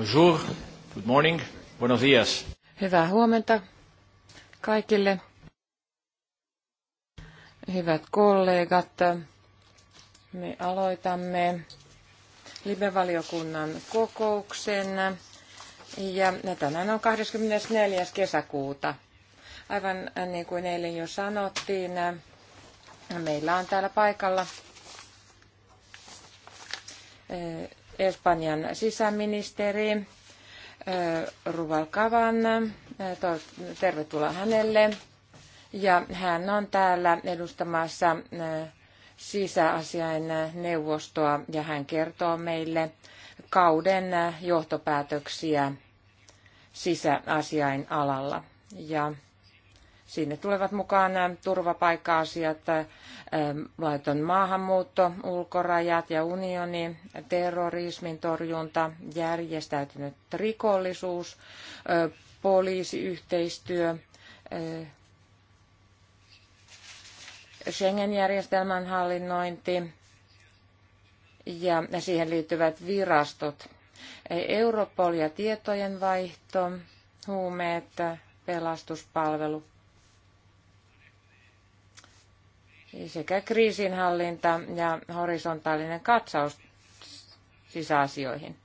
Bonjour, good morning, buenos dias. Hyvää huomenta kaikille. Hyvät kollegat, me aloitamme Libevaliokunnan kokouksen. Ja tänään on 24. kesäkuuta. Aivan niin kuin eilen jo sanottiin, meillä on täällä paikalla Espanjan sisäministeri Rubalcavan. Tervetuloa hänelle. Ja hän on täällä edustamassa sisäasiain neuvostoa ja hän kertoo meille kauden johtopäätöksiä sisäasiain alalla. Ja Sinne tulevat mukaan turvapaikka-asiat, laiton maahanmuutto, ulkorajat ja unioni, terrorismin torjunta, järjestäytynyt rikollisuus, poliisiyhteistyö, Schengen-järjestelmän hallinnointi ja siihen liittyvät virastot. Europol ja tietojenvaihto, huumeet, pelastuspalvelu, sekä kriisinhallinta ja horisontaalinen katsaus sisäasioihin.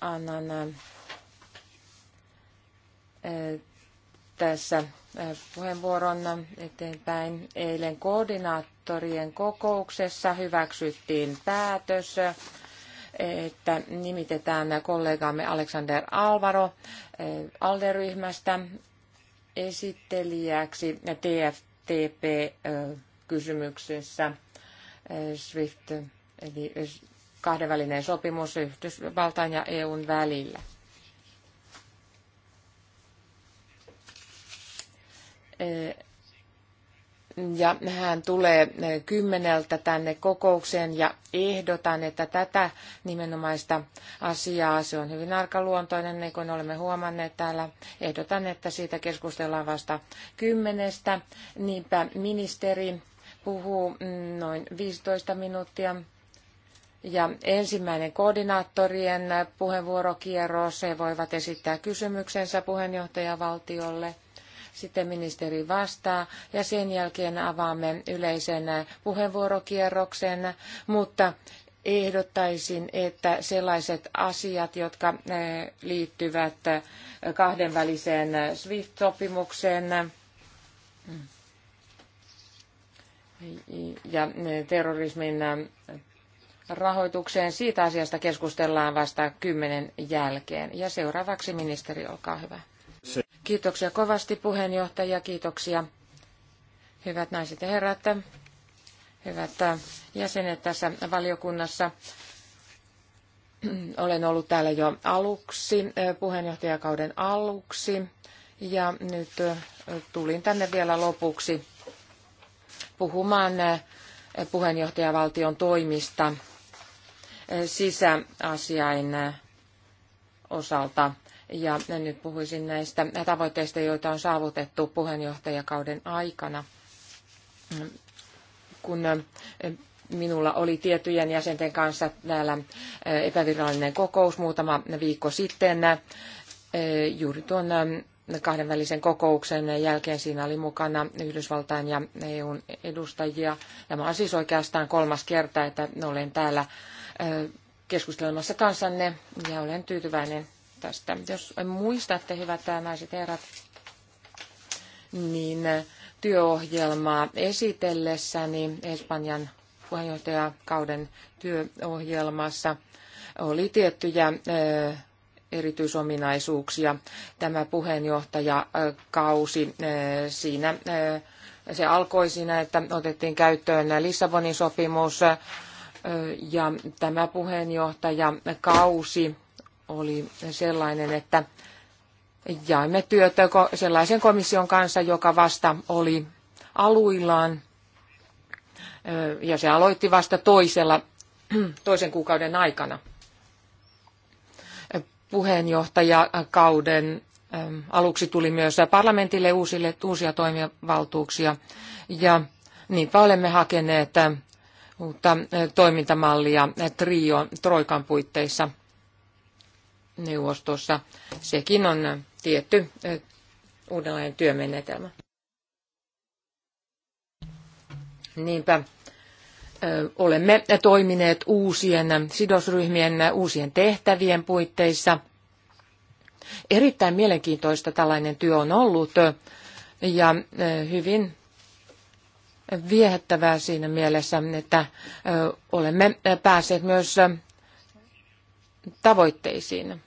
Annan äh, äh, tässä äh, puheenvuoron eteenpäin. Eilen koordinaattorien kokouksessa hyväksyttiin päätös, että nimitetään kollegaamme Alexander Alvaro Alderyhmästä esittelijäksi TF TP-kysymyksessä SWIFT, eli kahdenvälinen sopimus Yhdysvaltain ja EUn välillä ja hän tulee eh, kymmeneltä tänne kokoukseen ja ehdotan, että tätä nimenomaista asiaa, se on hyvin arkaluontoinen, niin kuin olemme huomanneet täällä, ehdotan, että siitä keskustellaan vasta kymmenestä. Niinpä ministeri puhuu mm, noin 15 minuuttia. Ja ensimmäinen koordinaattorien puheenvuorokierros, he voivat esittää kysymyksensä puheenjohtajavaltiolle – sitten ministeri vastaa ja sen jälkeen avaamme yleisen puheenvuorokierroksen, mutta ehdottaisin, että sellaiset asiat, jotka eh, liittyvät eh, kahdenväliseen eh, SWIFT-sopimukseen ja terrorismin rahoitukseen, siitä asiasta keskustellaan vasta kymmenen jälkeen. Ja seuraavaksi ministeri, olkaa hyvä. Kiitoksia kovasti puheenjohtaja, kiitoksia hyvät naiset ja herrat, hyvät jäsenet tässä valiokunnassa. Olen ollut täällä jo aluksi, puheenjohtajakauden aluksi, ja nyt tulin tänne vielä lopuksi puhumaan puheenjohtajavaltion toimista sisäasiain osalta ja nyt puhuisin näistä tavoitteista, joita on saavutettu puheenjohtajakauden aikana. Kun minulla oli tiettyjen jäsenten kanssa täällä epävirallinen kokous muutama viikko sitten, juuri tuon kahdenvälisen kokouksen jälkeen siinä oli mukana Yhdysvaltain ja EUn edustajia. Tämä on siis oikeastaan kolmas kerta, että olen täällä keskustelemassa kanssanne ja olen tyytyväinen tästä. Jos muistatte, hyvät naiset ja herrat, niin työohjelmaa esitellessäni Espanjan puheenjohtajakauden työohjelmassa oli tiettyjä eh, erityisominaisuuksia. Tämä puheenjohtajakausi eh, siinä eh, se alkoi siinä, että otettiin käyttöön Lissabonin sopimus ja tämä puheenjohtajakausi oli sellainen, että jaimme työtä sellaisen komission kanssa, joka vasta oli aluillaan ja se aloitti vasta toisella, toisen kuukauden aikana puheenjohtajakauden aluksi tuli myös parlamentille uusille, uusia toimivaltuuksia ja niinpä olemme hakeneet uutta toimintamallia trio, Troikan puitteissa – neuvostossa. Sekin on tietty uudenlainen työmenetelmä. Niinpä olemme toimineet uusien sidosryhmien uusien tehtävien puitteissa. Erittäin mielenkiintoista tällainen työ on ollut ja hyvin viehättävää siinä mielessä, että olemme päässeet myös tavoitteisiin.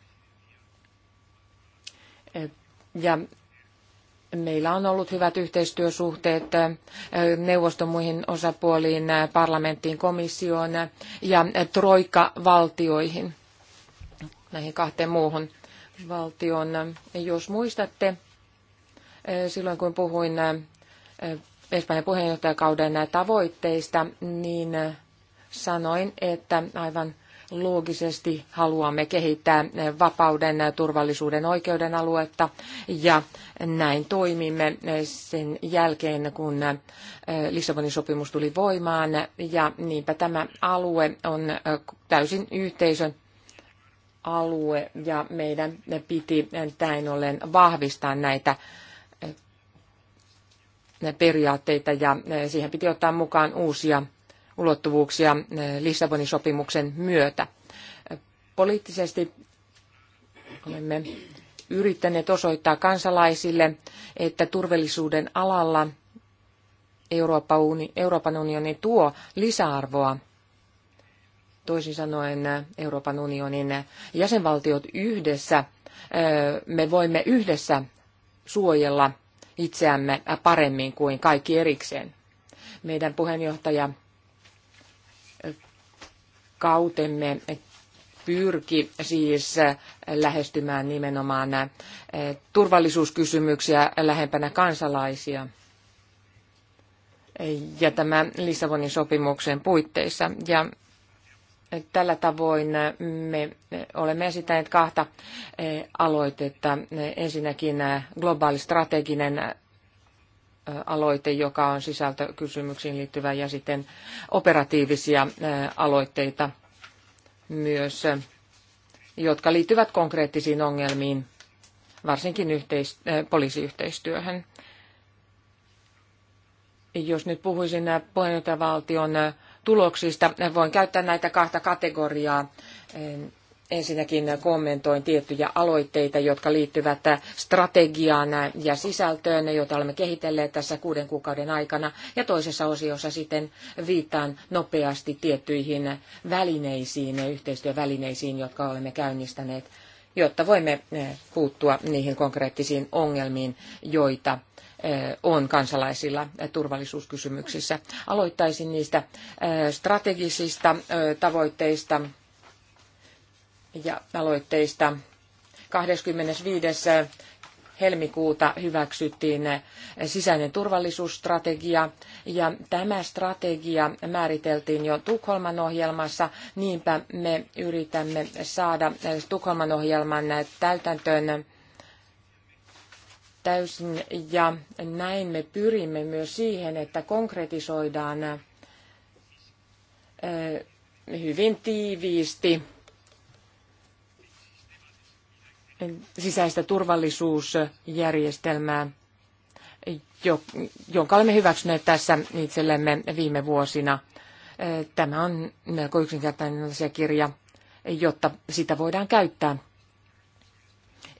Ja meillä on ollut hyvät yhteistyösuhteet neuvoston muihin osapuoliin, parlamenttiin, komissioon ja troikka-valtioihin, näihin kahteen muuhun valtioon. Jos muistatte, silloin kun puhuin Espanjan puheenjohtajakauden tavoitteista, niin sanoin, että aivan loogisesti haluamme kehittää vapauden, turvallisuuden, oikeuden aluetta ja näin toimimme sen jälkeen, kun äh, Lissabonin sopimus tuli voimaan ja niinpä tämä alue on äh, täysin yhteisön alue ja meidän piti näin ollen vahvistaa näitä äh, periaatteita ja siihen piti ottaa mukaan uusia ulottuvuuksia eh, Lissabonin sopimuksen myötä. Poliittisesti olemme yrittäneet osoittaa kansalaisille, että turvallisuuden alalla Euroopan unioni tuo lisäarvoa. Toisin sanoen eh, Euroopan unionin jäsenvaltiot yhdessä, eh, me voimme yhdessä suojella itseämme paremmin kuin kaikki erikseen. Meidän puheenjohtaja kautemme pyrki siis lähestymään nimenomaan eh, turvallisuuskysymyksiä lähempänä kansalaisia ja tämä Lissabonin sopimuksen puitteissa. Ja tällä tavoin me olemme esittäneet kahta eh, aloitetta. Ensinnäkin eh, globaali strateginen aloite, joka on sisältökysymyksiin liittyvä, ja sitten operatiivisia aloitteita myös, jotka liittyvät konkreettisiin ongelmiin, varsinkin yhteis- poliisiyhteistyöhön. Jos nyt puhuisin puheenjohtajavaltion tuloksista, voin käyttää näitä kahta kategoriaa Ensinnäkin kommentoin tiettyjä aloitteita, jotka liittyvät strategiaan ja sisältöön, joita olemme kehitelleet tässä kuuden kuukauden aikana. Ja toisessa osiossa sitten viittaan nopeasti tiettyihin välineisiin ja yhteistyövälineisiin, jotka olemme käynnistäneet, jotta voimme eh, puuttua niihin konkreettisiin ongelmiin, joita eh, on kansalaisilla eh, turvallisuuskysymyksissä. Aloittaisin niistä strategisista tavoitteista ja aloitteista. 25. helmikuuta hyväksyttiin sisäinen turvallisuusstrategia ja tämä strategia määriteltiin jo Tukholman ohjelmassa. Niinpä me yritämme saada Tukholman ohjelman täytäntöön täysin ja näin me pyrimme myös siihen, että konkretisoidaan hyvin tiiviisti sisäistä turvallisuusjärjestelmää, jonka olemme hyväksyneet tässä itsellemme viime vuosina. Tämä on melko yksinkertainen asiakirja, jotta sitä voidaan käyttää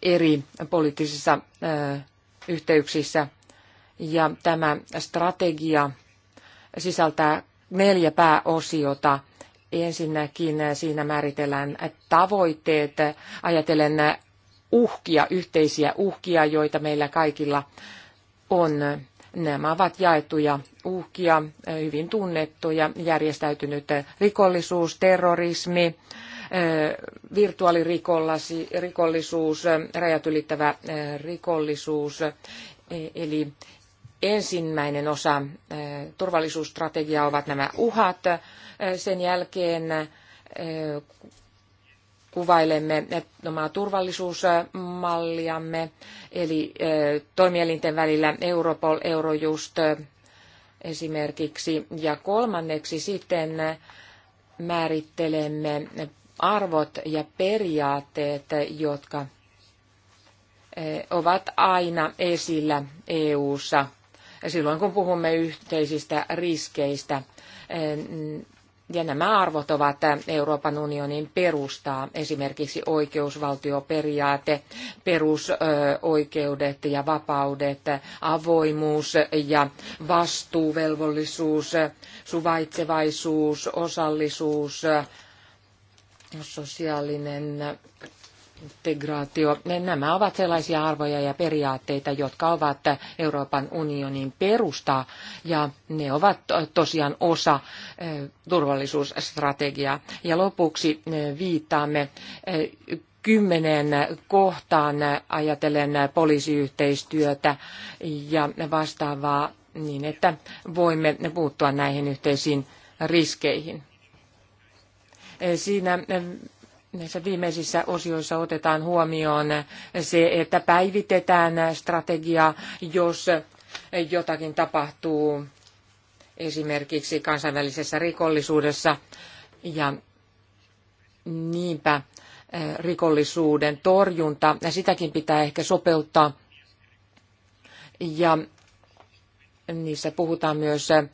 eri poliittisissa yhteyksissä. Ja tämä strategia sisältää neljä pääosiota. Ensinnäkin siinä määritellään tavoitteet, ajatellen uhkia, yhteisiä uhkia, joita meillä kaikilla on. Nämä ovat jaettuja uhkia, hyvin tunnettuja, järjestäytynyt rikollisuus, terrorismi, virtuaalirikollisuus, rajat ylittävä rikollisuus. E, eli ensimmäinen osa turvallisuusstrategiaa ovat nämä uhat. Sen jälkeen kuvailemme omaa turvallisuusmalliamme, eli toimielinten välillä Europol, Eurojust esimerkiksi, ja kolmanneksi sitten määrittelemme arvot ja periaatteet, jotka ovat aina esillä EU:ssa silloin kun puhumme yhteisistä riskeistä ja nämä arvot ovat Euroopan unionin perustaa, esimerkiksi oikeusvaltioperiaate, perusoikeudet ja vapaudet, avoimuus ja vastuuvelvollisuus, suvaitsevaisuus, osallisuus, sosiaalinen integraatio. Nämä ovat sellaisia arvoja ja periaatteita, jotka ovat Euroopan unionin perustaa ja ne ovat tosiaan osa eh, turvallisuusstrategiaa. Ja lopuksi eh, viittaamme eh, kymmenen kohtaan ajatellen poliisiyhteistyötä ja vastaavaa niin, että voimme puuttua näihin yhteisiin riskeihin. Siinä näissä viimeisissä osioissa otetaan huomioon se, että päivitetään strategia, jos jotakin tapahtuu esimerkiksi kansainvälisessä rikollisuudessa ja niinpä eh, rikollisuuden torjunta, ja sitäkin pitää ehkä sopeuttaa. Ja Niissä puhutaan myös eh,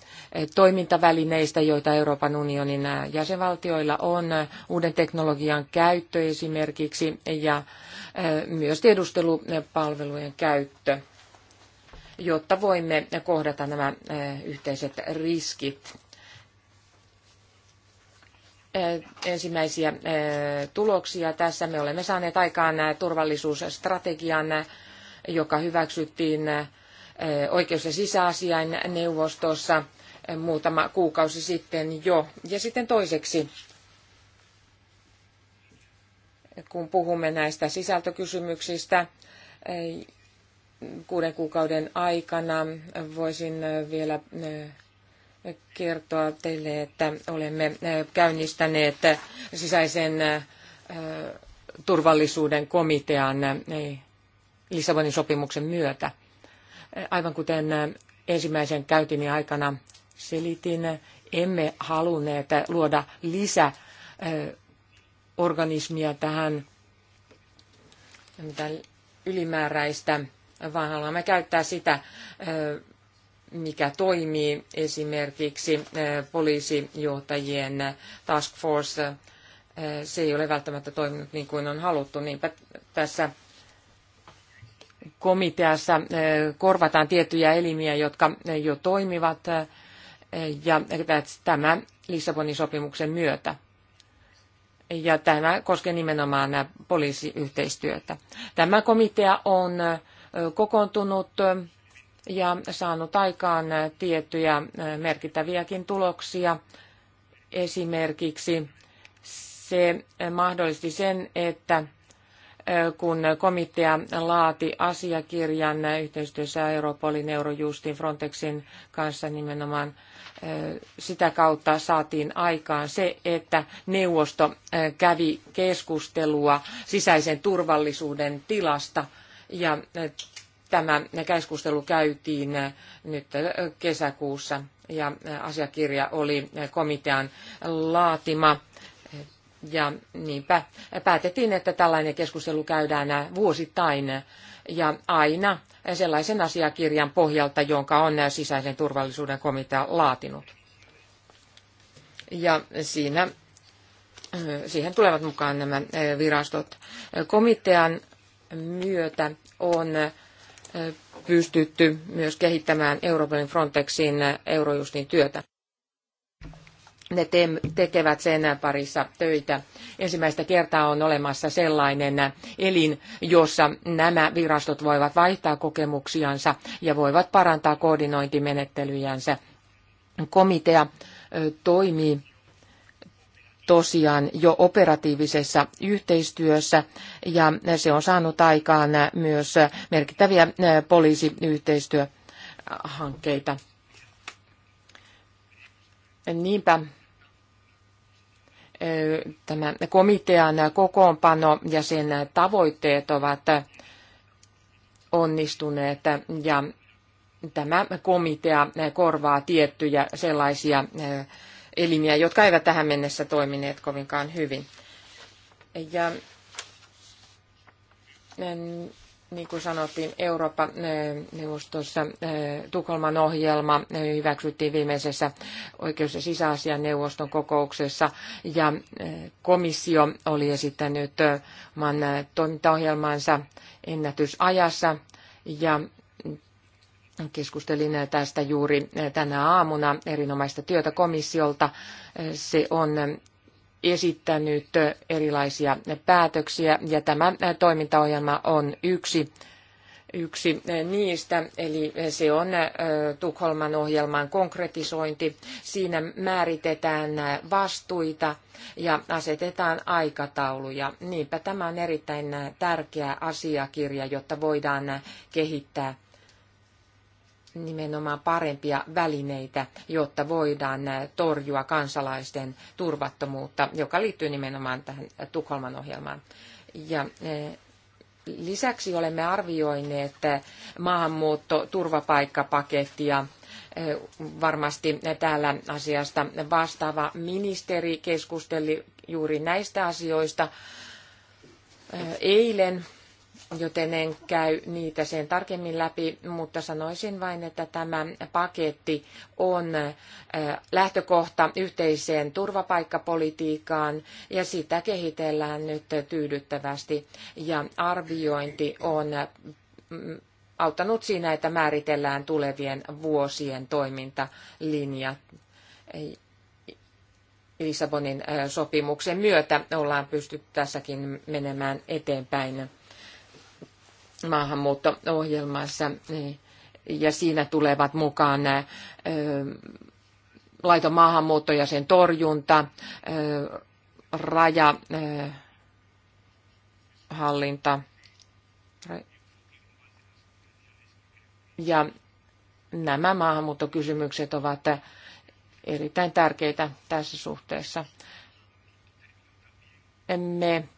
toimintavälineistä, joita Euroopan unionin eh, jäsenvaltioilla on, eh, uuden teknologian käyttö esimerkiksi ja myös tiedustelupalvelujen käyttö, jotta voimme kohdata nämä yhteiset riskit. Ensimmäisiä tuloksia tässä me olemme saaneet aikaan turvallisuusstrategian, joka hyväksyttiin Eh, oikeus- ja sisäasiain neuvostossa eh, muutama kuukausi sitten jo. Ja sitten toiseksi, kun puhumme näistä sisältökysymyksistä, eh, kuuden kuukauden aikana voisin vielä kertoa teille, että olemme käynnistäneet sisäisen turvallisuuden komitean Lissabonin sopimuksen myötä – Aivan kuten ensimmäisen käytini aikana selitin, emme halunneet luoda lisäorganismia tähän ylimääräistä, vaan haluamme käyttää sitä, mikä toimii esimerkiksi poliisijohtajien task force. Se ei ole välttämättä toiminut niin kuin on haluttu, niinpä tässä komiteassa eh, korvataan tiettyjä elimiä, jotka eh, jo toimivat, eh, ja tämä Lissabonin sopimuksen myötä. Ja tämä koskee nimenomaan poliisiyhteistyötä. Tämä komitea on kokoontunut ja saanut aikaan tiettyjä merkittäviäkin tuloksia. Esimerkiksi se mahdollisti sen, että kun komitea laati asiakirjan yhteistyössä Europolin, Eurojustin, Frontexin kanssa nimenomaan sitä kautta saatiin aikaan se, että neuvosto kävi keskustelua sisäisen turvallisuuden tilasta ja tämä keskustelu käytiin nyt kesäkuussa ja asiakirja oli komitean laatima ja niinpä päätettiin, että tällainen keskustelu käydään vuosittain ja aina sellaisen asiakirjan pohjalta, jonka on sisäisen turvallisuuden komitea laatinut. Ja siinä, siihen tulevat mukaan nämä virastot. Komitean myötä on pystytty myös kehittämään Euroopan Frontexin Eurojustin työtä ne te- tekevät sen parissa töitä. Ensimmäistä kertaa on olemassa sellainen elin, jossa nämä virastot voivat vaihtaa kokemuksiansa ja voivat parantaa koordinointimenettelyjänsä. Komitea toimii tosiaan jo operatiivisessa yhteistyössä ja se on saanut aikaan myös merkittäviä poliisiyhteistyöhankkeita. Niinpä tämä komitean kokoonpano ja sen tavoitteet ovat onnistuneet ja tämä komitea korvaa tiettyjä sellaisia elimiä, jotka eivät tähän mennessä toimineet kovinkaan hyvin. Ja niin kuin sanottiin, Euroopan eh, neuvostossa eh, Tukholman ohjelma eh, hyväksyttiin viimeisessä oikeus- ja sisäasian neuvoston kokouksessa ja komissio oli esittänyt oman toimintaohjelmansa ennätysajassa ja Keskustelin tästä juuri tänä aamuna erinomaista työtä komissiolta. Se on esittänyt erilaisia päätöksiä ja tämä toimintaohjelma on yksi, yksi niistä, eli se on Tukholman ohjelman konkretisointi. Siinä määritetään vastuita ja asetetaan aikatauluja. Niinpä tämä on erittäin tärkeä asiakirja, jotta voidaan kehittää nimenomaan parempia välineitä, jotta voidaan torjua kansalaisten turvattomuutta, joka liittyy nimenomaan tähän Tukholman ohjelmaan. Ja e, lisäksi olemme arvioineet e, maahanmuutto turvapaikkapakettia e, varmasti täällä asiasta vastaava ministeri keskusteli juuri näistä asioista eilen joten en käy niitä sen tarkemmin läpi, mutta sanoisin vain, että tämä paketti on lähtökohta yhteiseen turvapaikkapolitiikkaan ja sitä kehitellään nyt tyydyttävästi ja arviointi on mm, auttanut siinä, että määritellään tulevien vuosien toimintalinjat. Lissabonin sopimuksen myötä ollaan pystytty tässäkin menemään eteenpäin maahanmuutto-ohjelmassa ja siinä tulevat mukaan nämä laiton maahanmuutto ja sen torjunta, rajahallinta ja nämä maahanmuuttokysymykset ovat erittäin tärkeitä tässä suhteessa. Me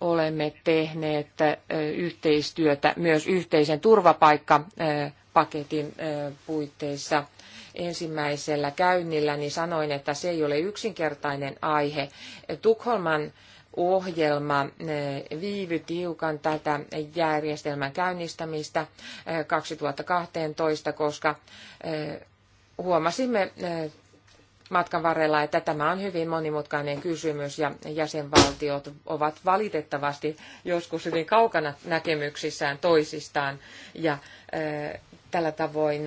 olemme tehneet yhteistyötä myös yhteisen turvapaikkapaketin puitteissa. Ensimmäisellä käynnillä niin sanoin, että se ei ole yksinkertainen aihe. Tukholman ohjelma viivytti hiukan tätä järjestelmän käynnistämistä 2012, koska huomasimme matkan varrella, että tämä on hyvin monimutkainen kysymys ja jäsenvaltiot ovat valitettavasti joskus hyvin kaukana näkemyksissään toisistaan ja tällä tavoin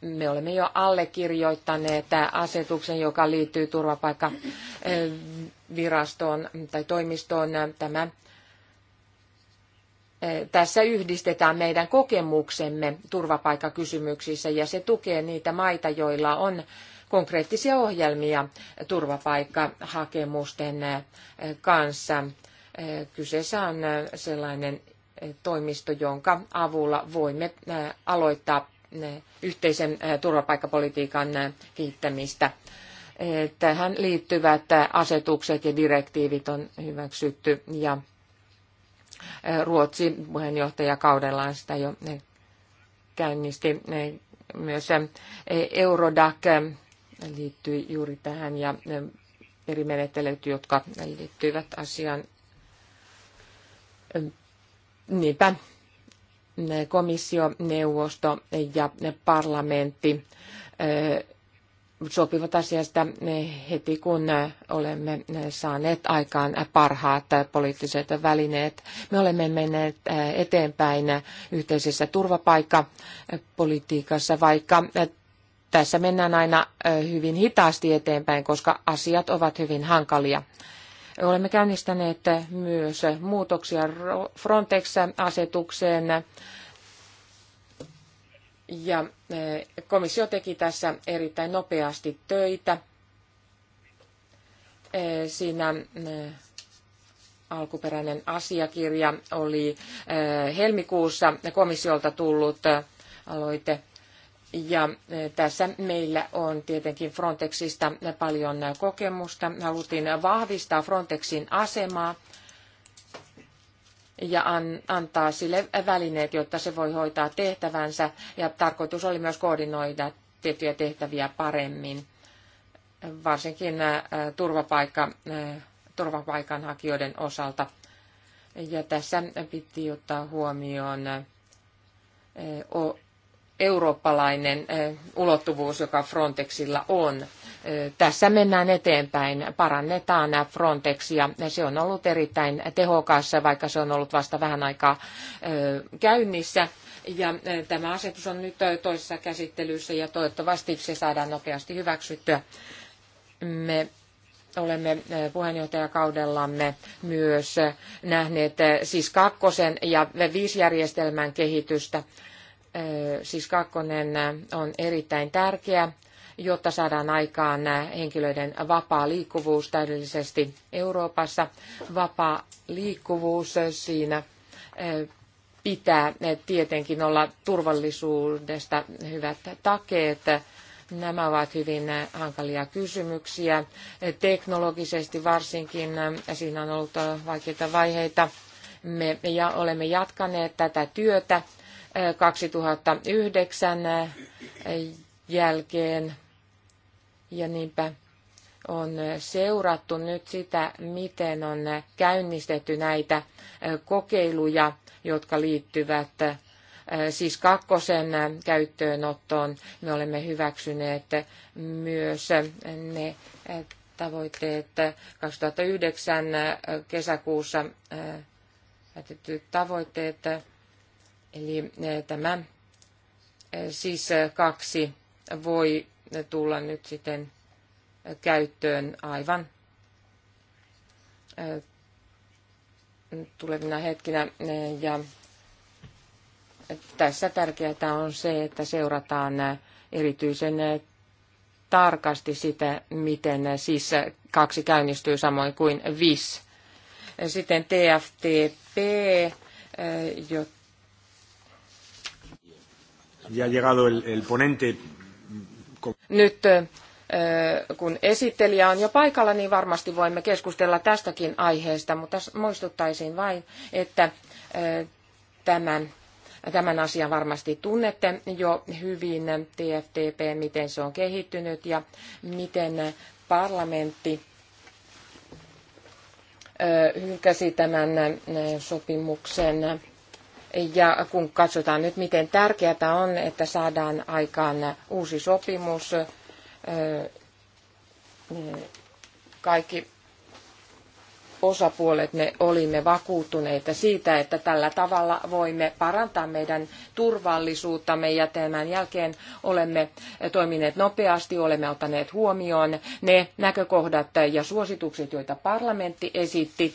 me olemme jo allekirjoittaneet asetuksen, joka liittyy turvapaikkavirastoon tai toimistoon. Tämä tässä yhdistetään meidän kokemuksemme turvapaikkakysymyksissä ja se tukee niitä maita, joilla on konkreettisia ohjelmia turvapaikkahakemusten kanssa. Kyseessä on sellainen toimisto, jonka avulla voimme aloittaa yhteisen turvapaikkapolitiikan kehittämistä. Tähän liittyvät asetukset ja direktiivit on hyväksytty ja Ruotsi puheenjohtajakaudellaan sitä jo eh, käynnisti. Eh, myös eh, Eurodac liittyi juuri tähän ja eri menettelyt, jotka liittyivät asiaan. Niinpä komissio, neuvosto ja parlamentti sopivat asiasta heti, kun olemme saaneet aikaan parhaat poliittiset välineet. Me olemme menneet eteenpäin yhteisessä turvapaikkapolitiikassa, vaikka tässä mennään aina hyvin hitaasti eteenpäin, koska asiat ovat hyvin hankalia. Olemme käynnistäneet myös muutoksia Frontex-asetukseen ja e, komissio teki tässä erittäin nopeasti töitä. E, siinä e, alkuperäinen asiakirja oli helmikuussa komissiolta tullut aloite. Ja tässä meillä on tietenkin Frontexista paljon kokemusta. Haluttiin vahvistaa Frontexin asemaa ja an, antaa sille välineet, jotta se voi hoitaa tehtävänsä. Ja tarkoitus oli myös koordinoida tiettyjä tehtäviä paremmin, varsinkin äh, turvapaikka, äh, turvapaikanhakijoiden osalta. Ja tässä piti ottaa huomioon äh, eurooppalainen ulottuvuus, joka Frontexilla on. Tässä mennään eteenpäin, parannetaan Frontexia. Se on ollut erittäin tehokas, vaikka se on ollut vasta vähän aikaa käynnissä. Ja tämä asetus on nyt toisessa käsittelyssä ja toivottavasti se saadaan nopeasti hyväksyttyä. Me olemme puheenjohtajakaudellamme myös nähneet siis kakkosen ja viisijärjestelmän kehitystä siis kakkonen on erittäin tärkeä, jotta saadaan aikaan henkilöiden vapaa liikkuvuus täydellisesti Euroopassa. Vapaa liikkuvuus siinä pitää tietenkin olla turvallisuudesta hyvät takeet. Nämä ovat hyvin hankalia kysymyksiä. Teknologisesti varsinkin siinä on ollut vaikeita vaiheita. Me olemme jatkaneet tätä työtä 2009 jälkeen. Ja niinpä on seurattu nyt sitä, miten on käynnistetty näitä kokeiluja, jotka liittyvät äh, siis kakkosen käyttöönottoon. Me olemme hyväksyneet myös ne tavoitteet 2009 kesäkuussa päätetyt äh, tavoitteet Eli eh, tämä eh, siis eh, kaksi voi tulla nyt sitten käyttöön aivan tulevina hetkinä. Ja tässä tärkeää on se, että seurataan erityisen tarkasti sitä, miten siis kaksi käynnistyy samoin kuin VIS. Sitten TFTP, jotta Ya llegado el, el ponente. Nyt kun esittelijä on jo paikalla, niin varmasti voimme keskustella tästäkin aiheesta, mutta muistuttaisin vain, että tämän, tämän asian varmasti tunnette jo hyvin, TFTP, miten se on kehittynyt ja miten parlamentti hylkäsi tämän sopimuksen ja kun katsotaan nyt, miten tärkeää on, että saadaan aikaan uusi sopimus, kaikki osapuolet me olimme vakuuttuneita siitä, että tällä tavalla voimme parantaa meidän turvallisuuttamme ja tämän jälkeen olemme toimineet nopeasti, olemme ottaneet huomioon ne näkökohdat ja suositukset, joita parlamentti esitti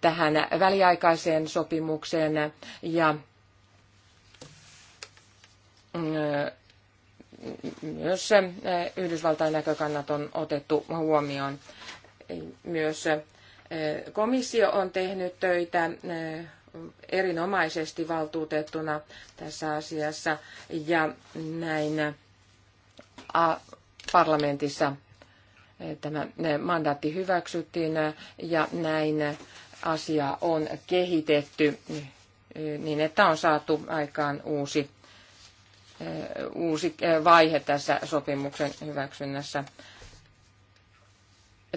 tähän väliaikaiseen sopimukseen ja mm, myös Yhdysvaltain näkökannat on otettu huomioon. Myös mm, komissio on tehnyt töitä mm, erinomaisesti valtuutettuna tässä asiassa ja näin parlamentissa tämä mandaatti hyväksyttiin ja näin asia on kehitetty niin, että on saatu aikaan uusi, uusi vaihe tässä sopimuksen hyväksynnässä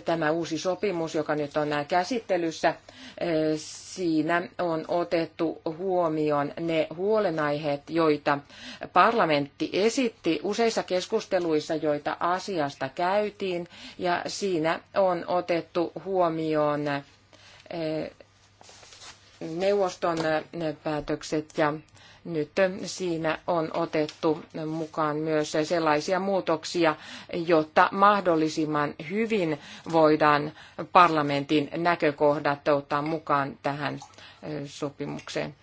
tämä uusi sopimus, joka nyt on käsittelyssä, eh, siinä on otettu huomioon ne huolenaiheet, joita parlamentti esitti useissa keskusteluissa, joita asiasta käytiin, ja siinä on otettu huomioon eh, neuvoston eh, päätökset ja nyt siinä on otettu mukaan myös sellaisia muutoksia, jotta mahdollisimman hyvin voidaan parlamentin näkökohdat ottaa mukaan tähän sopimukseen.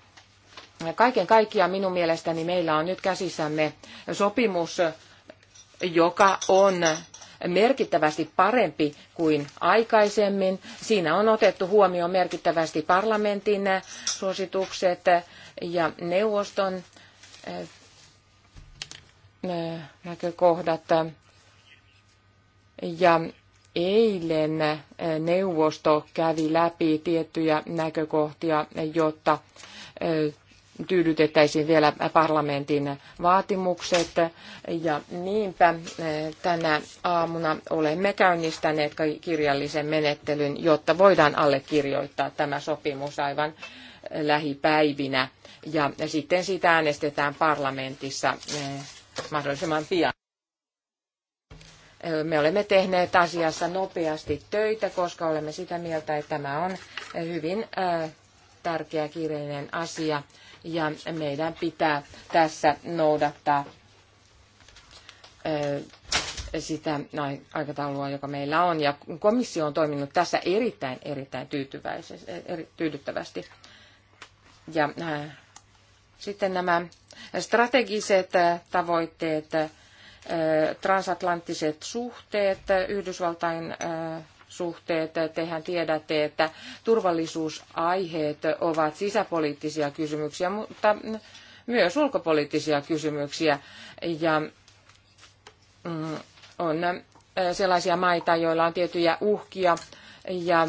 Kaiken kaikkiaan minun mielestäni meillä on nyt käsissämme sopimus, joka on merkittävästi parempi kuin aikaisemmin. Siinä on otettu huomioon merkittävästi parlamentin suositukset ja neuvoston eh, eh, näkökohdat. Ja eilen eh, neuvosto kävi läpi tiettyjä näkökohtia, jotta tyydytettäisiin vielä parlamentin vaatimukset. Ja niinpä tänä aamuna olemme käynnistäneet kirjallisen menettelyn, jotta voidaan allekirjoittaa tämä sopimus aivan lähipäivinä ja sitten siitä äänestetään parlamentissa eh, mahdollisimman pian. Eh, me olemme tehneet asiassa nopeasti töitä, koska olemme sitä mieltä, että tämä on hyvin eh, tärkeä kiireinen asia ja meidän pitää tässä noudattaa sitä aikataulua, joka meillä on. Ja komissio on toiminut tässä erittäin, erittäin tyydyttävästi. Ja sitten nämä strategiset tavoitteet, äh, transatlanttiset suhteet, Yhdysvaltain äh, suhteet. Tehän tiedätte, että turvallisuusaiheet ovat sisäpoliittisia kysymyksiä, mutta myös ulkopoliittisia kysymyksiä. Ja mm, on äh, sellaisia maita, joilla on tiettyjä uhkia ja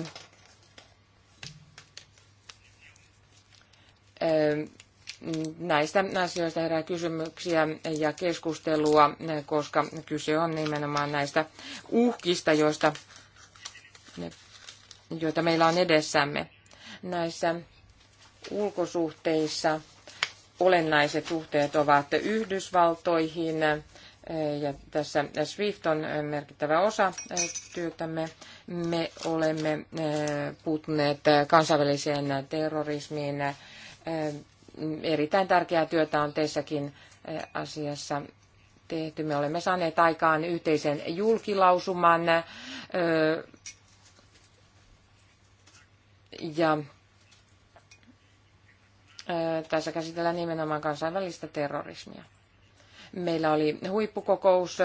Näistä asioista herää kysymyksiä ja keskustelua, koska kyse on nimenomaan näistä uhkista, joista, joita meillä on edessämme. Näissä ulkosuhteissa olennaiset suhteet ovat Yhdysvaltoihin, ja tässä SWIFT on merkittävä osa työtämme. Me olemme puuttuneet kansainväliseen terrorismiin, Erittäin tärkeää työtä on tässäkin eh, asiassa tehty. Me olemme saaneet aikaan yhteisen julkilausuman eh, ja eh, tässä käsitellään nimenomaan kansainvälistä terrorismia. Meillä oli huippukokous,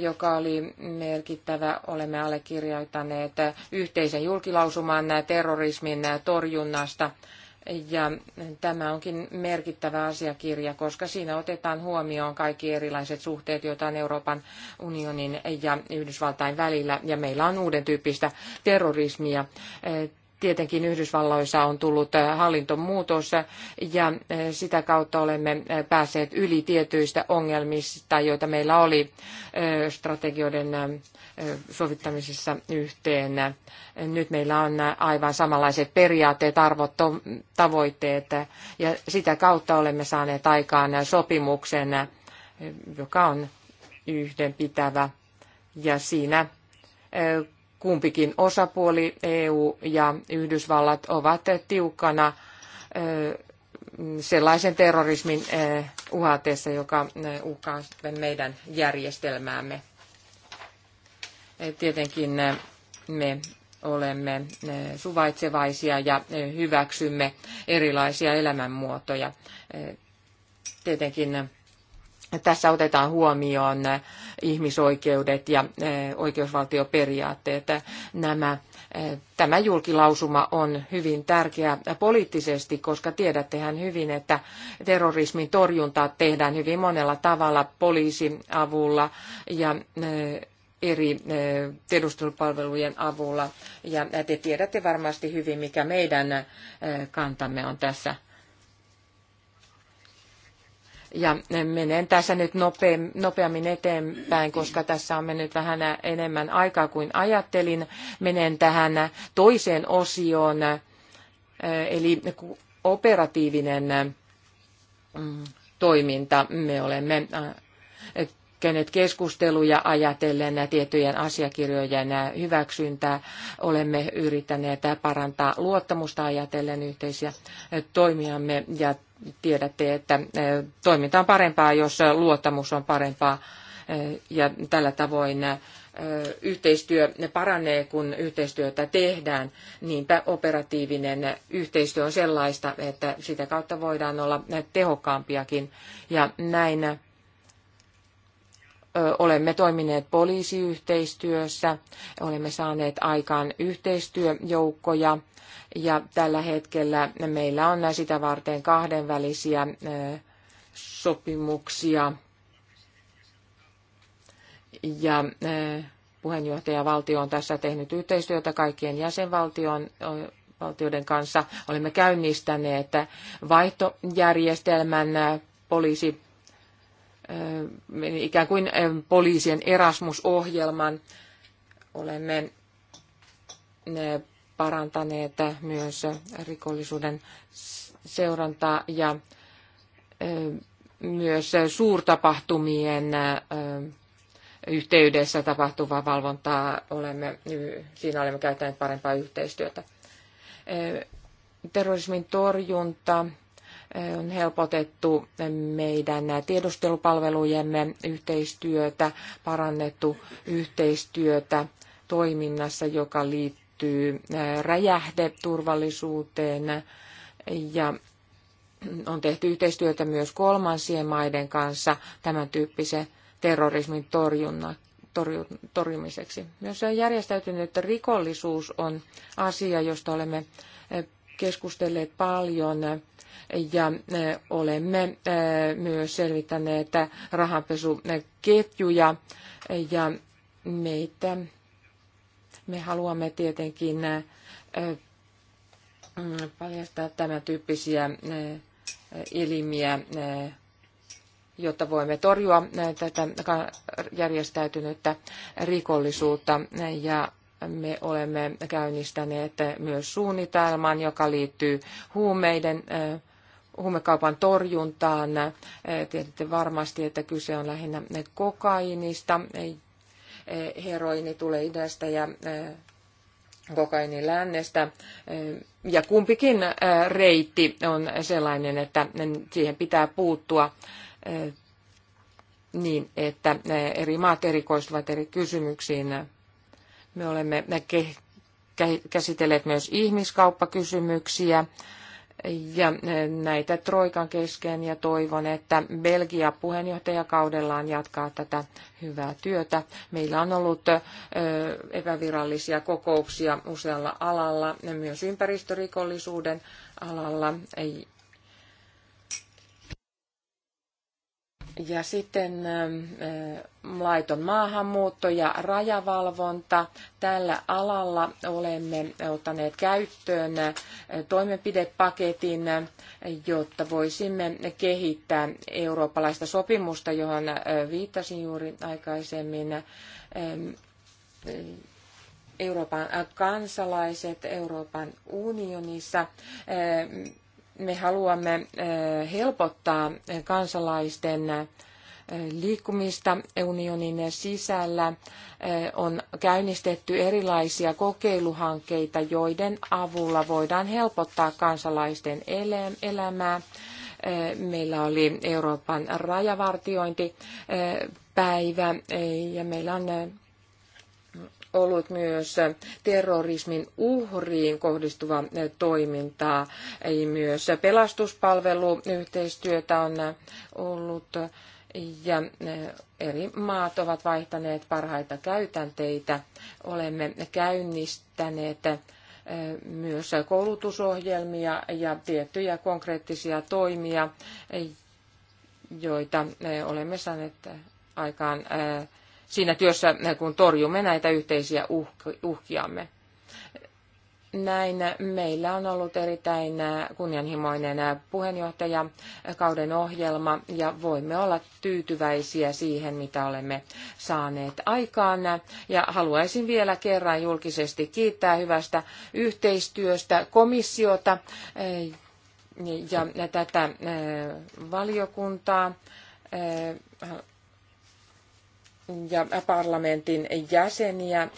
joka oli merkittävä. Olemme allekirjoittaneet yhteisen julkilausuman terrorismin torjunnasta ja tämä onkin merkittävä asiakirja, koska siinä otetaan huomioon kaikki erilaiset suhteet, joita on Euroopan unionin ja Yhdysvaltain välillä. Ja meillä on uuden tyyppistä terrorismia. Tietenkin Yhdysvalloissa on tullut äh, hallintomuutos ja äh, sitä kautta olemme äh, päässeet yli tietyistä ongelmista, joita meillä oli strategioiden sovittamisessa yhteen. Nyt meillä on aivan samanlaiset periaatteet, arvot, tavoitteet ja sitä kautta olemme saaneet aikaan sopimuksen, joka on yhdenpitävä ja siinä kumpikin osapuoli, EU ja Yhdysvallat, ovat tiukkana sellaisen terrorismin uhatessa, joka uhkaa meidän järjestelmäämme. E, tietenkin me olemme suvaitsevaisia ja hyväksymme erilaisia elämänmuotoja. Tietenkin tässä otetaan huomioon ihmisoikeudet ja eh, oikeusvaltioperiaatteet. Nämä, eh, tämä julkilausuma on hyvin tärkeä poliittisesti, koska tiedättehän hyvin, että terrorismin torjuntaa tehdään hyvin monella tavalla poliisin avulla ja eh, eri tiedustelupalvelujen avulla. Ja te tiedätte varmasti hyvin, mikä meidän kantamme on tässä ja menen tässä nyt nopeammin eteenpäin, koska tässä on mennyt vähän enemmän aikaa kuin ajattelin. Menen tähän toiseen osioon, eli operatiivinen mm, toiminta. Me olemme käyneet keskusteluja ajatellen tiettyjen asiakirjojen hyväksyntää. Olemme yrittäneet parantaa luottamusta ajatellen yhteisiä toimiamme ja tiedätte, että toiminta on parempaa, jos luottamus on parempaa ja tällä tavoin yhteistyö paranee, kun yhteistyötä tehdään. Niinpä operatiivinen yhteistyö on sellaista, että sitä kautta voidaan olla tehokkaampiakin. Ja näin olemme toimineet poliisiyhteistyössä, olemme saaneet aikaan yhteistyöjoukkoja ja tällä hetkellä meillä on sitä varten kahdenvälisiä sopimuksia. Ja puheenjohtajavaltio on tässä tehnyt yhteistyötä kaikkien jäsenvaltion valtioiden kanssa. Olemme käynnistäneet vaihtojärjestelmän poliisi, ikään kuin poliisien Erasmus-ohjelman. Olemme parantaneet myös rikollisuuden seurantaa ja myös suurtapahtumien yhteydessä tapahtuvaa valvontaa olemme, siinä olemme käyttäneet parempaa yhteistyötä. Terrorismin torjunta on helpotettu meidän tiedustelupalvelujemme yhteistyötä, parannettu yhteistyötä toiminnassa, joka liittyy liittyy räjähdeturvallisuuteen ja on tehty yhteistyötä myös kolmansien maiden kanssa tämän tyyppisen terrorismin torjunnan torjumiseksi. Myös järjestäytynyt rikollisuus on asia, josta olemme keskustelleet paljon ja olemme myös selvittäneet rahanpesuketjuja ja meitä me haluamme tietenkin äh, äh, paljastaa tämän tyyppisiä äh, elimiä, jotta voimme torjua tätä järjestäytynyttä rikollisuutta ja me olemme käynnistäneet myös suunnitelman, joka liittyy huumeiden huumekaupan torjuntaan. Tiedätte varmasti, että kyse on lähinnä kokainista, heroini tulee idästä ja kokaini lännestä. Ja kumpikin reitti on sellainen, että siihen pitää puuttua niin, että eri maat erikoistuvat eri kysymyksiin. Me olemme käsitelleet myös ihmiskauppakysymyksiä. kysymyksiä ja eh, näitä Troikan kesken ja toivon, että Belgia puheenjohtajakaudellaan jatkaa tätä hyvää työtä. Meillä on ollut eh, epävirallisia kokouksia usealla alalla, myös ympäristörikollisuuden alalla Ja sitten ähm, äh, laiton maahanmuutto ja rajavalvonta. Tällä alalla olemme ottaneet käyttöön äh, toimenpidepaketin, äh, jotta voisimme kehittää eurooppalaista sopimusta, johon viittasin juuri aikaisemmin. Ähm, Euroopan kansalaiset Euroopan unionissa me haluamme helpottaa kansalaisten liikkumista unionin sisällä. On käynnistetty erilaisia kokeiluhankkeita, joiden avulla voidaan helpottaa kansalaisten elämää. Meillä oli Euroopan rajavartiointipäivä ja meillä on ollut myös terrorismin uhriin kohdistuva eh, toimintaa. Ei myös pelastuspalveluyhteistyötä on eh, ollut ja eh, eri maat ovat vaihtaneet parhaita käytänteitä. Olemme käynnistäneet myös koulutusohjelmia ja tiettyjä konkreettisia toimia, joita olemme saaneet aikaan siinä työssä, kun torjumme näitä yhteisiä uhkiamme. Näin meillä on ollut erittäin kunnianhimoinen puheenjohtajakauden ohjelma ja voimme olla tyytyväisiä siihen, mitä olemme saaneet aikaan. Ja haluaisin vielä kerran julkisesti kiittää hyvästä yhteistyöstä komissiota ja tätä valiokuntaa ja parlamentin jäseniä,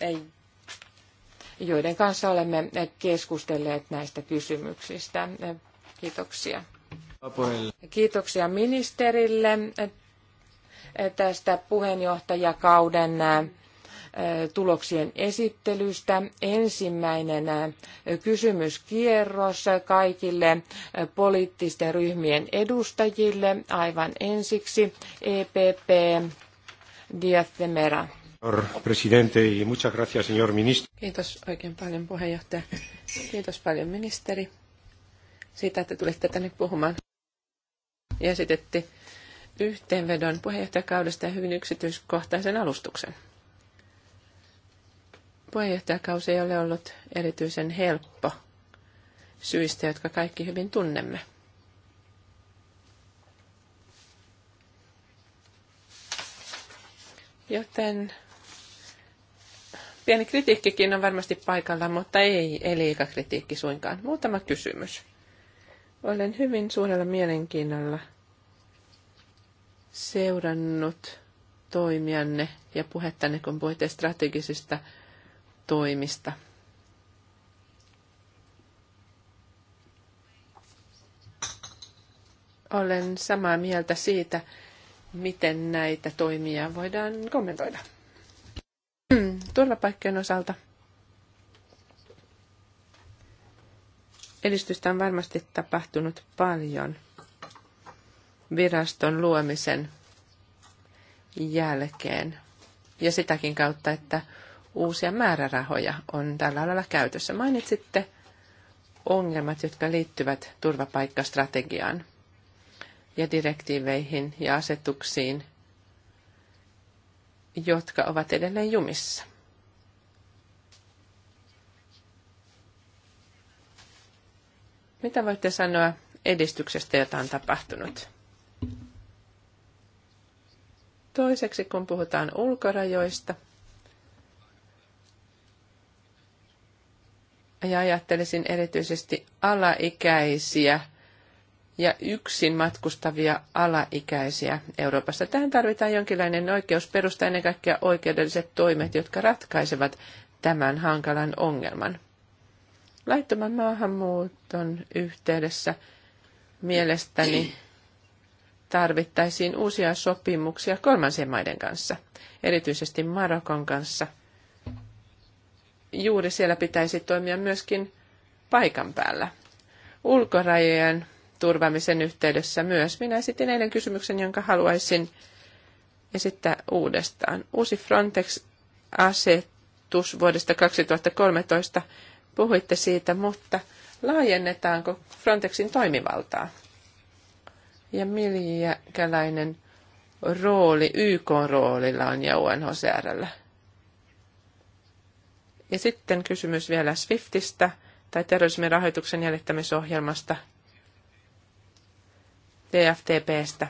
joiden kanssa olemme keskustelleet näistä kysymyksistä. Kiitoksia. Kiitoksia ministerille tästä puheenjohtajakauden tuloksien esittelystä. Ensimmäinen kysymyskierros kaikille poliittisten ryhmien edustajille. Aivan ensiksi EPP Díaz de Mera. Presidente, y muchas gracias, señor ministro. Kiitos oikein paljon puheenjohtaja. Kiitos paljon ministeri siitä, että tulitte tänne puhumaan. Ja esitetti yhteenvedon puheenjohtajakaudesta ja hyvin yksityiskohtaisen alustuksen. Puheenjohtajakausi ei ole ollut erityisen helppo syistä, jotka kaikki hyvin tunnemme. Joten pieni kritiikkikin on varmasti paikalla, mutta ei kritiikki suinkaan. Muutama kysymys. Olen hyvin suurella mielenkiinnolla seurannut toimianne ja puhettanne, kun puhutte strategisista toimista. Olen samaa mieltä siitä, miten näitä toimia voidaan kommentoida. Turvapaikkojen osalta edistystä on varmasti tapahtunut paljon viraston luomisen jälkeen. Ja sitäkin kautta, että uusia määrärahoja on tällä alalla käytössä. Mainitsitte ongelmat, jotka liittyvät turvapaikkastrategiaan ja direktiiveihin ja asetuksiin, jotka ovat edelleen jumissa. Mitä voitte sanoa edistyksestä, jota on tapahtunut? Toiseksi, kun puhutaan ulkorajoista, ja ajattelisin erityisesti alaikäisiä – ja yksin matkustavia alaikäisiä Euroopassa. Tähän tarvitaan jonkinlainen oikeusperusta ennen kaikkea oikeudelliset toimet, jotka ratkaisevat tämän hankalan ongelman. Laittoman maahanmuuton yhteydessä mielestäni tarvittaisiin uusia sopimuksia kolmansien maiden kanssa, erityisesti Marokon kanssa. Juuri siellä pitäisi toimia myöskin paikan päällä. Ulkorajojen turvaamisen yhteydessä myös. Minä esitin eilen kysymyksen, jonka haluaisin esittää uudestaan. Uusi Frontex-asetus vuodesta 2013, puhuitte siitä, mutta laajennetaanko Frontexin toimivaltaa? Ja miljäkäläinen rooli YK-roolilla on ja UNHCRllä? Ja sitten kysymys vielä SWIFTistä tai terrorismin rahoituksen jäljittämisohjelmasta – TFTPstä.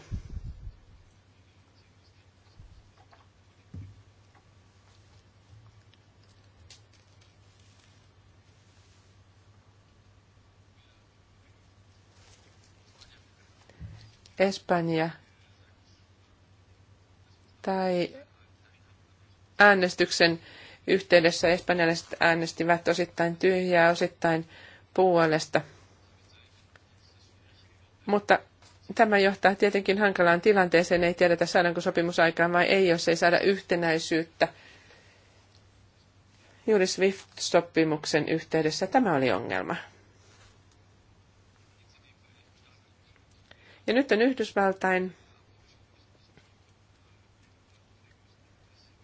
Espanja tai äänestyksen yhteydessä espanjalaiset äänestivät osittain tyhjää, osittain puolesta. Mutta tämä johtaa tietenkin hankalaan tilanteeseen. Ei tiedetä, saadaanko sopimus aikaan vai ei, jos ei saada yhtenäisyyttä. Juuri SWIFT-sopimuksen yhteydessä tämä oli ongelma. Ja nyt on Yhdysvaltain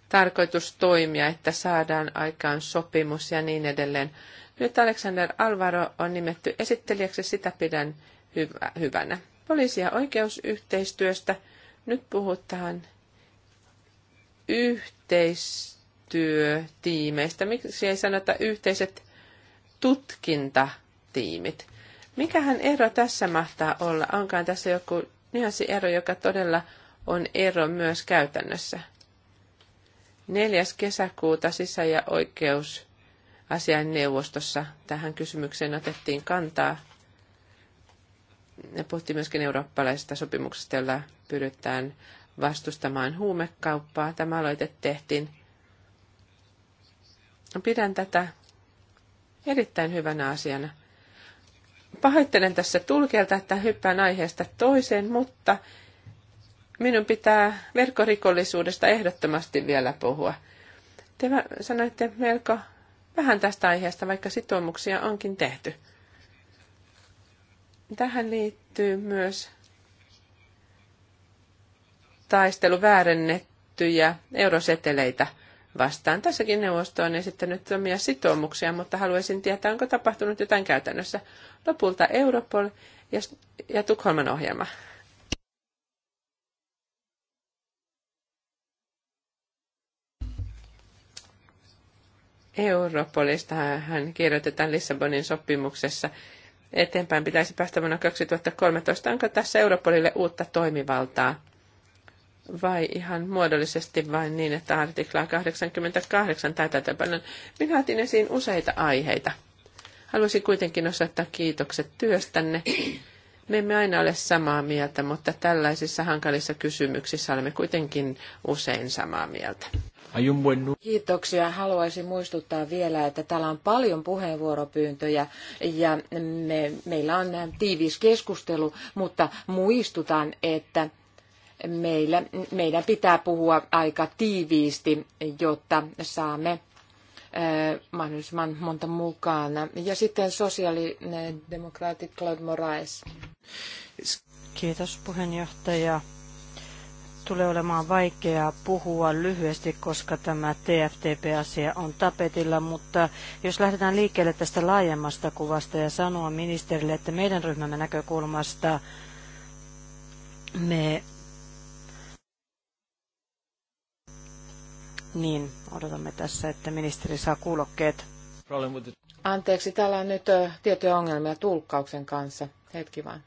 tarkoitus toimia, että saadaan aikaan sopimus ja niin edelleen. Nyt Alexander Alvaro on nimetty esittelijäksi, sitä pidän hyvä, hyvänä poliisi- ja oikeusyhteistyöstä. Nyt puhutaan yhteistyötiimeistä. Miksi ei sanota yhteiset tutkintatiimit? Mikähän ero tässä mahtaa olla? Onkaan tässä joku ero, joka todella on ero myös käytännössä? 4. kesäkuuta sisä- ja oikeus neuvostossa tähän kysymykseen otettiin kantaa. Ne puhuttiin myöskin eurooppalaisesta sopimuksesta, jolla pyritään vastustamaan huumekauppaa. Tämä aloite tehtiin. Pidän tätä erittäin hyvänä asiana. Pahoittelen tässä tulkelta, että hyppään aiheesta toiseen, mutta minun pitää verkkorikollisuudesta ehdottomasti vielä puhua. Te sanoitte melko vähän tästä aiheesta, vaikka sitoumuksia onkin tehty. Tähän liittyy myös taistelu väärennettyjä euroseteleitä vastaan. Tässäkin neuvosto on esittänyt omia sitoumuksia, mutta haluaisin tietää, onko tapahtunut jotain käytännössä. Lopulta Europol ja, ja Tukholman ohjelma. Europolista hän kirjoitetaan Lissabonin sopimuksessa eteenpäin pitäisi päästä vuonna 2013. Onko tässä Europolille uutta toimivaltaa? Vai ihan muodollisesti vain niin, että artiklaa 88 tätä Minä otin esiin useita aiheita. Haluaisin kuitenkin osoittaa kiitokset työstänne. Me emme aina ole samaa mieltä, mutta tällaisissa hankalissa kysymyksissä olemme kuitenkin usein samaa mieltä. Kiitoksia. Haluaisin muistuttaa vielä, että täällä on paljon puheenvuoropyyntöjä ja me, meillä on tiivis keskustelu, mutta muistutan, että meillä, meidän pitää puhua aika tiiviisti, jotta saamme mahdollisimman monta mukaan. Ja sitten sosiaalidemokraatit Claude Moraes. Kiitos puheenjohtaja tulee olemaan vaikeaa puhua lyhyesti, koska tämä TFTP-asia on tapetilla, mutta jos lähdetään liikkeelle tästä laajemmasta kuvasta ja sanoa ministerille, että meidän ryhmämme näkökulmasta me Niin, odotamme tässä, että ministeri saa kuulokkeet. Anteeksi, täällä on nyt tiettyjä ongelmia tulkkauksen kanssa. Hetki vain.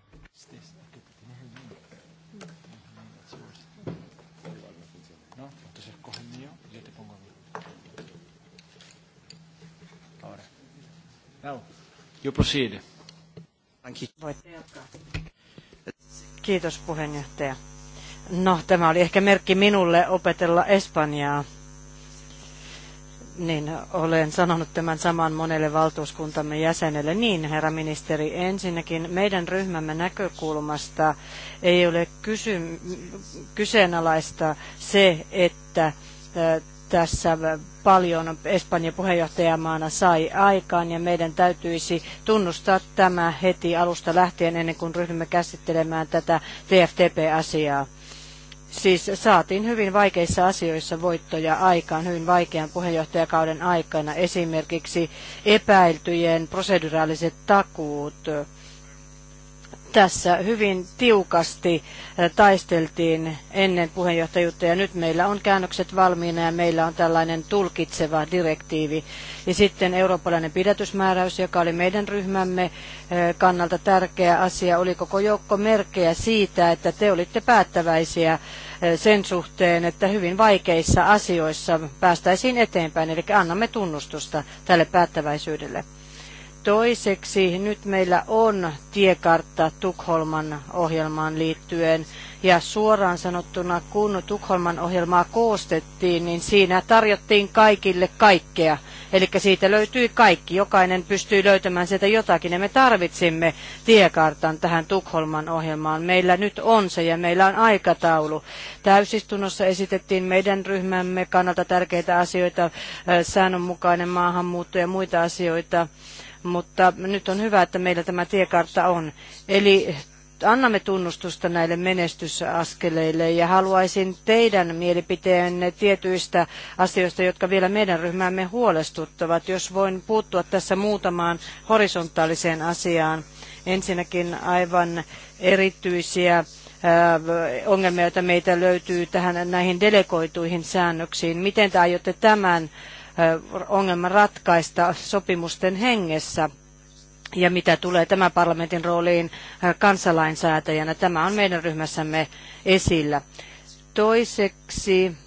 Now, you proceed. Kiitos puheenjohtaja. No, tämä oli ehkä merkki minulle opetella Espanjaa. Niin, olen sanonut tämän saman monelle valtuuskuntamme jäsenelle. Niin, herra ministeri, ensinnäkin meidän ryhmämme näkökulmasta ei ole kysy- kyseenalaista se, että tässä paljon Espanjan puheenjohtajamaana sai aikaan ja meidän täytyisi tunnustaa tämä heti alusta lähtien ennen kuin ryhdymme käsittelemään tätä TFTP-asiaa. Siis saatiin hyvin vaikeissa asioissa voittoja aikaan hyvin vaikean puheenjohtajakauden aikana, esimerkiksi epäiltyjen proseduraaliset takuut tässä hyvin tiukasti eh, taisteltiin ennen puheenjohtajuutta ja nyt meillä on käännökset valmiina ja meillä on tällainen tulkitseva direktiivi. Ja sitten eurooppalainen pidätysmääräys, joka oli meidän ryhmämme eh, kannalta tärkeä asia, oli koko joukko merkkejä siitä, että te olitte päättäväisiä eh, sen suhteen, että hyvin vaikeissa asioissa päästäisiin eteenpäin, eli annamme tunnustusta tälle päättäväisyydelle. Toiseksi nyt meillä on tiekartta Tukholman ohjelmaan liittyen ja suoraan sanottuna kun Tukholman ohjelmaa koostettiin, niin siinä tarjottiin kaikille kaikkea. Eli siitä löytyi kaikki, jokainen pystyi löytämään sieltä jotakin ja me tarvitsimme tiekartan tähän Tukholman ohjelmaan. Meillä nyt on se ja meillä on aikataulu. Täysistunnossa esitettiin meidän ryhmämme kannalta tärkeitä asioita, säännönmukainen maahanmuutto ja muita asioita mutta nyt on hyvä, että meillä tämä tiekartta on. Eli annamme tunnustusta näille menestysaskeleille ja haluaisin teidän mielipiteenne tietyistä asioista, jotka vielä meidän ryhmäämme huolestuttavat. Jos voin puuttua tässä muutamaan horisontaaliseen asiaan. Ensinnäkin aivan erityisiä äh, ongelmia, joita meitä löytyy tähän, näihin delegoituihin säännöksiin. Miten te aiotte tämän ongelma ratkaista sopimusten hengessä. Ja mitä tulee tämän parlamentin rooliin kansalainsäätäjänä, tämä on meidän ryhmässämme esillä. Toiseksi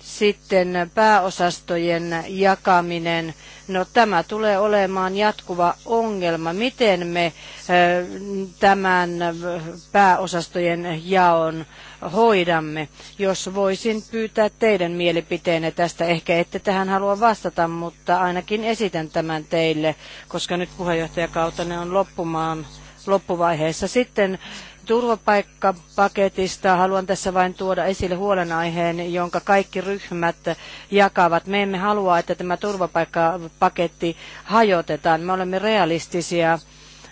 sitten pääosastojen jakaminen No tämä tulee olemaan jatkuva ongelma. Miten me tämän pääosastojen jaon hoidamme? Jos voisin pyytää teidän mielipiteenne tästä, ehkä ette tähän halua vastata, mutta ainakin esitän tämän teille, koska nyt Kautanen on loppumaan loppuvaiheessa. Sitten turvapaikkapaketista haluan tässä vain tuoda esille huolenaiheen, jonka kaikki ryhmät jakavat. Me emme halua, että tämä turvapaikkapaketti hajotetaan. Me olemme realistisia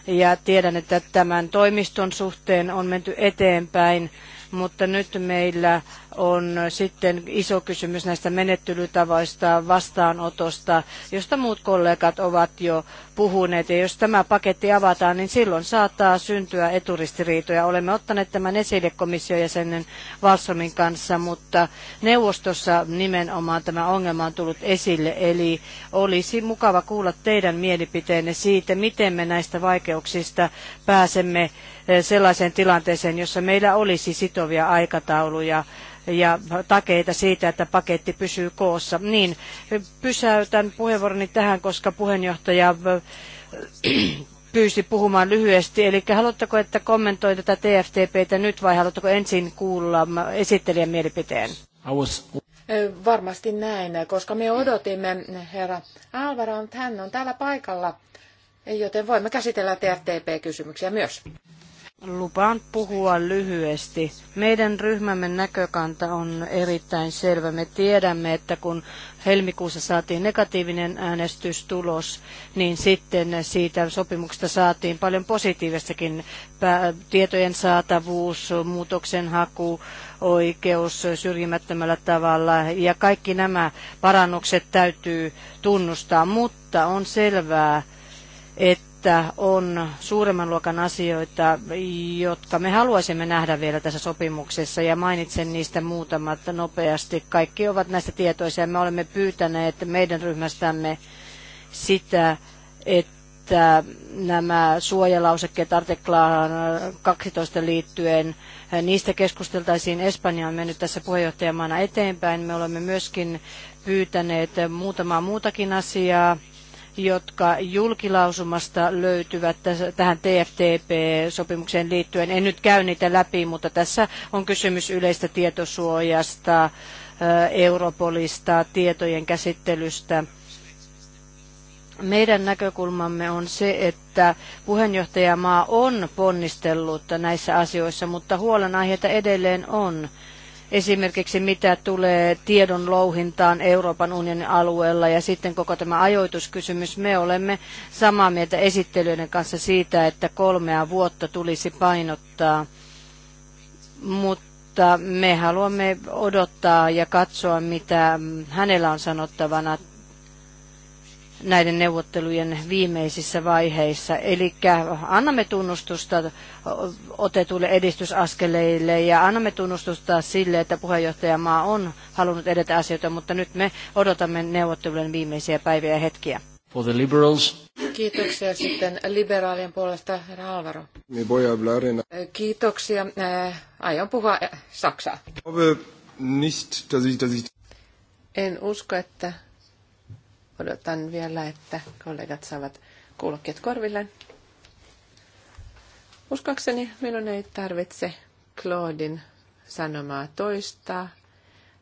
ja tiedän, että tämän toimiston suhteen on menty eteenpäin, mutta nyt meillä on sitten iso kysymys näistä menettelytavoista, vastaanotosta, josta muut kollegat ovat jo puhuneet. Ja jos tämä paketti avataan, niin silloin saattaa syntyä eturistiriitoja. Olemme ottaneet tämän esille komissiojäsenen Valsomin kanssa, mutta neuvostossa nimenomaan tämä ongelma on tullut esille. Eli olisi mukava kuulla teidän mielipiteenne siitä, miten me näistä vaikeuksista pääsemme eh, sellaiseen tilanteeseen, jossa meillä olisi sitovia aikatauluja ja takeita siitä, että paketti pysyy koossa. Niin, pysäytän puheenvuoroni tähän, koska puheenjohtaja pyysi puhumaan lyhyesti. Eli haluatteko, että kommentoi tätä TFTPtä nyt vai haluatteko ensin kuulla esittelijän mielipiteen? Varmasti näin, koska me odotimme herra Alvaro, hän on täällä paikalla, joten voimme käsitellä TFTP-kysymyksiä myös. Lupaan puhua lyhyesti. Meidän ryhmämme näkökanta on erittäin selvä. Me tiedämme, että kun helmikuussa saatiin negatiivinen äänestystulos, niin sitten siitä sopimuksesta saatiin paljon positiivistakin. tietojen saatavuus, muutoksen haku, oikeus syrjimättömällä tavalla ja kaikki nämä parannukset täytyy tunnustaa, mutta on selvää, että mitä on suuremman luokan asioita, jotka me haluaisimme nähdä vielä tässä sopimuksessa ja mainitsen niistä muutamat nopeasti. Kaikki ovat näistä tietoisia. Me olemme pyytäneet meidän ryhmästämme sitä, että nämä suojalausekkeet artiklaan 12 liittyen, niistä keskusteltaisiin. Espanja on mennyt tässä puheenjohtajamaana eteenpäin. Me olemme myöskin pyytäneet muutamaa muutakin asiaa jotka julkilausumasta löytyvät tähän TFTP-sopimukseen liittyen. En nyt käy niitä läpi, mutta tässä on kysymys yleistä tietosuojasta, Europolista, tietojen käsittelystä. Meidän näkökulmamme on se, että puheenjohtajamaa on ponnistellut näissä asioissa, mutta huolenaiheita edelleen on esimerkiksi mitä tulee tiedon louhintaan Euroopan unionin alueella ja sitten koko tämä ajoituskysymys. Me olemme samaa mieltä esittelyiden kanssa siitä, että kolmea vuotta tulisi painottaa, mutta me haluamme odottaa ja katsoa, mitä hänellä on sanottavana näiden neuvottelujen viimeisissä vaiheissa. Eli annamme tunnustusta otetuille edistysaskeleille ja annamme tunnustusta sille, että puheenjohtajamaa on halunnut edetä asioita, mutta nyt me odotamme neuvottelujen viimeisiä päiviä ja hetkiä. For the liberals. Kiitoksia sitten liberaalien puolesta, herra Alvaro. Kiitoksia. Eh, aion puhua eh, saksaa. En usko, että Odotan vielä, että kollegat saavat kuulokkeet korville. Uskoakseni minun ei tarvitse Claudin sanomaa toistaa.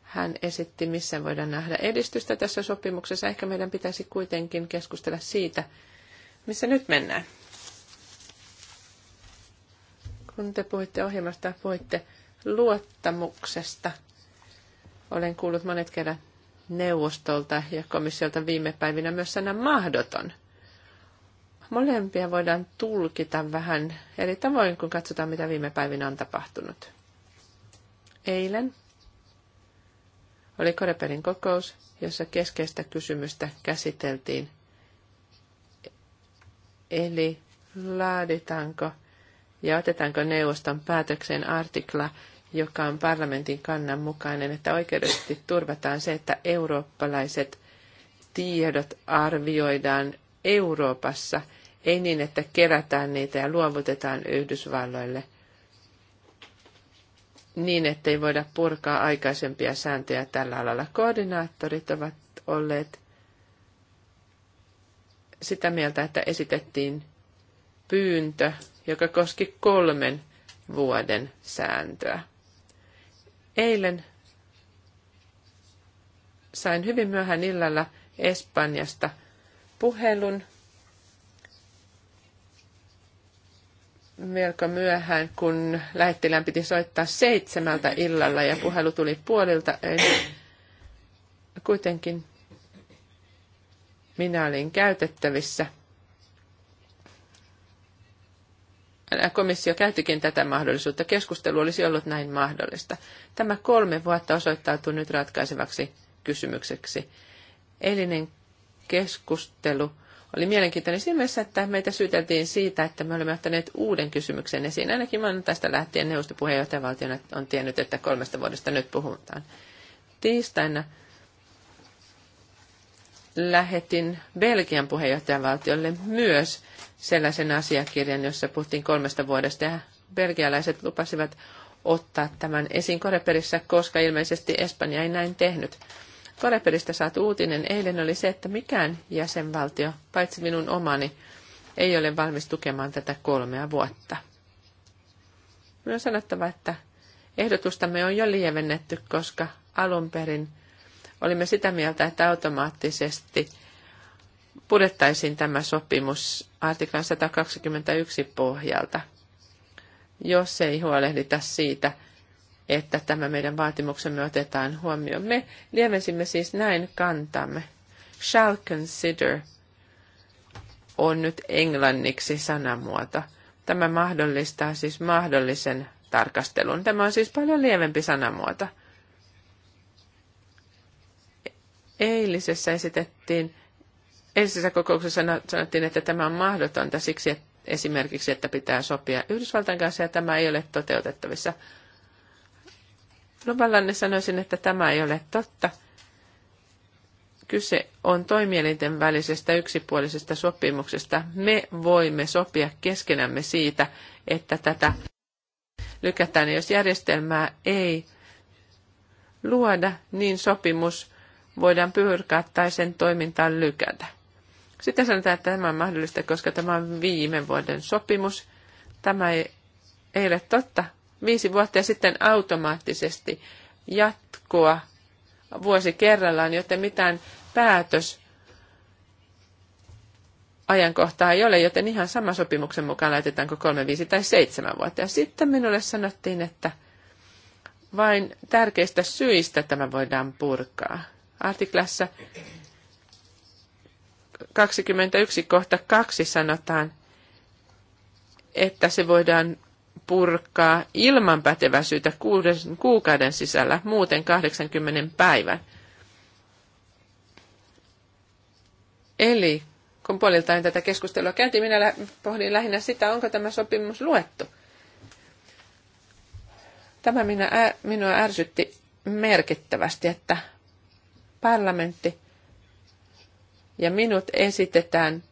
Hän esitti, missä voidaan nähdä edistystä tässä sopimuksessa. Ehkä meidän pitäisi kuitenkin keskustella siitä, missä nyt mennään. Kun te puhuitte ohjelmasta, puhuitte luottamuksesta. Olen kuullut monet kerran neuvostolta ja komissiolta viime päivinä myös sana mahdoton. Molempia voidaan tulkita vähän eri tavoin, kun katsotaan, mitä viime päivinä on tapahtunut. Eilen oli Koreperin kokous, jossa keskeistä kysymystä käsiteltiin. Eli laaditaanko ja otetaanko neuvoston päätökseen artikla joka on parlamentin kannan mukainen, että oikeudellisesti turvataan se, että eurooppalaiset tiedot arvioidaan Euroopassa, ei niin, että kerätään niitä ja luovutetaan Yhdysvalloille niin, ettei voida purkaa aikaisempia sääntöjä tällä alalla. Koordinaattorit ovat olleet sitä mieltä, että esitettiin pyyntö, joka koski kolmen vuoden sääntöä. Eilen sain hyvin myöhään illalla Espanjasta puhelun melko myöhään, kun lähettilään piti soittaa seitsemältä illalla ja puhelu tuli puolilta. En. Kuitenkin minä olin käytettävissä – Äh, komissio käyttikin tätä mahdollisuutta. Keskustelu olisi ollut näin mahdollista. Tämä kolme vuotta osoittautuu nyt ratkaisevaksi kysymykseksi. Eilinen keskustelu oli mielenkiintoinen siinä mielessä, että meitä syyteltiin siitä, että me olemme ottaneet uuden kysymyksen esiin. Ainakin tästä lähtien neuvostopuheenjohtajavaltiona on tiennyt, että kolmesta vuodesta nyt puhutaan. Tiistaina lähetin Belgian puheenjohtajavaltiolle myös sellaisen asiakirjan, jossa puhuttiin kolmesta vuodesta ja belgialaiset lupasivat ottaa tämän esiin Koreperissä, koska ilmeisesti Espanja ei näin tehnyt. Koreperistä saatu uutinen eilen oli se, että mikään jäsenvaltio, paitsi minun omani, ei ole valmis tukemaan tätä kolmea vuotta. Minun on sanottava, että ehdotustamme on jo lievennetty, koska alun perin – olimme sitä mieltä, että automaattisesti purettaisiin tämä sopimus artiklan 121 pohjalta, jos ei huolehdita siitä, että tämä meidän vaatimuksemme otetaan huomioon. Me lievensimme siis näin kantamme. Shall consider on nyt englanniksi sanamuoto. Tämä mahdollistaa siis mahdollisen tarkastelun. Tämä on siis paljon lievempi sanamuoto. Eilisessä esitettiin, eilisessä kokouksessa sanottiin, että tämä on mahdotonta siksi, että esimerkiksi, että pitää sopia Yhdysvaltain kanssa ja tämä ei ole toteutettavissa. Luvallanne sanoisin, että tämä ei ole totta. Kyse on toimielinten välisestä yksipuolisesta sopimuksesta. Me voimme sopia keskenämme siitä, että tätä lykätään. Jos järjestelmää ei luoda, niin sopimus voidaan pyrkää tai sen toimintaan lykätä. Sitten sanotaan, että tämä on mahdollista, koska tämä on viime vuoden sopimus. Tämä ei, ei ole totta. Viisi vuotta ja sitten automaattisesti jatkoa vuosi kerrallaan, joten mitään päätös ajankohtaa ei ole, joten ihan sama sopimuksen mukaan laitetaanko kolme, viisi tai seitsemän vuotta. Ja sitten minulle sanottiin, että vain tärkeistä syistä tämä voidaan purkaa artiklassa 21 kohta 2 sanotaan, että se voidaan purkaa ilman pätevää kuuden, kuukauden sisällä, muuten 80 päivän. Eli kun puoliltaan tätä keskustelua käytiin, minä pohdin lähinnä sitä, onko tämä sopimus luettu. Tämä minä, minua ärsytti merkittävästi, että parlamentti ja minut esitetään,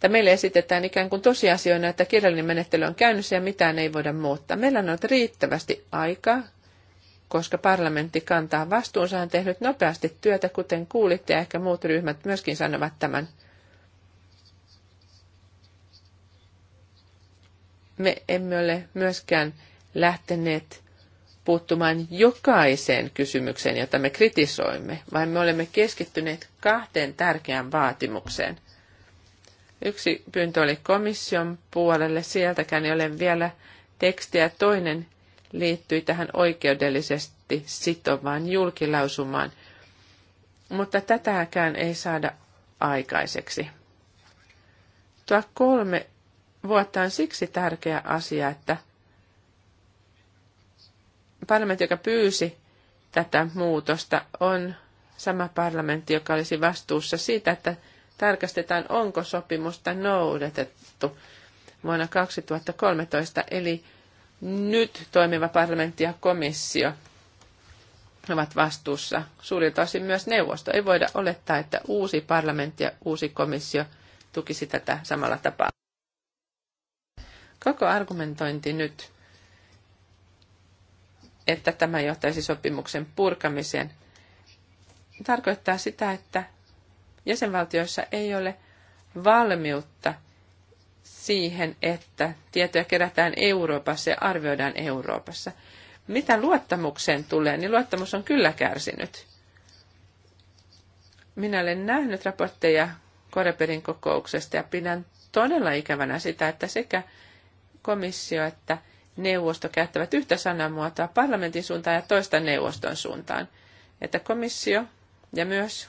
tai meille esitetään ikään kuin tosiasioina, että kirjallinen menettely on käynnissä ja mitään ei voida muuttaa. Meillä on ollut riittävästi aikaa, koska parlamentti kantaa vastuunsa, on tehnyt nopeasti työtä, kuten kuulitte, ja ehkä muut ryhmät myöskin sanovat tämän. Me emme ole myöskään lähteneet puuttumaan jokaiseen kysymykseen, jota me kritisoimme, vaan me olemme keskittyneet kahteen tärkeään vaatimukseen. Yksi pyyntö oli komission puolelle, sieltäkään ei ole vielä tekstiä. Toinen liittyi tähän oikeudellisesti sitovaan julkilausumaan, mutta tätäkään ei saada aikaiseksi. Tuo kolme vuotta on siksi tärkeä asia, että – parlamentti, joka pyysi tätä muutosta, on sama parlamentti, joka olisi vastuussa siitä, että tarkastetaan, onko sopimusta noudatettu vuonna 2013. Eli nyt toimiva parlamentti ja komissio ovat vastuussa. Suurilta osin myös neuvosto. Ei voida olettaa, että uusi parlamentti ja uusi komissio tukisi tätä samalla tapaa. Koko argumentointi nyt että tämä johtaisi sopimuksen purkamiseen, tarkoittaa sitä, että jäsenvaltioissa ei ole valmiutta siihen, että tietoja kerätään Euroopassa ja arvioidaan Euroopassa. Mitä luottamukseen tulee, niin luottamus on kyllä kärsinyt. Minä olen nähnyt raportteja Koreperin kokouksesta ja pidän todella ikävänä sitä, että sekä komissio että neuvosto käyttävät yhtä sanamuotoa parlamentin suuntaan ja toista neuvoston suuntaan. Että komissio ja myös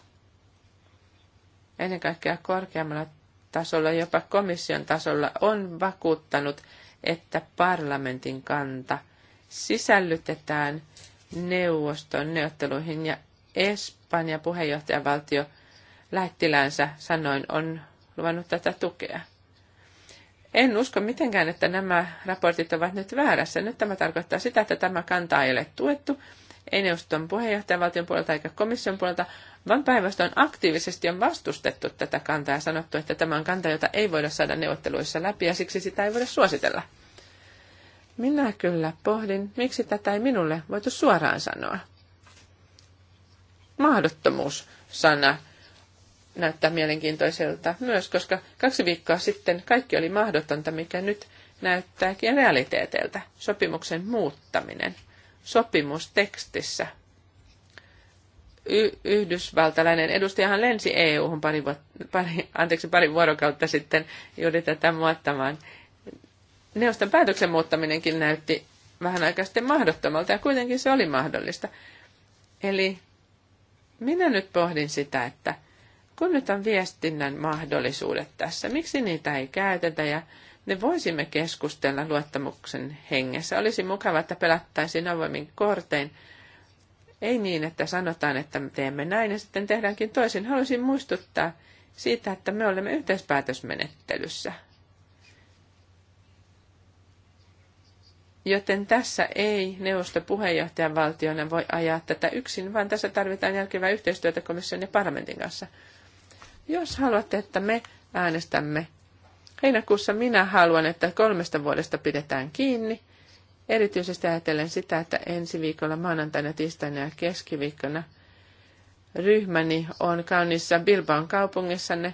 ennen kaikkea korkeammalla tasolla, jopa komission tasolla, on vakuuttanut, että parlamentin kanta sisällytetään neuvoston neuvotteluihin ja Espanja puheenjohtajavaltio lähettiläänsä sanoin on luvannut tätä tukea. En usko mitenkään, että nämä raportit ovat nyt väärässä. Nyt tämä tarkoittaa sitä, että tämä kanta ei ole tuettu, ei neuvoston puheenjohtajavaltion puolelta eikä komission puolelta, vaan päinvastoin aktiivisesti on vastustettu tätä kantaa ja sanottu, että tämä on kanta, jota ei voida saada neuvotteluissa läpi ja siksi sitä ei voida suositella. Minä kyllä pohdin, miksi tätä ei minulle voitu suoraan sanoa. Mahdottomuus sana näyttää mielenkiintoiselta myös, koska kaksi viikkoa sitten kaikki oli mahdotonta, mikä nyt näyttääkin realiteeteltä. Sopimuksen muuttaminen sopimustekstissä. Y- yhdysvaltalainen edustajahan lensi EU-hun pari, vuot- pari, anteeksi, pari vuorokautta sitten juuri tätä muuttamaan. Neuvoston päätöksen muuttaminenkin näytti vähän aikaa sitten mahdottomalta ja kuitenkin se oli mahdollista. Eli minä nyt pohdin sitä, että kun nyt on viestinnän mahdollisuudet tässä, miksi niitä ei käytetä ja me voisimme keskustella luottamuksen hengessä. Olisi mukava, että pelattaisiin avoimin kortein. Ei niin, että sanotaan, että me teemme näin ja sitten tehdäänkin toisin. Haluaisin muistuttaa siitä, että me olemme yhteispäätösmenettelyssä. Joten tässä ei neuvosto puheenjohtajan valtiona voi ajaa tätä yksin, vaan tässä tarvitaan jälkevää yhteistyötä komission ja parlamentin kanssa. Jos haluatte, että me äänestämme heinäkuussa, minä haluan, että kolmesta vuodesta pidetään kiinni. Erityisesti ajatellen sitä, että ensi viikolla maanantaina, tiistaina ja keskiviikkona ryhmäni on kaunissa Bilbaon kaupungissanne.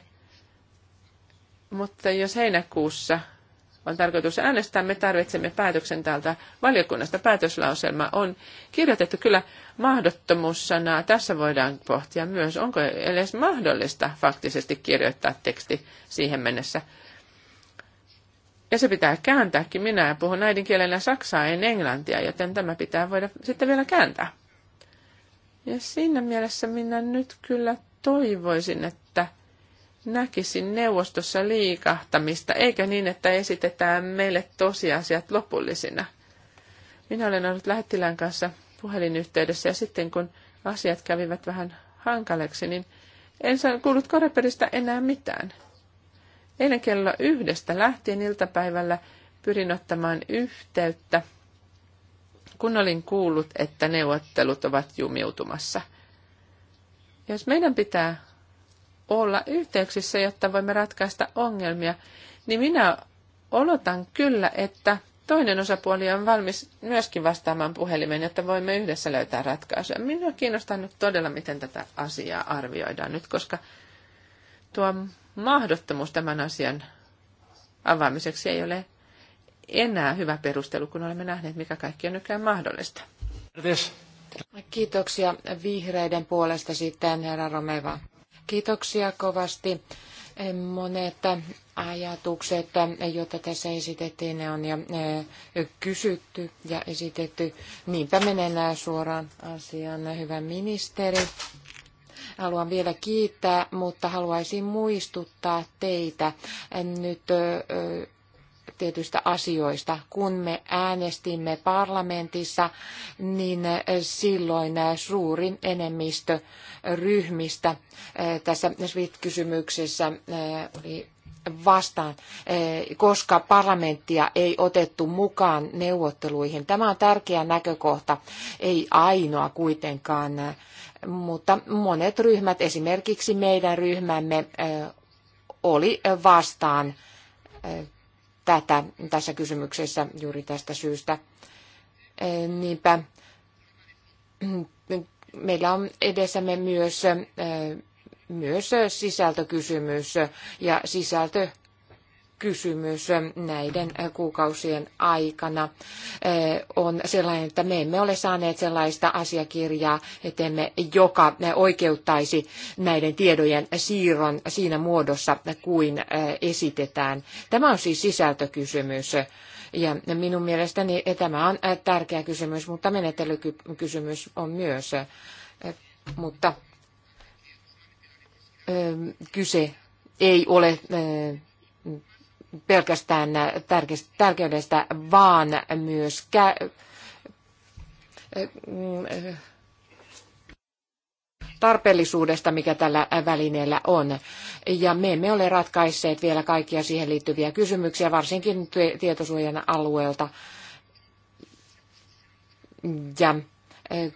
Mutta jos heinäkuussa on tarkoitus äänestää. Me tarvitsemme päätöksen täältä valiokunnasta. Päätöslauselma on kirjoitettu kyllä mahdottomuussanaa. Tässä voidaan pohtia myös, onko edes mahdollista faktisesti kirjoittaa teksti siihen mennessä. Ja se pitää kääntääkin. Minä puhun äidinkielenä saksaa, en englantia, joten tämä pitää voida sitten vielä kääntää. Ja siinä mielessä minä nyt kyllä toivoisin, että näkisin neuvostossa liikahtamista, eikä niin, että esitetään meille tosiasiat lopullisina. Minä olen ollut lähettilään kanssa puhelinyhteydessä ja sitten kun asiat kävivät vähän hankaleksi, niin en saanut kuullut Koreperistä enää mitään. Eilen kello yhdestä lähtien iltapäivällä pyrin ottamaan yhteyttä, kun olin kuullut, että neuvottelut ovat jumiutumassa. Jos meidän pitää olla yhteyksissä, jotta voimme ratkaista ongelmia, niin minä olotan kyllä, että toinen osapuoli on valmis myöskin vastaamaan puhelimeen, jotta voimme yhdessä löytää ratkaisuja. Minua kiinnostaa nyt todella, miten tätä asiaa arvioidaan nyt, koska tuo mahdottomuus tämän asian avaamiseksi ei ole enää hyvä perustelu, kun olemme nähneet, mikä kaikki on nykyään mahdollista. Kiitoksia vihreiden puolesta sitten, herra Romeva. Kiitoksia kovasti. Monet ajatukset, joita tässä esitettiin, ne on jo eh, kysytty ja esitetty. Niinpä menen suoraan asiaan, hyvä ministeri. Haluan vielä kiittää, mutta haluaisin muistuttaa teitä nyt eh, tietyistä asioista. Kun me äänestimme parlamentissa, niin eh, silloin eh, suurin enemmistö ryhmistä eh, tässä SWIFT-kysymyksessä oli vastaan, koska parlamenttia ei otettu mukaan neuvotteluihin. Tämä on tärkeä näkökohta, ei ainoa kuitenkaan, mutta monet ryhmät, esimerkiksi meidän ryhmämme, oli vastaan tätä tässä kysymyksessä juuri tästä syystä. E, niinpä meillä on edessämme myös, e, myös sisältökysymys ja sisältö kysymys näiden kuukausien aikana on sellainen, että me emme ole saaneet sellaista asiakirjaa etemme, joka oikeuttaisi näiden tiedojen siirron siinä muodossa kuin esitetään. Tämä on siis sisältökysymys. Ja minun mielestäni tämä on tärkeä kysymys, mutta menettelykysymys on myös. Mutta kyse ei ole pelkästään tärkeydestä, vaan myös kä- tarpeellisuudesta, mikä tällä välineellä on. Ja me emme ole ratkaisseet vielä kaikkia siihen liittyviä kysymyksiä, varsinkin tietosuojan alueelta. Ja eh,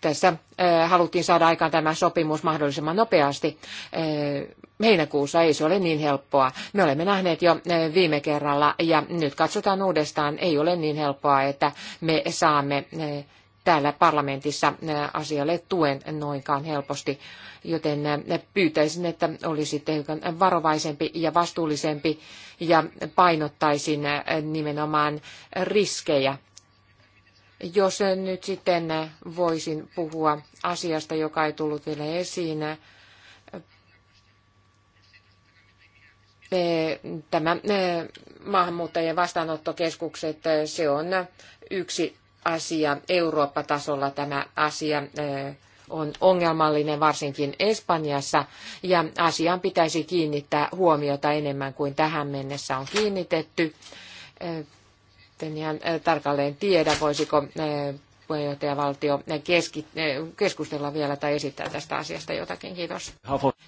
tässä eh, haluttiin saada aikaan tämä sopimus mahdollisimman nopeasti. Eh, heinäkuussa ei se ole niin helppoa. Me olemme nähneet jo eh, viime kerralla ja nyt katsotaan uudestaan. Ei ole niin helppoa, että me saamme eh, täällä parlamentissa eh, asialle tuen noinkaan helposti, joten pyytäisin, että olisitte hiukan varovaisempi ja vastuullisempi ja painottaisin nimenomaan riskejä. Jos nyt sitten voisin puhua asiasta, joka ei tullut vielä esiin, tämä maahanmuuttajien vastaanottokeskukset, se on yksi asia. Eurooppa-tasolla tämä asia on ongelmallinen varsinkin Espanjassa ja asiaan pitäisi kiinnittää huomiota enemmän kuin tähän mennessä on kiinnitetty. En ihan tarkalleen tiedä, voisiko puheenjohtajavaltio keskustella vielä tai esittää tästä asiasta jotakin. Kiitos.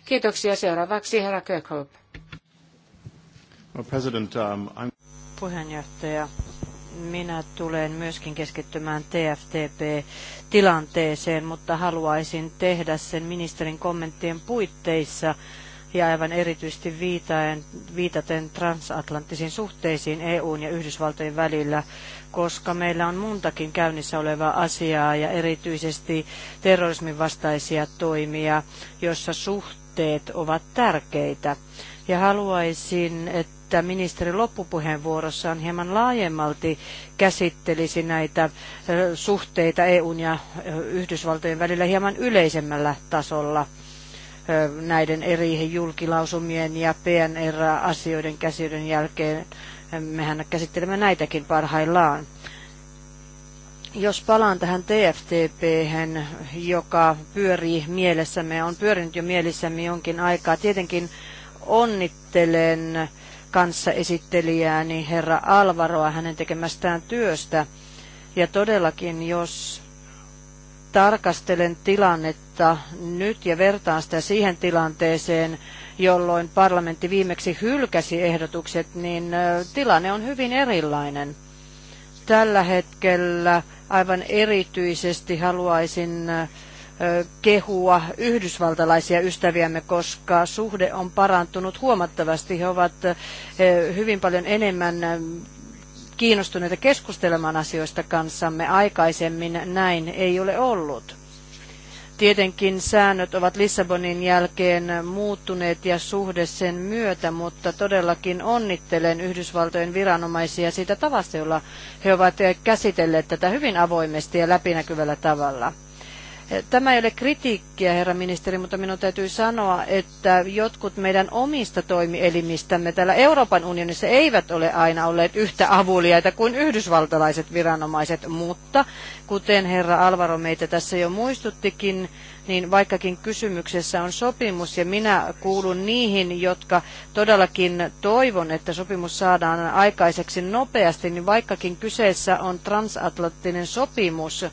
Kiitoksia. Seuraavaksi herra Kirkhope. Um, Puheenjohtaja, minä tulen myöskin keskittymään TFTP-tilanteeseen, mutta haluaisin tehdä sen ministerin kommenttien puitteissa ja aivan erityisesti viitaen, viitaten transatlanttisiin suhteisiin EUn ja Yhdysvaltojen välillä, koska meillä on muutakin käynnissä olevaa asiaa ja erityisesti terrorismin vastaisia toimia, joissa suhteet ovat tärkeitä. Ja haluaisin, että että ministeri loppupuheenvuorossaan hieman laajemmalti käsittelisi näitä suhteita EUn ja Yhdysvaltojen välillä hieman yleisemmällä tasolla näiden eri julkilausumien ja PNR-asioiden käsittelyn jälkeen. Mehän käsittelemme näitäkin parhaillaan. Jos palaan tähän tftp joka pyörii mielessämme, on pyörinyt jo mielissämme jonkin aikaa. Tietenkin onnittelen kanssa esittelijääni niin herra Alvaroa hänen tekemästään työstä. Ja todellakin, jos tarkastelen tilannetta nyt ja vertaan sitä siihen tilanteeseen, jolloin parlamentti viimeksi hylkäsi ehdotukset, niin tilanne on hyvin erilainen. Tällä hetkellä aivan erityisesti haluaisin kehua yhdysvaltalaisia ystäviämme, koska suhde on parantunut huomattavasti. He ovat hyvin paljon enemmän kiinnostuneita keskustelemaan asioista kanssamme. Aikaisemmin näin ei ole ollut. Tietenkin säännöt ovat Lissabonin jälkeen muuttuneet ja suhde sen myötä, mutta todellakin onnittelen Yhdysvaltojen viranomaisia siitä tavasta, jolla he ovat käsitelleet tätä hyvin avoimesti ja läpinäkyvällä tavalla. Tämä ei ole kritiikkiä, herra ministeri, mutta minun täytyy sanoa, että jotkut meidän omista toimielimistämme täällä Euroopan unionissa eivät ole aina olleet yhtä avuliaita kuin yhdysvaltalaiset viranomaiset, mutta kuten herra Alvaro meitä tässä jo muistuttikin, niin vaikkakin kysymyksessä on sopimus ja minä kuulun niihin, jotka todellakin toivon, että sopimus saadaan aikaiseksi nopeasti, niin vaikkakin kyseessä on transatlanttinen sopimus,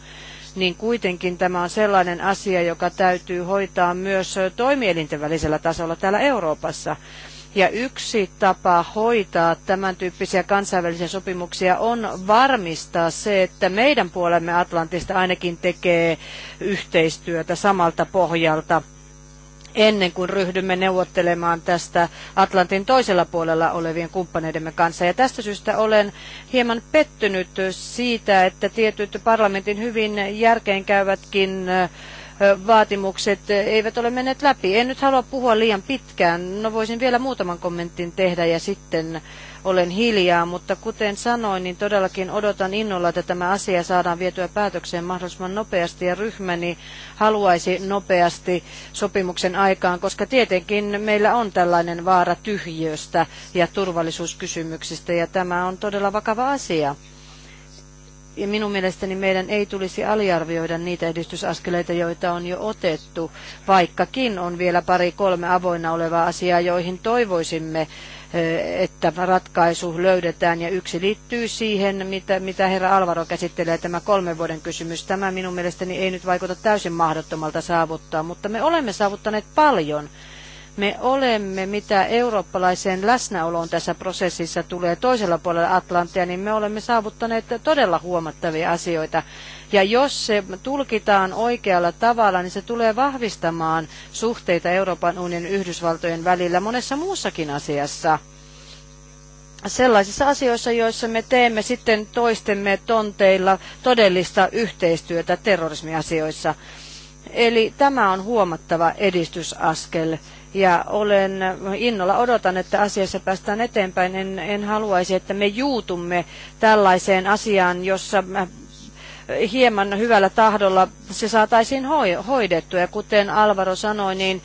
niin kuitenkin tämä on sellainen asia, joka täytyy hoitaa myös toimielinten välisellä tasolla täällä Euroopassa. Ja yksi tapa hoitaa tämän tyyppisiä kansainvälisiä sopimuksia on varmistaa se, että meidän puolemme Atlantista ainakin tekee yhteistyötä samalta pohjalta – ennen kuin ryhdymme neuvottelemaan tästä Atlantin toisella puolella olevien kumppaneidemme kanssa. Ja tästä syystä olen hieman pettynyt siitä, että tietyt parlamentin hyvin järkeenkäyvätkin vaatimukset eivät ole menneet läpi. En nyt halua puhua liian pitkään. No voisin vielä muutaman kommentin tehdä ja sitten olen hiljaa, mutta kuten sanoin, niin todellakin odotan innolla, että tämä asia saadaan vietyä päätökseen mahdollisimman nopeasti ja ryhmäni haluaisi nopeasti sopimuksen aikaan, koska tietenkin meillä on tällainen vaara tyhjiöstä ja turvallisuuskysymyksistä ja tämä on todella vakava asia. Ja minun mielestäni meidän ei tulisi aliarvioida niitä edistysaskeleita, joita on jo otettu, vaikkakin on vielä pari kolme avoinna olevaa asiaa, joihin toivoisimme Eh, että ratkaisu löydetään. Ja yksi liittyy siihen, mitä, mitä herra Alvaro käsittelee, tämä kolmen vuoden kysymys. Tämä minun mielestäni ei nyt vaikuta täysin mahdottomalta saavuttaa, mutta me olemme saavuttaneet paljon me olemme, mitä eurooppalaiseen läsnäoloon tässä prosessissa tulee toisella puolella Atlanttia, niin me olemme saavuttaneet todella huomattavia asioita. Ja jos se tulkitaan oikealla tavalla, niin se tulee vahvistamaan suhteita Euroopan unionin Yhdysvaltojen välillä monessa muussakin asiassa sellaisissa asioissa, joissa me teemme sitten toistemme tonteilla todellista yhteistyötä terrorismiasioissa. Eli tämä on huomattava edistysaskel ja olen innolla odotan, että asiassa päästään eteenpäin. En, en haluaisi, että me juutumme tällaiseen asiaan, jossa hieman hyvällä tahdolla se saataisiin hoidettua. Ja kuten Alvaro sanoi, niin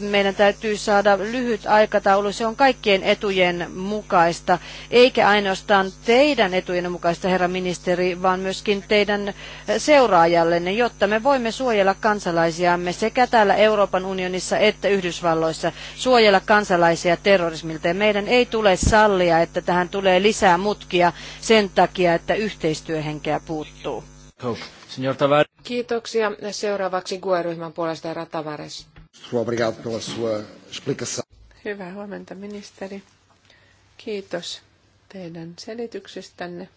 meidän täytyy saada lyhyt aikataulu. Se on kaikkien etujen mukaista, eikä ainoastaan teidän etujen mukaista, herra ministeri, vaan myöskin teidän seuraajallenne, jotta me voimme suojella kansalaisiamme sekä täällä Euroopan unionissa että Yhdysvalloissa, suojella kansalaisia terrorismilta. Ja meidän ei tule sallia, että tähän tulee lisää mutkia sen takia, että yhteistyöhenkeä puuttuu. Kiitoksia. Seuraavaksi GUE-ryhmän puolesta herra Tavares. Hyvää huomenta, ministeri. Kiitos teidän selityksestänne.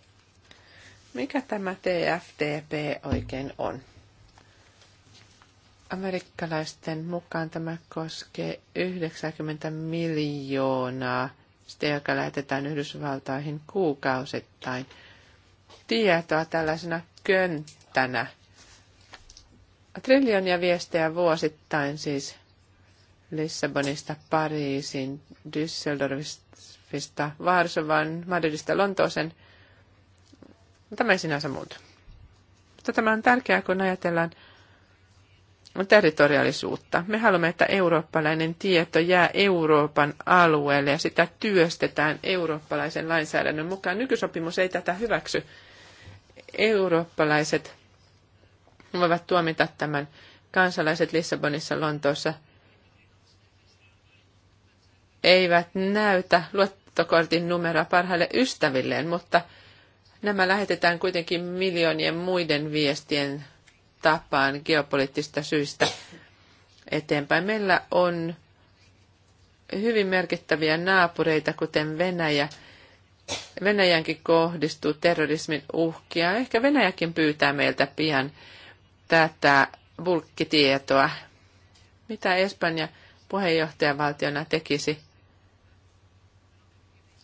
Mikä tämä TFTP oikein on? Amerikkalaisten mukaan tämä koskee 90 miljoonaa, sitä joka lähetetään Yhdysvaltoihin kuukausittain. Tietoa tällaisena könttänä. Triljonia viestejä vuosittain siis Lissabonista, Pariisin, Düsseldorfista, Varsovan, Madridista, Lontoosen. Tämä ei sinänsä muuta. Mutta tämä on tärkeää, kun ajatellaan territoriaalisuutta. Me haluamme, että eurooppalainen tieto jää Euroopan alueelle ja sitä työstetään eurooppalaisen lainsäädännön mukaan. Nykysopimus ei tätä hyväksy eurooppalaiset voivat tuomita tämän kansalaiset Lissabonissa, Lontoossa eivät näytä luottokortin numeroa parhaille ystävilleen, mutta nämä lähetetään kuitenkin miljoonien muiden viestien tapaan geopoliittista syistä eteenpäin. Meillä on hyvin merkittäviä naapureita, kuten Venäjä – Venäjänkin kohdistuu terrorismin uhkia. Ehkä Venäjäkin pyytää meiltä pian tätä bulkkitietoa. Mitä Espanja puheenjohtajavaltiona tekisi?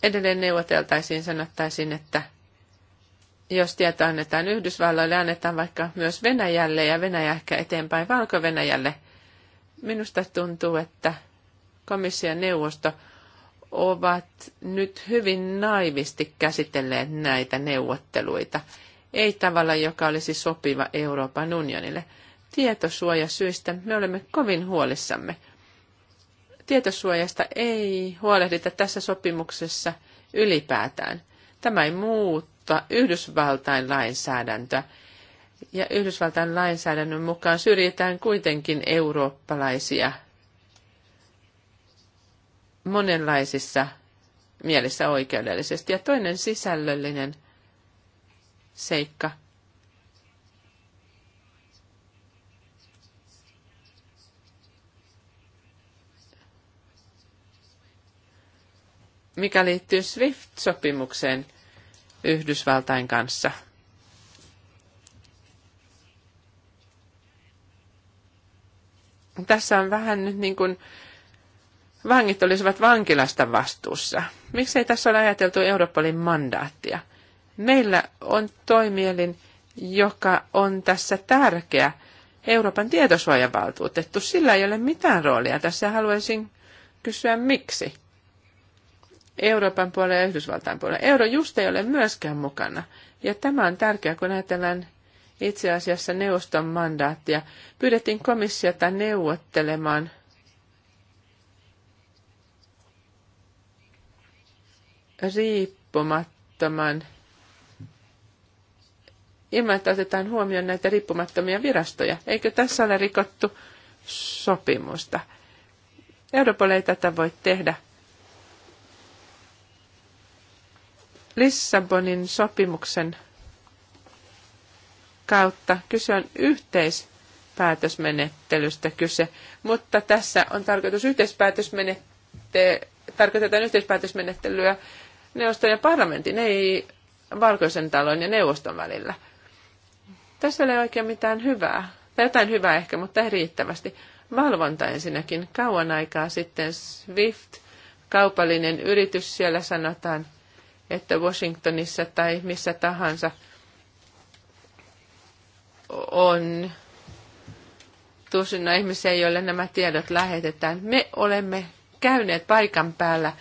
Edelleen neuvoteltaisiin, sanottaisiin, että jos tietoa annetaan Yhdysvalloille, annetaan vaikka myös Venäjälle ja Venäjä ehkä eteenpäin Valko-Venäjälle. Minusta tuntuu, että komission neuvosto ovat nyt hyvin naivisti käsitelleet näitä neuvotteluita. Ei tavalla, joka olisi sopiva Euroopan unionille. Tietosuojasyistä me olemme kovin huolissamme. Tietosuojasta ei huolehdita tässä sopimuksessa ylipäätään. Tämä ei muuta Yhdysvaltain lainsäädäntöä. Ja Yhdysvaltain lainsäädännön mukaan syrjitään kuitenkin eurooppalaisia monenlaisissa mielessä oikeudellisesti. Ja toinen sisällöllinen seikka. mikä liittyy SWIFT-sopimukseen Yhdysvaltain kanssa. Tässä on vähän nyt niin kuin vangit olisivat vankilasta vastuussa. Miksei tässä ole ajateltu Europolin mandaattia? Meillä on toimielin, joka on tässä tärkeä, Euroopan tietosuojavaltuutettu. Sillä ei ole mitään roolia. Tässä haluaisin kysyä miksi. Euroopan puolella ja Yhdysvaltain puolella. Euro just ei ole myöskään mukana. Ja tämä on tärkeää, kun ajatellaan itse asiassa neuvoston mandaattia. Pyydettiin komissiota neuvottelemaan – riippumattoman, ilman että otetaan huomioon näitä riippumattomia virastoja. Eikö tässä ole rikottu sopimusta? Europol ei tätä voi tehdä. Lissabonin sopimuksen kautta kyse on päätösmenettelystä kyse, mutta tässä on tarkoitus yhteispäätösmenettelyä, tarkoitetaan yhteispäätösmenettelyä neuvoston ja parlamentin, ei valkoisen talon ja neuvoston välillä. Tässä ei ole oikein mitään hyvää, tai jotain hyvää ehkä, mutta ei riittävästi. Valvonta ensinnäkin. Kauan aikaa sitten SWIFT, kaupallinen yritys, siellä sanotaan, että Washingtonissa tai missä tahansa on tusina ihmisiä, joille nämä tiedot lähetetään. Me olemme käyneet paikan päällä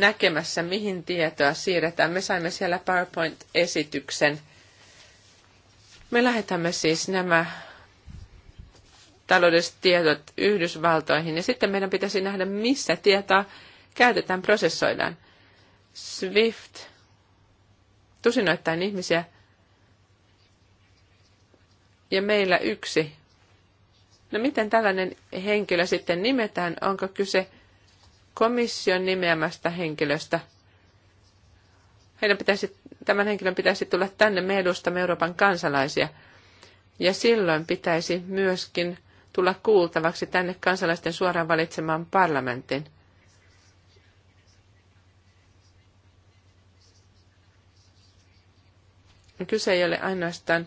näkemässä, mihin tietoa siirretään. Me saimme siellä PowerPoint-esityksen. Me lähetämme siis nämä taloudelliset tiedot Yhdysvaltoihin ja sitten meidän pitäisi nähdä, missä tietoa käytetään, prosessoidaan. SWIFT, tusinoittain ihmisiä ja meillä yksi. No miten tällainen henkilö sitten nimetään? Onko kyse komission nimeämästä henkilöstä. Heidän pitäisi, tämän henkilön pitäisi tulla tänne, me edustamme Euroopan kansalaisia. Ja silloin pitäisi myöskin tulla kuultavaksi tänne kansalaisten suoraan valitsemaan parlamentin. Kyse ei ole ainoastaan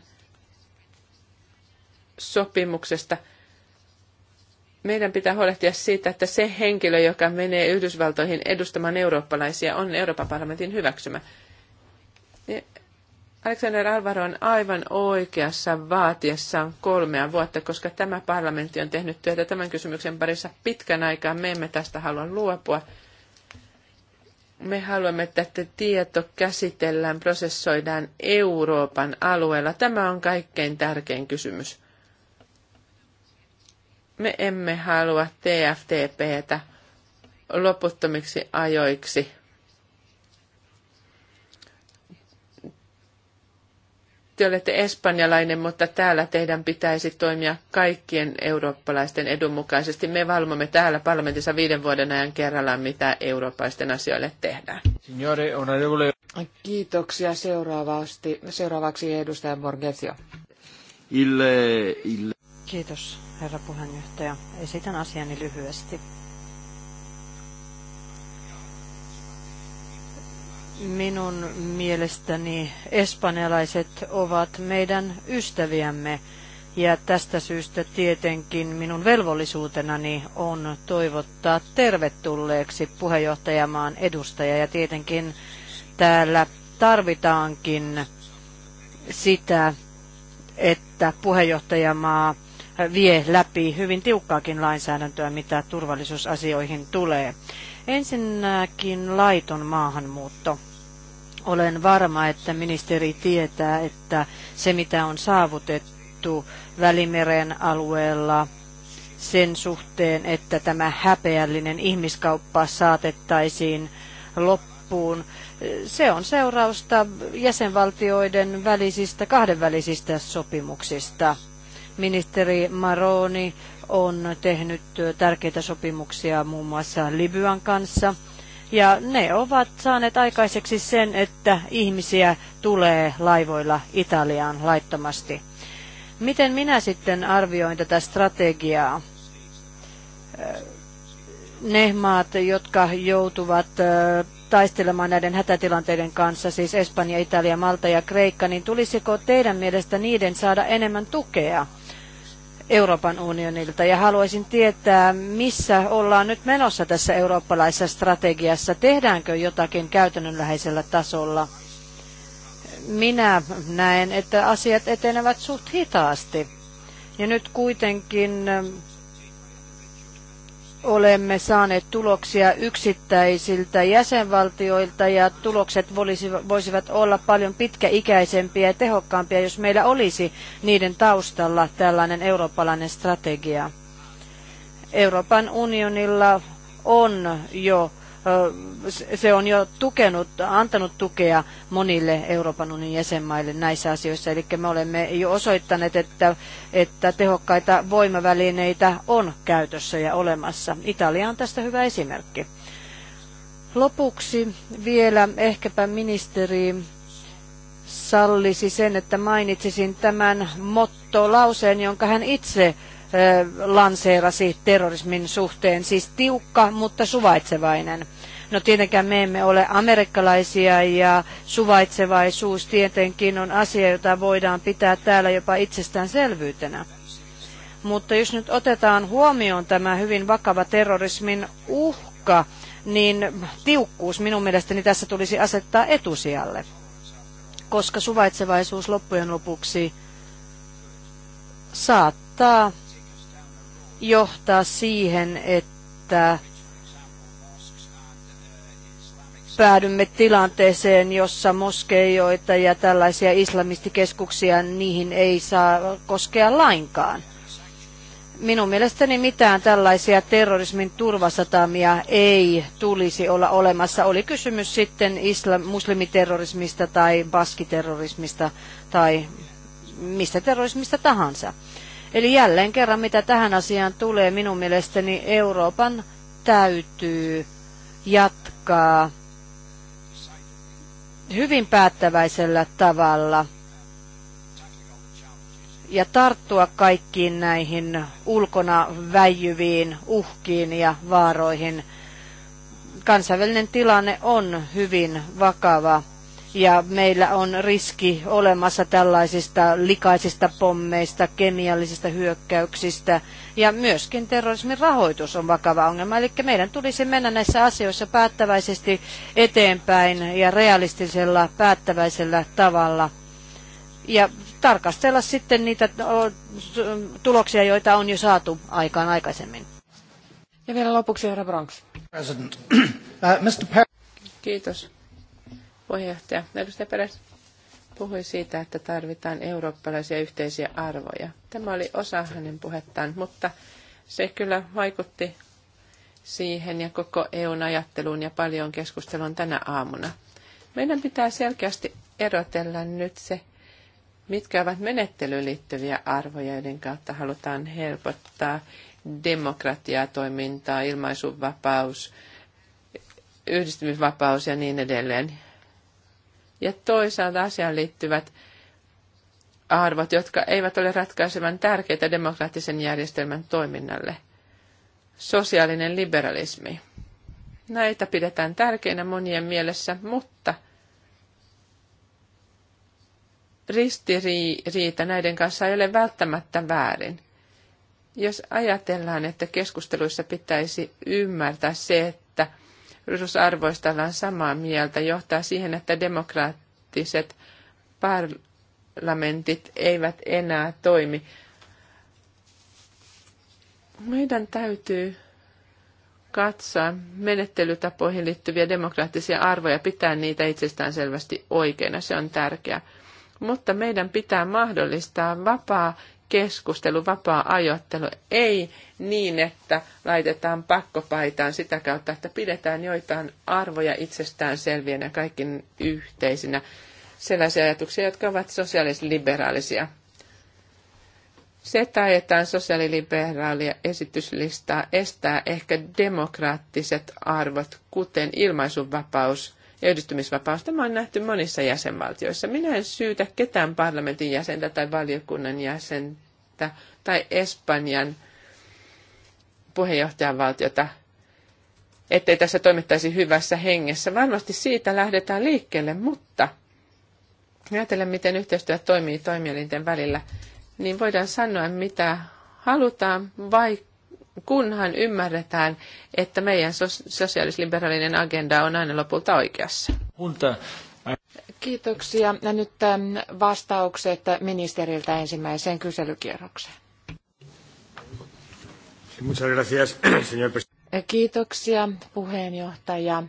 sopimuksesta – meidän pitää huolehtia siitä, että se henkilö, joka menee Yhdysvaltoihin edustamaan eurooppalaisia, on Euroopan parlamentin hyväksymä. Alexander Alvaro on aivan oikeassa vaatiessaan kolmea vuotta, koska tämä parlamentti on tehnyt työtä tämän kysymyksen parissa pitkän aikaa. Me emme tästä halua luopua. Me haluamme, että tieto käsitellään, prosessoidaan Euroopan alueella. Tämä on kaikkein tärkein kysymys. Me emme halua TFTPtä loputtomiksi ajoiksi. Te olette espanjalainen, mutta täällä teidän pitäisi toimia kaikkien eurooppalaisten edun mukaisesti. Me valvomme täällä parlamentissa viiden vuoden ajan kerrallaan, mitä eurooppalaisten asioille tehdään. Signore, onorevole. Kiitoksia. Seuraavaksi, seuraavaksi edustaja Borgesio. Ille, ille. Kiitos, herra puheenjohtaja. Esitän asiani lyhyesti. Minun mielestäni espanjalaiset ovat meidän ystäviämme ja tästä syystä tietenkin minun velvollisuutenani on toivottaa tervetulleeksi puheenjohtajamaan edustaja ja tietenkin täällä tarvitaankin sitä, että puheenjohtajamaa vie läpi hyvin tiukkaakin lainsäädäntöä, mitä turvallisuusasioihin tulee. Ensinnäkin laiton maahanmuutto. Olen varma, että ministeri tietää, että se mitä on saavutettu Välimeren alueella sen suhteen, että tämä häpeällinen ihmiskauppa saatettaisiin loppuun, se on seurausta jäsenvaltioiden välisistä kahdenvälisistä sopimuksista – Ministeri Maroni on tehnyt tärkeitä sopimuksia muun muassa Libyan kanssa. Ja ne ovat saaneet aikaiseksi sen, että ihmisiä tulee laivoilla Italiaan laittomasti. Miten minä sitten arvioin tätä strategiaa? Ne maat, jotka joutuvat taistelemaan näiden hätätilanteiden kanssa, siis Espanja, Italia, Malta ja Kreikka, niin tulisiko teidän mielestä niiden saada enemmän tukea? Euroopan unionilta ja haluaisin tietää, missä ollaan nyt menossa tässä eurooppalaisessa strategiassa. Tehdäänkö jotakin käytännönläheisellä tasolla? Minä näen, että asiat etenevät suht hitaasti. Ja nyt kuitenkin olemme saaneet tuloksia yksittäisiltä jäsenvaltioilta ja tulokset voisivat olla paljon pitkäikäisempiä ja tehokkaampia, jos meillä olisi niiden taustalla tällainen eurooppalainen strategia. Euroopan unionilla on jo se on jo tukenut, antanut tukea monille Euroopan unionin jäsenmaille näissä asioissa. Eli me olemme jo osoittaneet, että, että tehokkaita voimavälineitä on käytössä ja olemassa. Italia on tästä hyvä esimerkki. Lopuksi vielä ehkäpä ministeri sallisi sen, että mainitsisin tämän motto-lauseen, jonka hän itse lanseerasi terrorismin suhteen. Siis tiukka, mutta suvaitsevainen. No tietenkään me emme ole amerikkalaisia ja suvaitsevaisuus tietenkin on asia, jota voidaan pitää täällä jopa itsestäänselvyytenä. Mutta jos nyt otetaan huomioon tämä hyvin vakava terrorismin uhka, niin tiukkuus minun mielestäni tässä tulisi asettaa etusijalle, koska suvaitsevaisuus loppujen lopuksi saattaa johtaa siihen, että päädymme tilanteeseen, jossa moskeijoita ja tällaisia islamistikeskuksia niihin ei saa koskea lainkaan. Minun mielestäni mitään tällaisia terrorismin turvasatamia ei tulisi olla olemassa. Oli kysymys sitten islam, muslimiterrorismista tai baskiterrorismista tai mistä terrorismista tahansa. Eli jälleen kerran, mitä tähän asiaan tulee, minun mielestäni Euroopan täytyy jatkaa hyvin päättäväisellä tavalla ja tarttua kaikkiin näihin ulkona väijyviin uhkiin ja vaaroihin. Kansainvälinen tilanne on hyvin vakava ja meillä on riski olemassa tällaisista likaisista pommeista, kemiallisista hyökkäyksistä ja myöskin terrorismin rahoitus on vakava ongelma. Eli meidän tulisi mennä näissä asioissa päättäväisesti eteenpäin ja realistisella päättäväisellä tavalla ja tarkastella sitten niitä tuloksia, joita on jo saatu aikaan aikaisemmin. Ja vielä lopuksi herra Bronx. Uh, Kiitos Puheenjohtaja, edustaja Peres puhui siitä, että tarvitaan eurooppalaisia yhteisiä arvoja. Tämä oli osa hänen puhettaan, mutta se kyllä vaikutti siihen ja koko EUn ajatteluun ja paljon keskustelun tänä aamuna. Meidän pitää selkeästi erotella nyt se, mitkä ovat menettelyyn liittyviä arvoja, joiden kautta halutaan helpottaa demokratiaa, toimintaa, ilmaisuvapaus, yhdistymisvapaus ja niin edelleen ja toisaalta asiaan liittyvät arvot, jotka eivät ole ratkaisevan tärkeitä demokraattisen järjestelmän toiminnalle. Sosiaalinen liberalismi. Näitä pidetään tärkeinä monien mielessä, mutta ristiriita näiden kanssa ei ole välttämättä väärin. Jos ajatellaan, että keskusteluissa pitäisi ymmärtää se, perusarvoista ollaan samaa mieltä, johtaa siihen, että demokraattiset parlamentit eivät enää toimi. Meidän täytyy katsoa menettelytapoihin liittyviä demokraattisia arvoja, pitää niitä itsestään selvästi oikeina, se on tärkeää. Mutta meidän pitää mahdollistaa vapaa keskustelu, vapaa ajattelu, ei niin, että laitetaan pakkopaitaan sitä kautta, että pidetään joitain arvoja itsestään selviänä kaikin yhteisinä, sellaisia ajatuksia, jotka ovat sosiaalisliberaalisia. Se, että ajetaan sosiaaliliberaalia esityslistaa, estää ehkä demokraattiset arvot, kuten ilmaisuvapaus, ja yhdistymisvapaus. Tämä on nähty monissa jäsenvaltioissa. Minä en syytä ketään parlamentin jäsentä tai valiokunnan jäsentä että, tai Espanjan puheenjohtajavaltiota, ettei tässä toimittaisi hyvässä hengessä. Varmasti siitä lähdetään liikkeelle, mutta ajatellen, miten yhteistyö toimii toimielinten välillä, niin voidaan sanoa, mitä halutaan, vaikka kunhan ymmärretään, että meidän sosiaalisliberaalinen agenda on aina lopulta oikeassa. Kiitoksia. Ja nyt ähm, vastaukset ministeriltä ensimmäiseen kyselykierrokseen. Muchas gracias, äh, Kiitoksia puheenjohtaja.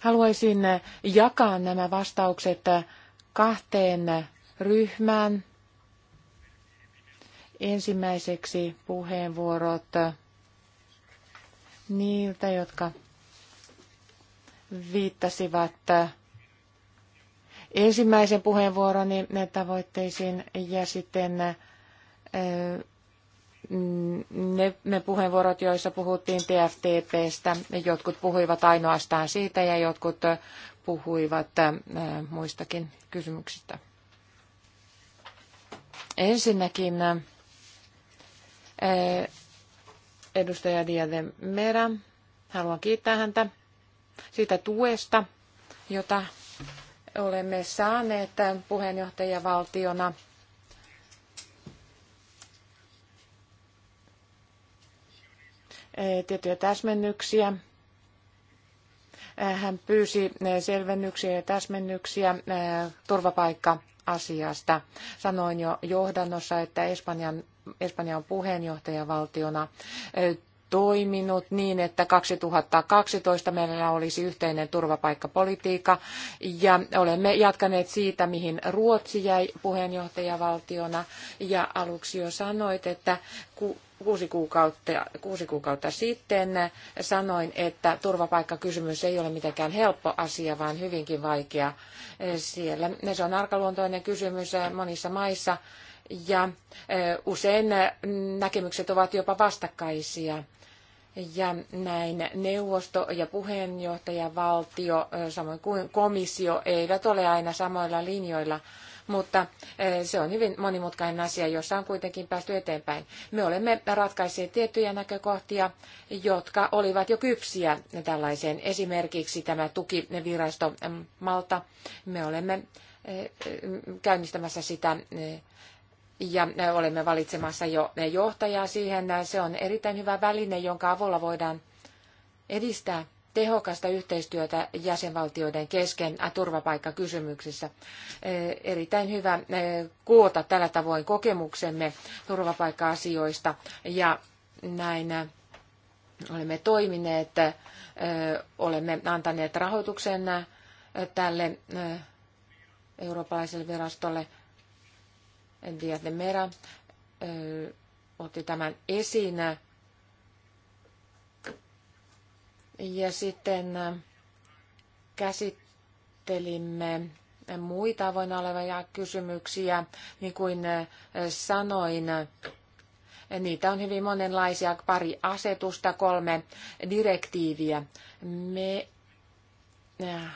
Haluaisin äh, jakaa nämä vastaukset äh, kahteen ryhmään. Ensimmäiseksi puheenvuorot niiltä, jotka viittasivat ensimmäisen puheenvuoroni tavoitteisiin ja sitten eh, ne, ne puheenvuorot, joissa puhuttiin TFTPstä, jotkut puhuivat ainoastaan siitä ja jotkut puhuivat eh, muistakin kysymyksistä. Ensinnäkin eh, edustaja Diade Mera, haluan kiittää häntä siitä tuesta, jota olemme saaneet puheenjohtajavaltiona. Eh, tiettyjä täsmennyksiä. Eh, hän pyysi eh, selvennyksiä ja täsmennyksiä turvapaikka-asiasta. Sanoin jo johdannossa, että Espanjan Espanja on puheenjohtajavaltiona toiminut niin, että 2012 meillä olisi yhteinen turvapaikkapolitiikka ja olemme jatkaneet siitä, mihin Ruotsi jäi puheenjohtajavaltiona ja aluksi jo sanoit, että kuusi kuukautta, kuusi kuukautta sitten sanoin, että turvapaikkakysymys ei ole mitenkään helppo asia, vaan hyvinkin vaikea siellä. Se on arkaluontoinen kysymys monissa maissa ja usein näkemykset ovat jopa vastakkaisia ja näin neuvosto ja puheenjohtaja valtio, samoin kuin komissio, eivät ole aina samoilla linjoilla, mutta se on hyvin monimutkainen asia, jossa on kuitenkin päästy eteenpäin. Me olemme ratkaisseet tiettyjä näkökohtia, jotka olivat jo kypsiä tällaiseen. Esimerkiksi tämä tukivirasto Malta. Me olemme käynnistämässä sitä ja olemme valitsemassa jo johtajaa siihen. Se on erittäin hyvä väline, jonka avulla voidaan edistää tehokasta yhteistyötä jäsenvaltioiden kesken turvapaikkakysymyksissä. Erittäin hyvä koota tällä tavoin kokemuksemme turvapaikka-asioista ja näin olemme toimineet, olemme antaneet rahoituksen tälle eurooppalaiselle virastolle – Diaz de Mera otti tämän esiin. Ja sitten käsittelimme muita avoinna olevia kysymyksiä. Niin kuin sanoin, niitä on hyvin monenlaisia, pari asetusta, kolme direktiiviä. Me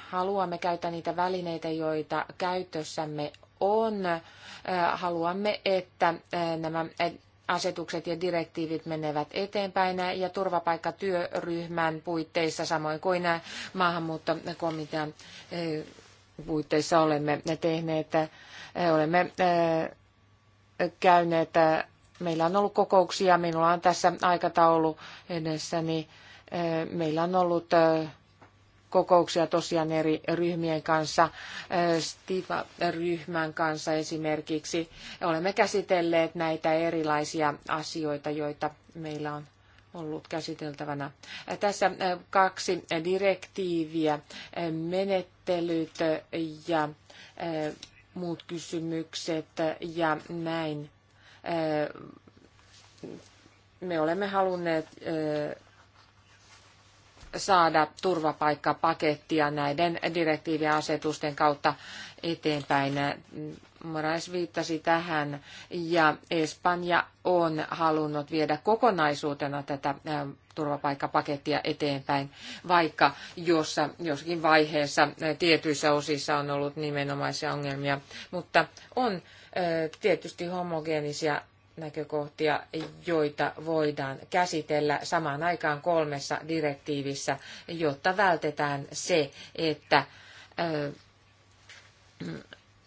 haluamme käyttää niitä välineitä, joita käytössämme on. Haluamme, että nämä asetukset ja direktiivit menevät eteenpäin ja turvapaikkatyöryhmän puitteissa samoin kuin maahanmuuttokomitean puitteissa olemme tehneet. Olemme käyneet, meillä on ollut kokouksia, minulla on tässä aikataulu edessäni. Meillä on ollut kokouksia tosiaan eri ryhmien kanssa, eh, stiva ryhmän kanssa esimerkiksi. Olemme käsitelleet näitä erilaisia asioita, joita meillä on ollut käsiteltävänä. Eh, tässä eh, kaksi direktiiviä, menettelyt ja muut kysymykset ja näin. Me olemme halunneet saada turvapaikkapakettia näiden direktiivien asetusten kautta eteenpäin. Morais viittasi tähän ja Espanja on halunnut viedä kokonaisuutena tätä turvapaikkapakettia eteenpäin, vaikka jossa, joskin vaiheessa tietyissä osissa on ollut nimenomaisia ongelmia, mutta on tietysti homogeenisia näkökohtia, joita voidaan käsitellä samaan aikaan kolmessa direktiivissä, jotta vältetään se, että,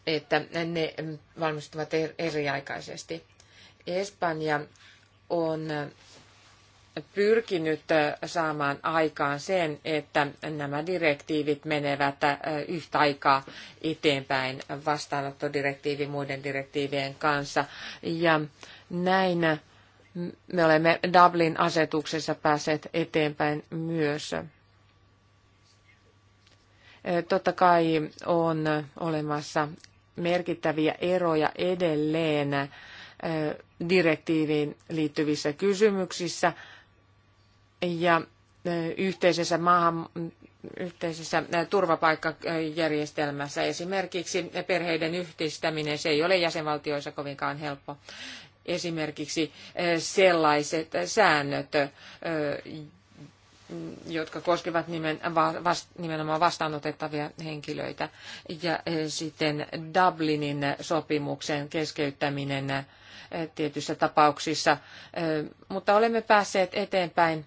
että ne valmistuvat eriaikaisesti. Espanja on pyrkinyt saamaan aikaan sen, että nämä direktiivit menevät yhtä aikaa eteenpäin vastaanottodirektiivi muiden direktiivien kanssa. Ja näin me olemme Dublin-asetuksessa päässeet eteenpäin myös. Totta kai on olemassa merkittäviä eroja edelleen direktiiviin liittyvissä kysymyksissä ja yhteisessä, maahan, yhteisessä turvapaikkajärjestelmässä esimerkiksi perheiden yhdistäminen, se ei ole jäsenvaltioissa kovinkaan helppo esimerkiksi eh, sellaiset säännöt, eh, jotka koskevat nimenomaan vastaanotettavia henkilöitä. Ja eh, sitten Dublinin sopimuksen keskeyttäminen tietyissä tapauksissa. Mutta olemme päässeet eteenpäin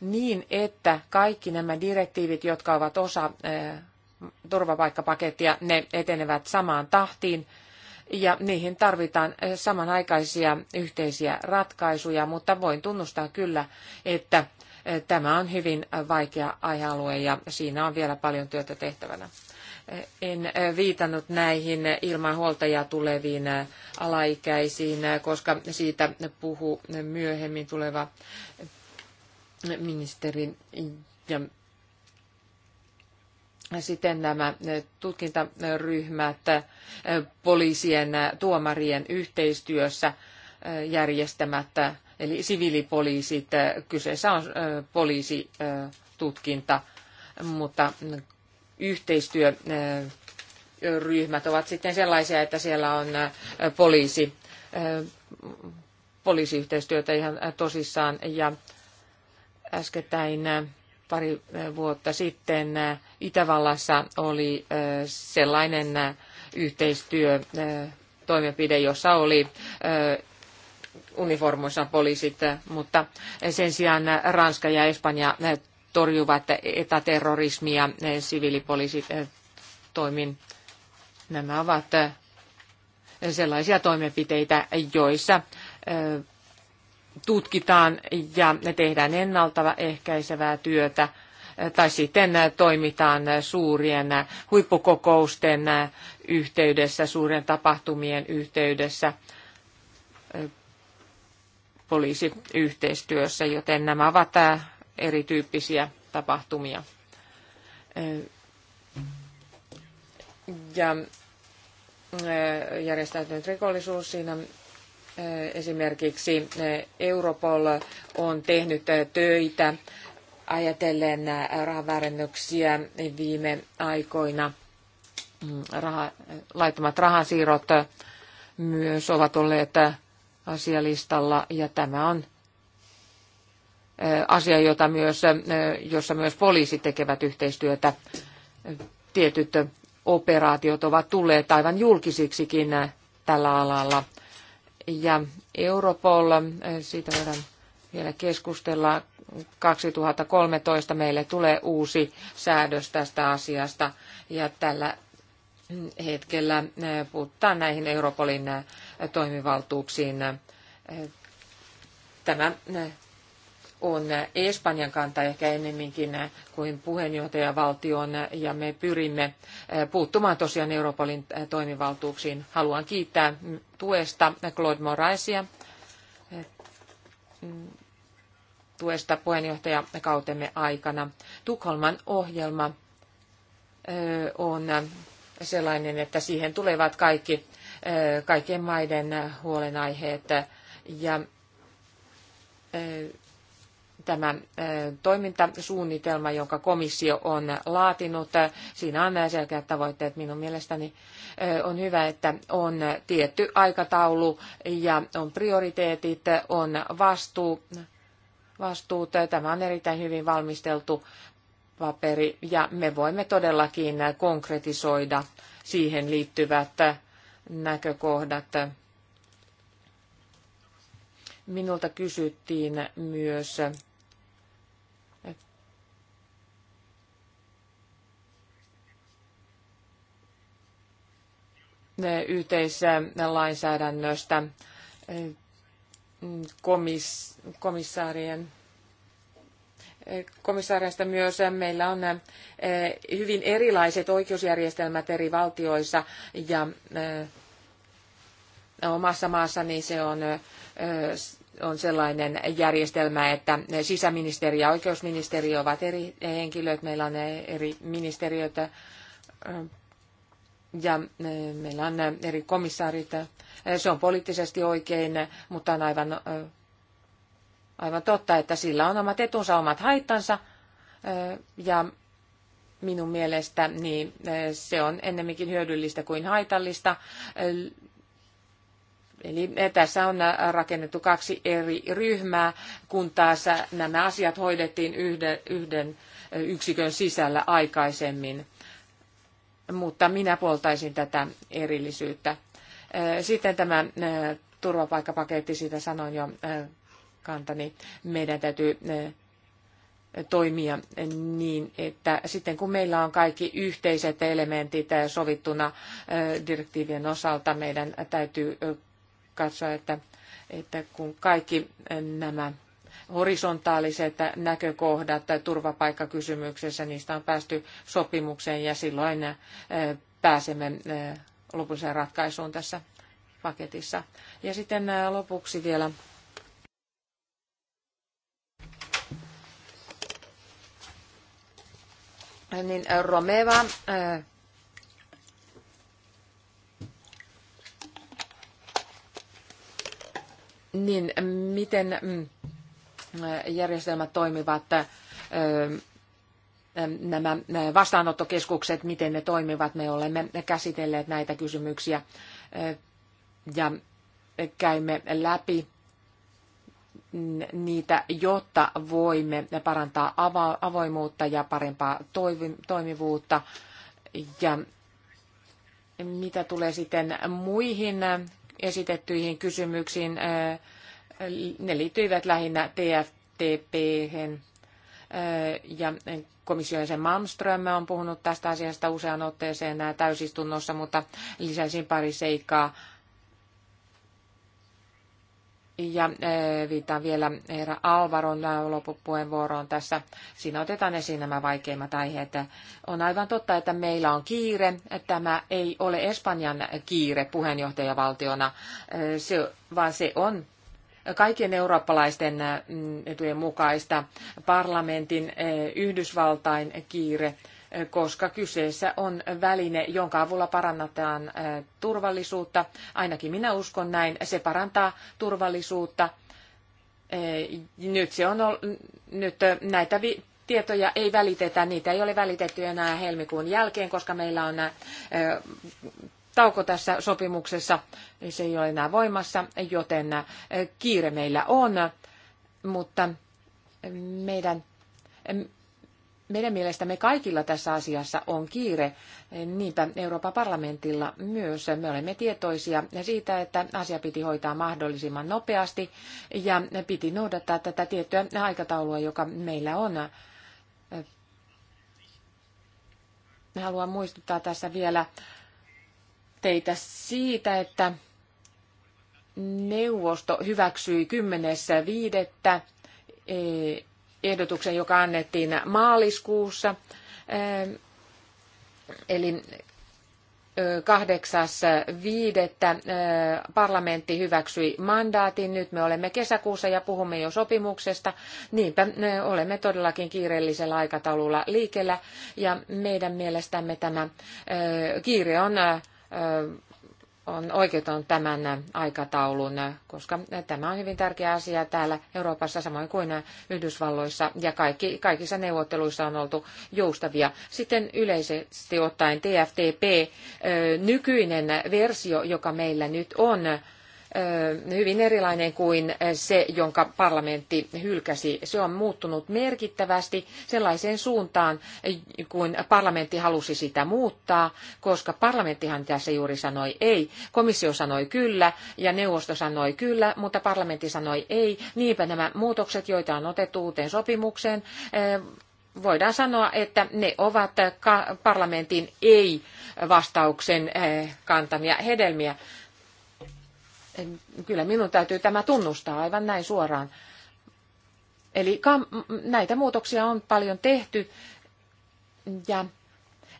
niin, että kaikki nämä direktiivit, jotka ovat osa turvapaikkapakettia, ne etenevät samaan tahtiin ja niihin tarvitaan eh, samanaikaisia yhteisiä ratkaisuja, mutta voin tunnustaa kyllä, että eh, tämä on hyvin eh, vaikea aihealue ja siinä on vielä paljon työtä tehtävänä. En viitannut näihin ilman huoltajaa tuleviin alaikäisiin, koska siitä puhuu myöhemmin tuleva ministeri ja sitten nämä eh, tutkintaryhmät eh, poliisien eh, tuomarien yhteistyössä järjestämättä, eli siviilipoliisit, kyseessä on poliisitutkinta, mutta yhteistyöryhmät ovat sitten sellaisia, että siellä on poliisi, poliisiyhteistyötä ihan tosissaan ja äskettäin pari vuotta sitten Itävallassa oli sellainen yhteistyötoimenpide, jossa oli uniformuissa poliisit, mutta sen sijaan Ranska ja Espanja torjuvat etaterrorismia siviilipoliisit toimin. Nämä ovat sellaisia toimenpiteitä, joissa tutkitaan ja tehdään ehkäisevää työtä tai sitten toimitaan suurien huippukokousten yhteydessä, suuren tapahtumien yhteydessä poliisiyhteistyössä, joten nämä ovat erityyppisiä tapahtumia. Ja järjestäytynyt rikollisuus siinä esimerkiksi Europol on tehnyt töitä ajatellen äh, rahaväärennyksiä viime aikoina. Mm, raha, laittomat rahansiirrot äh, myös ovat olleet äh, asialistalla ja tämä on asia, jota myös, jossa myös poliisi tekevät yhteistyötä. Tietyt operaatiot ovat tulleet aivan julkisiksikin tällä alalla. Ja Europol, siitä voidaan vielä keskustella, 2013 meille tulee uusi säädös tästä asiasta ja tällä hetkellä eh, puuttaa näihin Europolin eh, toimivaltuuksiin. Eh, tämä on Espanjan kanta ehkä ennemminkin kuin puheenjohtajavaltion ja me pyrimme puuttumaan tosiaan Europolin toimivaltuuksiin. Haluan kiittää tuesta Claude Moraisia tuesta puheenjohtajakautemme aikana. Tukholman ohjelma on sellainen, että siihen tulevat kaikki, kaikkien maiden huolenaiheet ja tämä toimintasuunnitelma, jonka komissio on laatinut. Siinä on nämä selkeät tavoitteet minun mielestäni. On hyvä, että on tietty aikataulu ja on prioriteetit, on vastuu ja Tämä on erittäin hyvin valmisteltu paperi ja me voimme todellakin konkretisoida siihen liittyvät näkökohdat. Minulta kysyttiin myös yhteislainsäädännöstä komis, komissaarien komissaarista myös meillä on hyvin erilaiset oikeusjärjestelmät eri valtioissa ja omassa maassani se on, on sellainen järjestelmä, että sisäministeri ja oikeusministeri ovat eri henkilöt, meillä on eri ministeriöt ja e, meillä on eri komissaarit. E, se on poliittisesti oikein, mutta on aivan, e, aivan totta, että sillä on omat etunsa, omat haittansa. Ja minun mielestä niin se on ennemminkin hyödyllistä kuin haitallista. Eli tässä on rakennettu kaksi eri ryhmää, kun taas nämä asiat hoidettiin yhden, yhden yksikön sisällä aikaisemmin mutta minä puoltaisin tätä erillisyyttä. Sitten tämä turvapaikkapaketti, siitä sanoin jo kantani, meidän täytyy toimia niin, että sitten kun meillä on kaikki yhteiset elementit sovittuna direktiivien osalta, meidän täytyy katsoa, että, että kun kaikki nämä horisontaaliset näkökohdat turvapaikkakysymyksessä, niistä on päästy sopimukseen ja silloin eh, pääsemme eh, lopulliseen ratkaisuun tässä paketissa. Ja sitten eh, lopuksi vielä niin Romeva niin miten mm, järjestelmät toimivat, nämä vastaanottokeskukset, miten ne toimivat. Me olemme käsitelleet näitä kysymyksiä ja käymme läpi niitä, jotta voimme parantaa avoimuutta ja parempaa toimivuutta. Ja mitä tulee sitten muihin esitettyihin kysymyksiin, ne liittyivät lähinnä TFTP ja komission sen Malmström on puhunut tästä asiasta useaan otteeseen täysistunnossa, mutta lisäisin pari seikkaa. Ja viittaan vielä herra Alvaron loppupuheenvuoroon tässä. Siinä otetaan esiin nämä vaikeimmat aiheet. On aivan totta, että meillä on kiire. Tämä ei ole Espanjan kiire puheenjohtajavaltiona, se, vaan se on kaikkien eurooppalaisten äh, mm, etujen mukaista parlamentin äh, Yhdysvaltain kiire, äh, koska kyseessä on väline, jonka avulla parannetaan turvallisuutta. Ainakin minä uskon näin. Se parantaa turvallisuutta. Nyt, se on, nyt näitä tietoja ei välitetä, niitä ei ole välitetty enää helmikuun jälkeen, koska meillä on tauko tässä sopimuksessa, se ei ole enää voimassa, joten kiire meillä on, mutta meidän, meidän mielestämme kaikilla tässä asiassa on kiire, niinpä Euroopan parlamentilla myös. Me olemme tietoisia siitä, että asia piti hoitaa mahdollisimman nopeasti ja piti noudattaa tätä tiettyä aikataulua, joka meillä on. Haluan muistuttaa tässä vielä viitteitä siitä, että neuvosto hyväksyi 10.5. E, ehdotuksen, joka annettiin maaliskuussa. E, eli 8.5. E, parlamentti hyväksyi mandaatin. Nyt me olemme kesäkuussa ja puhumme jo sopimuksesta. Niinpä me olemme todellakin kiireellisellä aikataululla liikellä ja meidän mielestämme tämä kiire on on oikeuton tämän aikataulun, koska tämä on hyvin tärkeä asia täällä Euroopassa samoin kuin Yhdysvalloissa ja kaikki, kaikissa neuvotteluissa on oltu joustavia. Sitten yleisesti ottaen TFTP, nykyinen versio, joka meillä nyt on, hyvin erilainen kuin se, jonka parlamentti hylkäsi. Se on muuttunut merkittävästi sellaiseen suuntaan, kuin parlamentti halusi sitä muuttaa, koska parlamenttihan tässä juuri sanoi ei. Komissio sanoi kyllä ja neuvosto sanoi kyllä, mutta parlamentti sanoi ei. Niinpä nämä muutokset, joita on otettu uuteen sopimukseen, voidaan sanoa, että ne ovat parlamentin ei-vastauksen kantamia hedelmiä kyllä minun täytyy tämä tunnustaa aivan näin suoraan. Eli näitä muutoksia on paljon tehty ja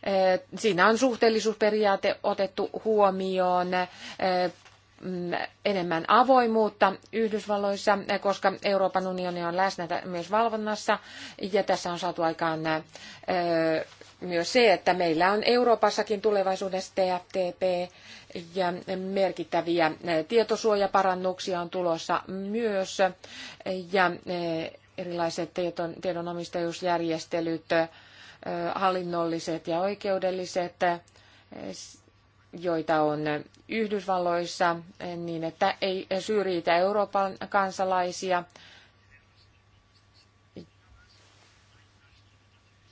e, siinä on suhteellisuusperiaate otettu huomioon e, enemmän avoimuutta Yhdysvalloissa, e, koska Euroopan unioni on läsnä myös valvonnassa, ja tässä on saatu aikaan myös se, että meillä on Euroopassakin tulevaisuudessa TFTP ja merkittäviä eh, tietosuojaparannuksia on tulossa myös eh, ja eh, erilaiset tiedonomistajuusjärjestelyt, hallinnolliset ja oikeudelliset, joita on Yhdysvalloissa, niin että ei syrjitä Euroopan kansalaisia –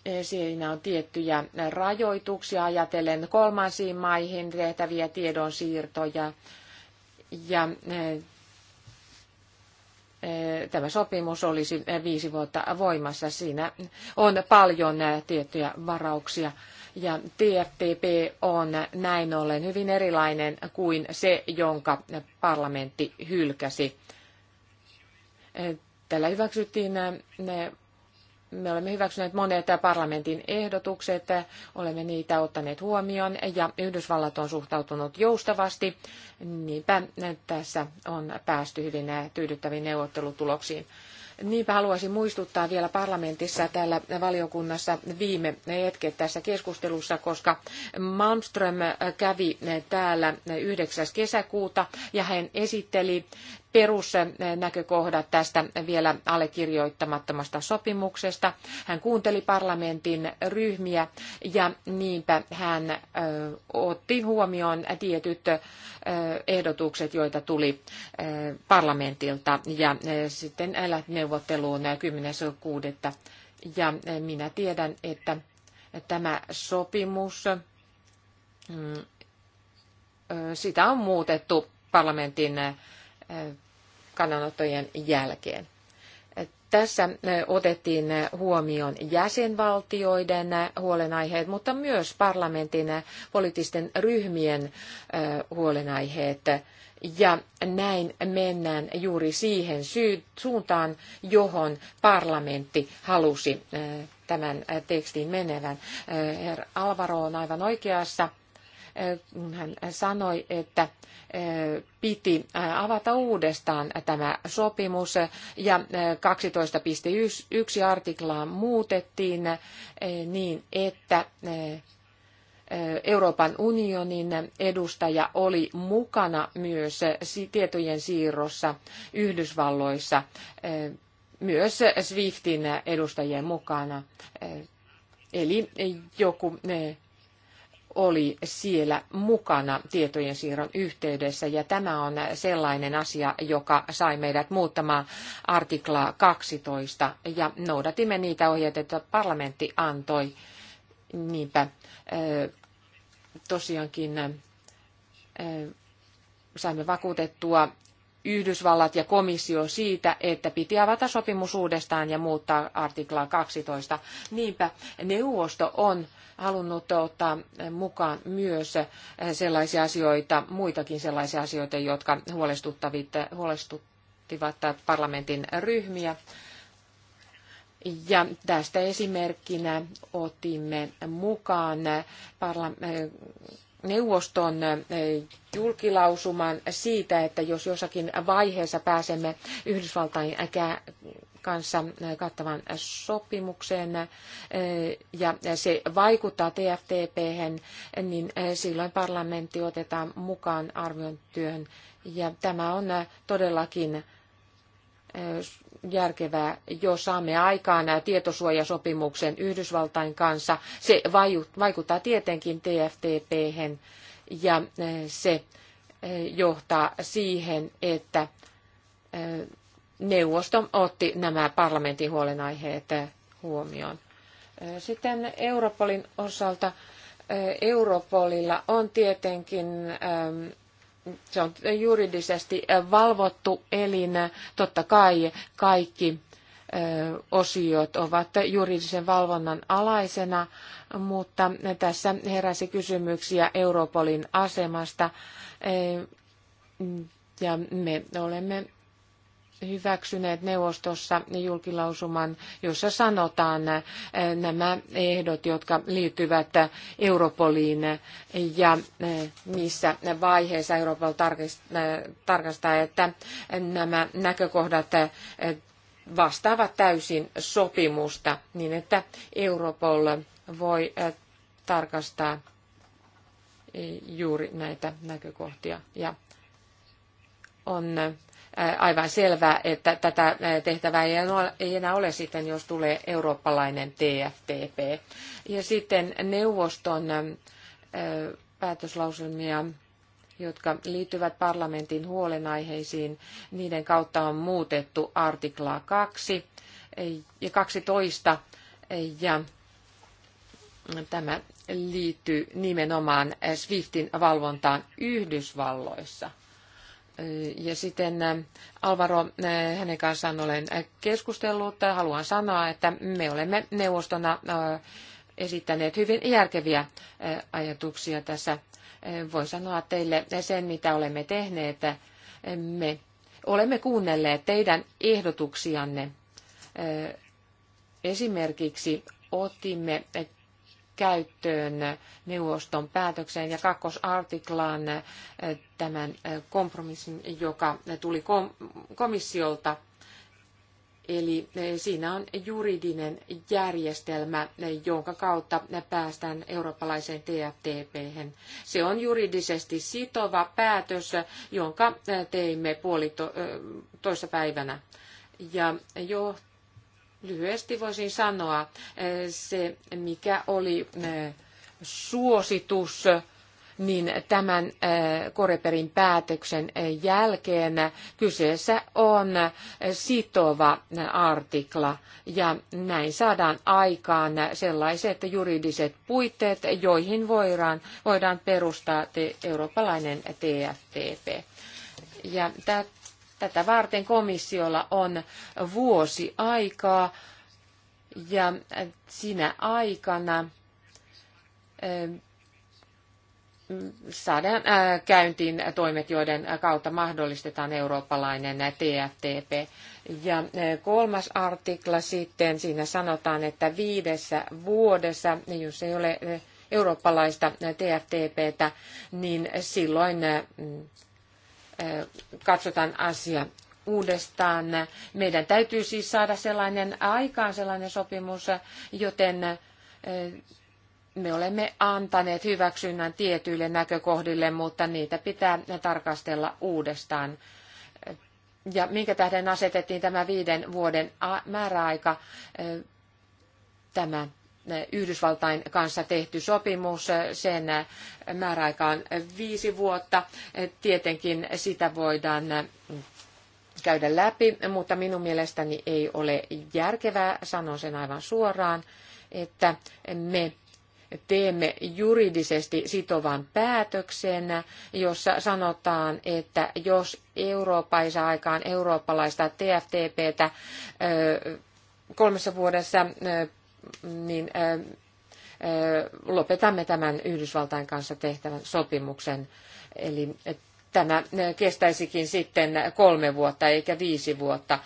Eh, Siinä on tiettyjä rajoituksia ajatellen kolmansiin maihin tehtäviä tiedonsiirtoja. Ja eh, eh, tämä sopimus olisi viisi vuotta voimassa. Siinä on paljon tiettyjä varauksia. Ja TFTP on näin ollen hyvin erilainen kuin se, jonka parlamentti hylkäsi. Tällä hyväksyttiin ne me olemme hyväksyneet monet parlamentin ehdotukset, olemme niitä ottaneet huomioon ja Yhdysvallat on suhtautunut joustavasti. Niinpä tässä on päästy hyvin tyydyttäviin neuvottelutuloksiin. Niinpä haluaisin muistuttaa vielä parlamentissa täällä valiokunnassa viime hetket tässä keskustelussa, koska Malmström kävi täällä 9. kesäkuuta ja hän esitteli perusnäkökohdat tästä vielä allekirjoittamattomasta sopimuksesta. Hän kuunteli parlamentin ryhmiä ja niinpä hän otti huomioon tietyt ehdotukset, joita tuli parlamentilta ja sitten lähti neuvotteluun 10.6. Ja minä tiedän, että tämä sopimus, mm, sitä on muutettu parlamentin kannanottojen jälkeen. Tässä eh, otettiin eh, huomioon jäsenvaltioiden eh, huolenaiheet, mutta myös parlamentin poliittisten ryhmien huolenaiheet. Ja näin mennään juuri siihen suuntaan, johon parlamentti halusi tämän tekstin menevän. Herra Alvaro on aivan oikeassa kun hän sanoi, että eh, piti eh, avata uudestaan tämä sopimus ja 12.1 eh, artiklaa muutettiin niin, että Euroopan unionin edustaja oli mukana myös tietojen siirrossa Yhdysvalloissa, myös SWIFTin edustajien mukana. Eli joku oli siellä mukana tietojen siirron yhteydessä ja tämä on sellainen asia, joka sai meidät muuttamaan artiklaa 12 ja noudatimme niitä ohjeita, joita parlamentti antoi. Niinpä tosiaankin saimme vakuutettua Yhdysvallat ja komissio siitä, että piti avata sopimus uudestaan ja muuttaa artiklaa 12. Niinpä neuvosto on halunnut ottaa mukaan myös sellaisia asioita, muitakin sellaisia asioita, jotka huolestuttivat parlamentin ryhmiä. Ja tästä esimerkkinä otimme mukaan parlamentin neuvoston julkilausuman siitä, että jos jossakin vaiheessa pääsemme Yhdysvaltain kanssa kattavan sopimukseen ja se vaikuttaa tftp niin silloin parlamentti otetaan mukaan arviointityöhön. Ja tämä on todellakin järkevää, jos saamme aikaan tietosuojasopimuksen Yhdysvaltain kanssa. Se vaikuttaa tietenkin tftp hen ja eh, se eh, johtaa siihen, että eh, neuvosto otti nämä parlamentin huolenaiheet huomioon. Sitten Europolin osalta Europolilla on tietenkin se on juridisesti valvottu elin. Totta kai kaikki osiot ovat juridisen valvonnan alaisena, mutta tässä heräsi kysymyksiä Europolin asemasta. Ja me olemme hyväksyneet neuvostossa julkilausuman, jossa sanotaan eh, nämä ehdot, jotka liittyvät Europoliin ja eh, missä vaiheessa Europol eh, tarkastaa, että nämä näkökohdat vastaavat täysin sopimusta niin, että Europol voi tarkastaa juuri näitä näkökohtia ja on aivan selvää, että tätä tehtävää ei enää ole sitten, jos tulee eurooppalainen TFTP. Ja sitten neuvoston päätöslauselmia, jotka liittyvät parlamentin huolenaiheisiin, niiden kautta on muutettu artiklaa 2 ja 12 ja tämä liittyy nimenomaan SWIFTin valvontaan Yhdysvalloissa. Ja sitten Alvaro, hänen kanssaan olen keskustellut. Haluan sanoa, että me olemme neuvostona esittäneet hyvin järkeviä ajatuksia tässä. Voin sanoa teille sen, mitä olemme tehneet. Me olemme kuunnelleet teidän ehdotuksianne. Esimerkiksi otimme käyttöön neuvoston päätökseen ja kakkosartiklaan eh, tämän eh, kompromissin, joka tuli komissiolta. Eli eh, siinä on juridinen järjestelmä, jonka kautta päästään eurooppalaiseen TFTP. hen. Se on juridisesti sitova päätös, jonka teimme puolitoista päivänä. Ja johto lyhyesti voisin sanoa eh, se, mikä oli eh, suositus, niin tämän eh, Koreperin päätöksen jälkeen kyseessä on sitova artikla ja näin saadaan aikaan sellaiset juridiset puitteet, joihin voidaan, voidaan perustaa te, eurooppalainen TFTP. Ja Tätä varten komissiolla on vuosi aikaa ja äh, sinä aikana ähm, saadaan äh, käyntiin toimet, joiden kautta mahdollistetaan eurooppalainen TFTP. Ja äh, kolmas artikla sitten, siinä sanotaan, että viidessä vuodessa, niin jos ei ole eurooppalaista TFTPtä, niin silloin katsotaan asia uudestaan. Meidän täytyy siis saada sellainen aikaan sellainen sopimus, joten me olemme antaneet hyväksynnän tietyille näkökohdille, mutta niitä pitää tarkastella uudestaan. Ja minkä tähden asetettiin tämä viiden vuoden määräaika? Tämä Yhdysvaltain kanssa tehty sopimus. Sen määräaika on viisi vuotta. Tietenkin sitä voidaan käydä läpi, mutta minun mielestäni ei ole järkevää, sanon sen aivan suoraan, että me teemme juridisesti sitovan päätöksen, jossa sanotaan, että jos Eurooppa ei saa aikaan eurooppalaista TFTPtä kolmessa vuodessa niin lopetamme tämän Yhdysvaltain kanssa tehtävän sopimuksen. Eli tämä kestäisikin sitten kolme vuotta eikä viisi vuotta.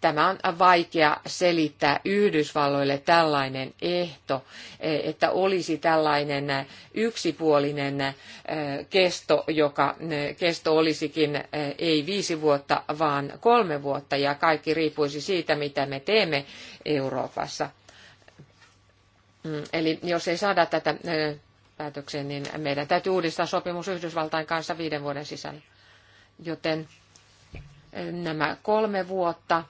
Tämä on vaikea selittää Yhdysvalloille tällainen ehto, e, että olisi tällainen yksipuolinen e, kesto, joka e, kesto olisikin ei viisi vuotta, vaan kolme vuotta, ja kaikki riippuisi siitä, mitä me teemme Euroopassa. Mm, eli jos ei saada tätä päätökseen, niin meidän täytyy uudistaa sopimus Yhdysvaltain kanssa viiden vuoden sisällä. Joten nämä kolme vuotta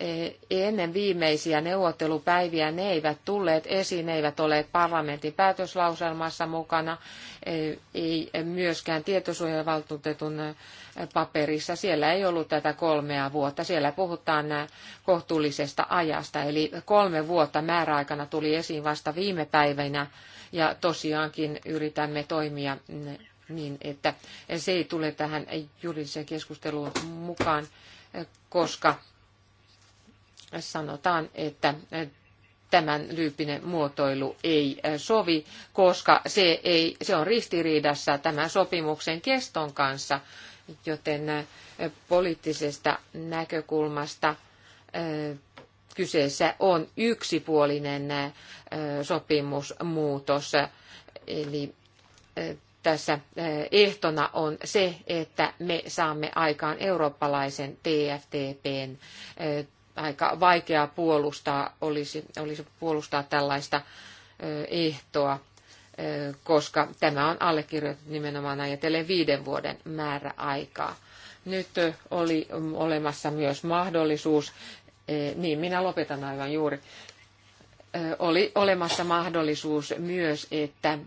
Eh, ennen viimeisiä neuvottelupäiviä ne eivät tulleet esiin, ne eivät ole parlamentin päätöslauselmassa mukana, eh, ei myöskään tietosuojavaltuutetun eh, paperissa. Siellä ei ollut tätä kolmea vuotta. Siellä puhutaan kohtuullisesta ajasta, eli kolme vuotta määräaikana tuli esiin vasta viime päivinä, ja tosiaankin yritämme toimia mm, niin, että se ei tule tähän juridiseen keskusteluun mukaan, koska sanotaan, että tämän tyyppinen muotoilu ei eh, sovi, koska se, ei, se on ristiriidassa tämän sopimuksen keston kanssa, joten eh, poliittisesta näkökulmasta eh, kyseessä on yksipuolinen sopimusmuutos. Eli tässä ehtona on se, että me saamme aikaan eurooppalaisen TFTPn aika vaikea puolustaa, olisi, olisi puolustaa tällaista ehtoa, koska tämä on allekirjoitettu nimenomaan ajatellen viiden vuoden määräaikaa. Nyt oli olemassa myös mahdollisuus, niin minä lopetan aivan juuri, oli olemassa mahdollisuus myös, että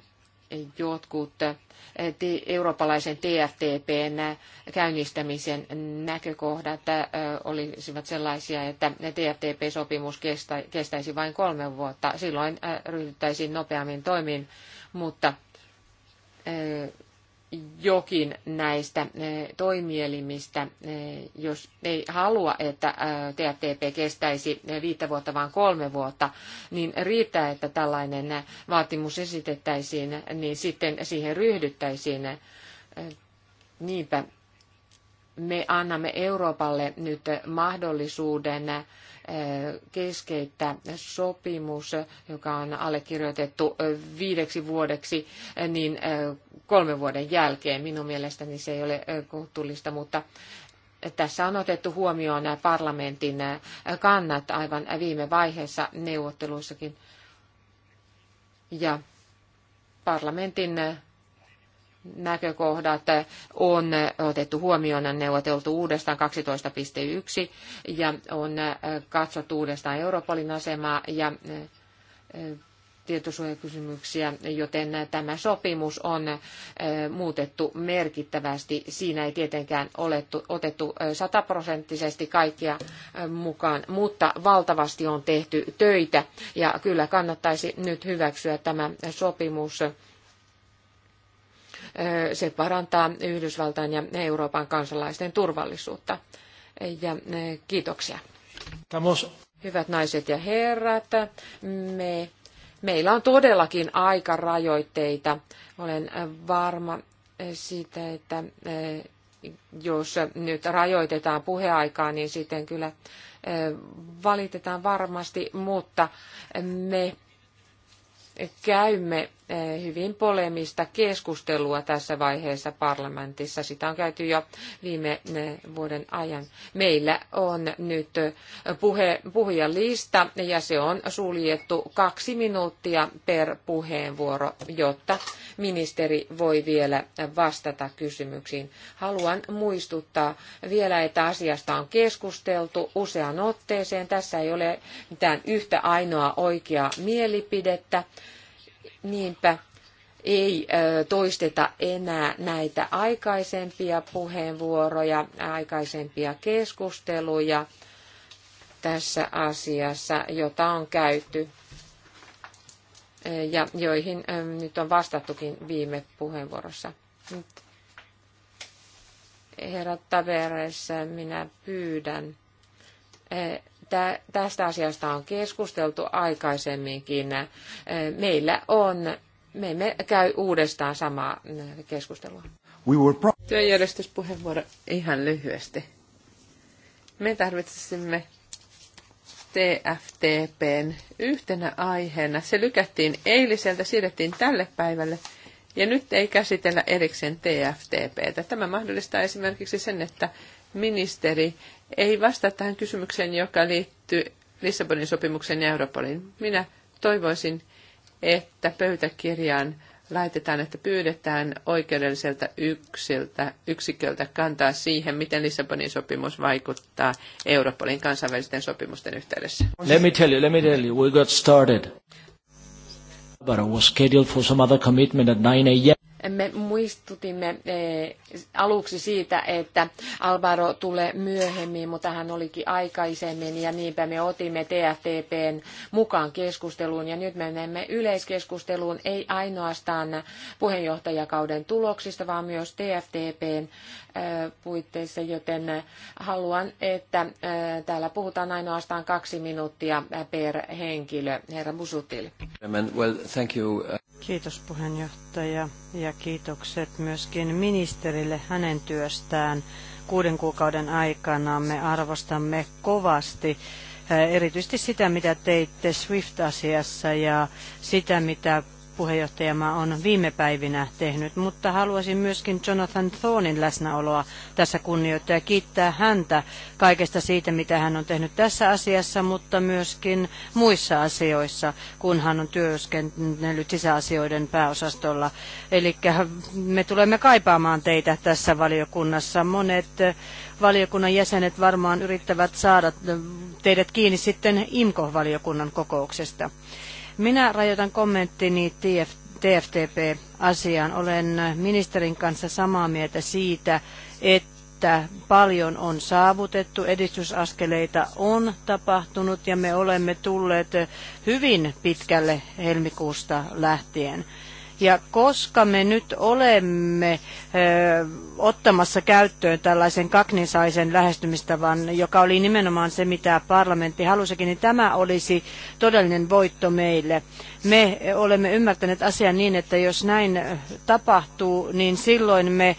jotkut eh, eurooppalaisen TFTPn käynnistämisen näkökohdat eh, olisivat sellaisia, että TFTP-sopimus kestäisi vain kolme vuotta. Silloin eh, ryhdyttäisiin nopeammin toimiin, mutta jokin näistä eh, toimielimistä, eh, jos ei halua, että eh, TFTP kestäisi viittä vuotta vaan kolme vuotta, niin riittää, että tällainen vaatimus esitettäisiin, niin sitten siihen ryhdyttäisiin. Niinpä me annamme Euroopalle nyt mahdollisuuden eh, keskeyttää sopimus, joka on allekirjoitettu eh, viideksi vuodeksi, eh, niin kolmen vuoden jälkeen. Minun mielestäni se ei ole kohtuullista, mutta tässä on otettu huomioon parlamentin kannat aivan viime vaiheessa neuvotteluissakin. Ja parlamentin näkökohdat on otettu huomioon ja neuvoteltu uudestaan 12.1 ja on katsottu uudestaan Europolin asemaa ja eh, tietosuojakysymyksiä, joten tämä sopimus on eh, muutettu merkittävästi. Siinä ei tietenkään ole otettu eh, sataprosenttisesti kaikkia mukaan, mutta valtavasti on tehty töitä ja kyllä kannattaisi nyt hyväksyä tämä sopimus se parantaa Yhdysvaltain ja Euroopan kansalaisten turvallisuutta. Ja kiitoksia. Tamos. Hyvät naiset ja herrat, me, meillä on todellakin aikarajoitteita. Olen varma siitä, että jos nyt rajoitetaan puheaikaa, niin sitten kyllä valitetaan varmasti, mutta me käymme Eh, hyvin polemista keskustelua tässä vaiheessa parlamentissa. Sitä on käyty jo viime eh, vuoden ajan. Meillä on nyt eh, puhe, puhujalista ja se on suljettu kaksi minuuttia per puheenvuoro, jotta ministeri voi vielä vastata kysymyksiin. Haluan muistuttaa vielä, että asiasta on keskusteltu useaan otteeseen. Tässä ei ole mitään yhtä ainoaa oikeaa mielipidettä. Niinpä ei toisteta enää näitä aikaisempia puheenvuoroja, aikaisempia keskusteluja tässä asiassa, jota on käyty ja joihin nyt on vastattukin viime puheenvuorossa. Herra Taveres, minä pyydän tästä asiasta on keskusteltu aikaisemminkin. Äh, meillä on, me emme käy uudestaan samaa äh, keskustelua. We were pro- Työjärjestyspuheenvuoro ihan lyhyesti. Me tarvitsisimme TFTPn yhtenä aiheena. Se lykättiin eiliseltä, siirrettiin tälle päivälle ja nyt ei käsitellä erikseen TFTPtä. Tämä mahdollistaa esimerkiksi sen, että ministeri ei vastaa tähän kysymykseen, joka liittyy Lissabonin sopimukseen ja Europolin. Minä toivoisin, että pöytäkirjaan laitetaan, että pyydetään oikeudelliselta yksiltä, yksiköltä kantaa siihen, miten Lissabonin sopimus vaikuttaa Europolin kansainvälisten sopimusten yhteydessä. Let me tell you, let me tell you, we got started. was scheduled for some other commitment at 9 a.m. Me muistutimme eh, aluksi siitä, että Alvaro tulee myöhemmin, mutta hän olikin aikaisemmin ja niinpä me otimme TFTPn mukaan keskusteluun ja nyt menemme yleiskeskusteluun ei ainoastaan puheenjohtajakauden tuloksista, vaan myös TFTPn puitteissa, joten haluan, että täällä puhutaan ainoastaan kaksi minuuttia per henkilö. Herra Busutil. Well, thank you. Uh, Kiitos puheenjohtaja ja kiitokset myöskin ministerille hänen työstään. Kuuden kuukauden aikana me arvostamme kovasti erityisesti sitä, mitä teitte SWIFT-asiassa ja sitä, mitä puheenjohtajamaa on viime päivinä tehnyt, mutta haluaisin myöskin Jonathan Thornin läsnäoloa tässä kunnioittaa ja kiittää häntä kaikesta siitä, mitä hän on tehnyt tässä asiassa, mutta myöskin muissa asioissa, kun hän on työskennellyt sisäasioiden pääosastolla. Eli me tulemme kaipaamaan teitä tässä valiokunnassa. Monet eh, valiokunnan jäsenet varmaan yrittävät saada eh, teidät kiinni sitten IMKO-valiokunnan kokouksesta. Minä rajoitan kommenttini TF, TFTP-asiaan. Olen äh, ministerin kanssa samaa mieltä siitä, että että paljon on saavutettu, edistysaskeleita on tapahtunut ja me olemme tulleet äh, hyvin pitkälle helmikuusta lähtien. Ja koska me nyt olemme ö, ottamassa käyttöön tällaisen kaknisaisen lähestymistavan, joka oli nimenomaan se, mitä parlamentti halusikin, niin tämä olisi todellinen voitto meille. Me olemme ymmärtäneet asian niin, että jos näin tapahtuu, niin silloin me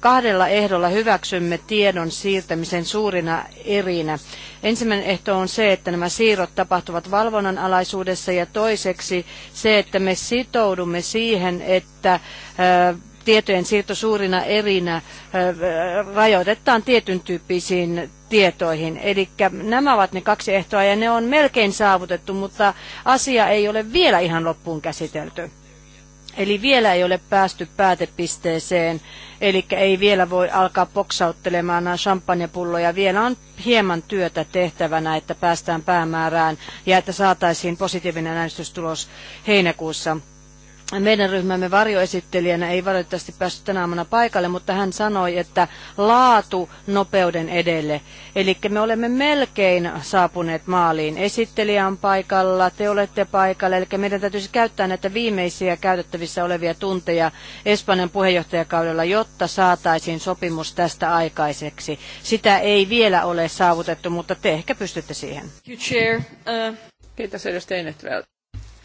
Kahdella ehdolla hyväksymme tiedon siirtämisen suurina erinä. Ensimmäinen ehto on se, että nämä siirrot tapahtuvat valvonnan alaisuudessa ja toiseksi se, että me sitoudumme siihen, että tietojen siirto suurina erinä rajoitetaan tietyn tyyppisiin tietoihin. Eli nämä ovat ne kaksi ehtoa ja ne on melkein saavutettu, mutta asia ei ole vielä ihan loppuun käsitelty. Eli vielä ei ole päästy päätepisteeseen, eli ei vielä voi alkaa poksauttelemaan champagnepulloja. Vielä on hieman työtä tehtävänä, että päästään päämäärään ja että saataisiin positiivinen äänestystulos heinäkuussa meidän ryhmämme varjoesittelijänä ei valitettavasti päässyt tänä aamuna paikalle, mutta hän sanoi, että laatu nopeuden edelle. Eli me olemme melkein saapuneet maaliin. Esittelijä on paikalla, te olette paikalla, eli meidän täytyisi käyttää näitä viimeisiä käytettävissä olevia tunteja Espanjan puheenjohtajakaudella, jotta saataisiin sopimus tästä aikaiseksi. Sitä ei vielä ole saavutettu, mutta te ehkä pystytte siihen. Uh, Kiitos edustaja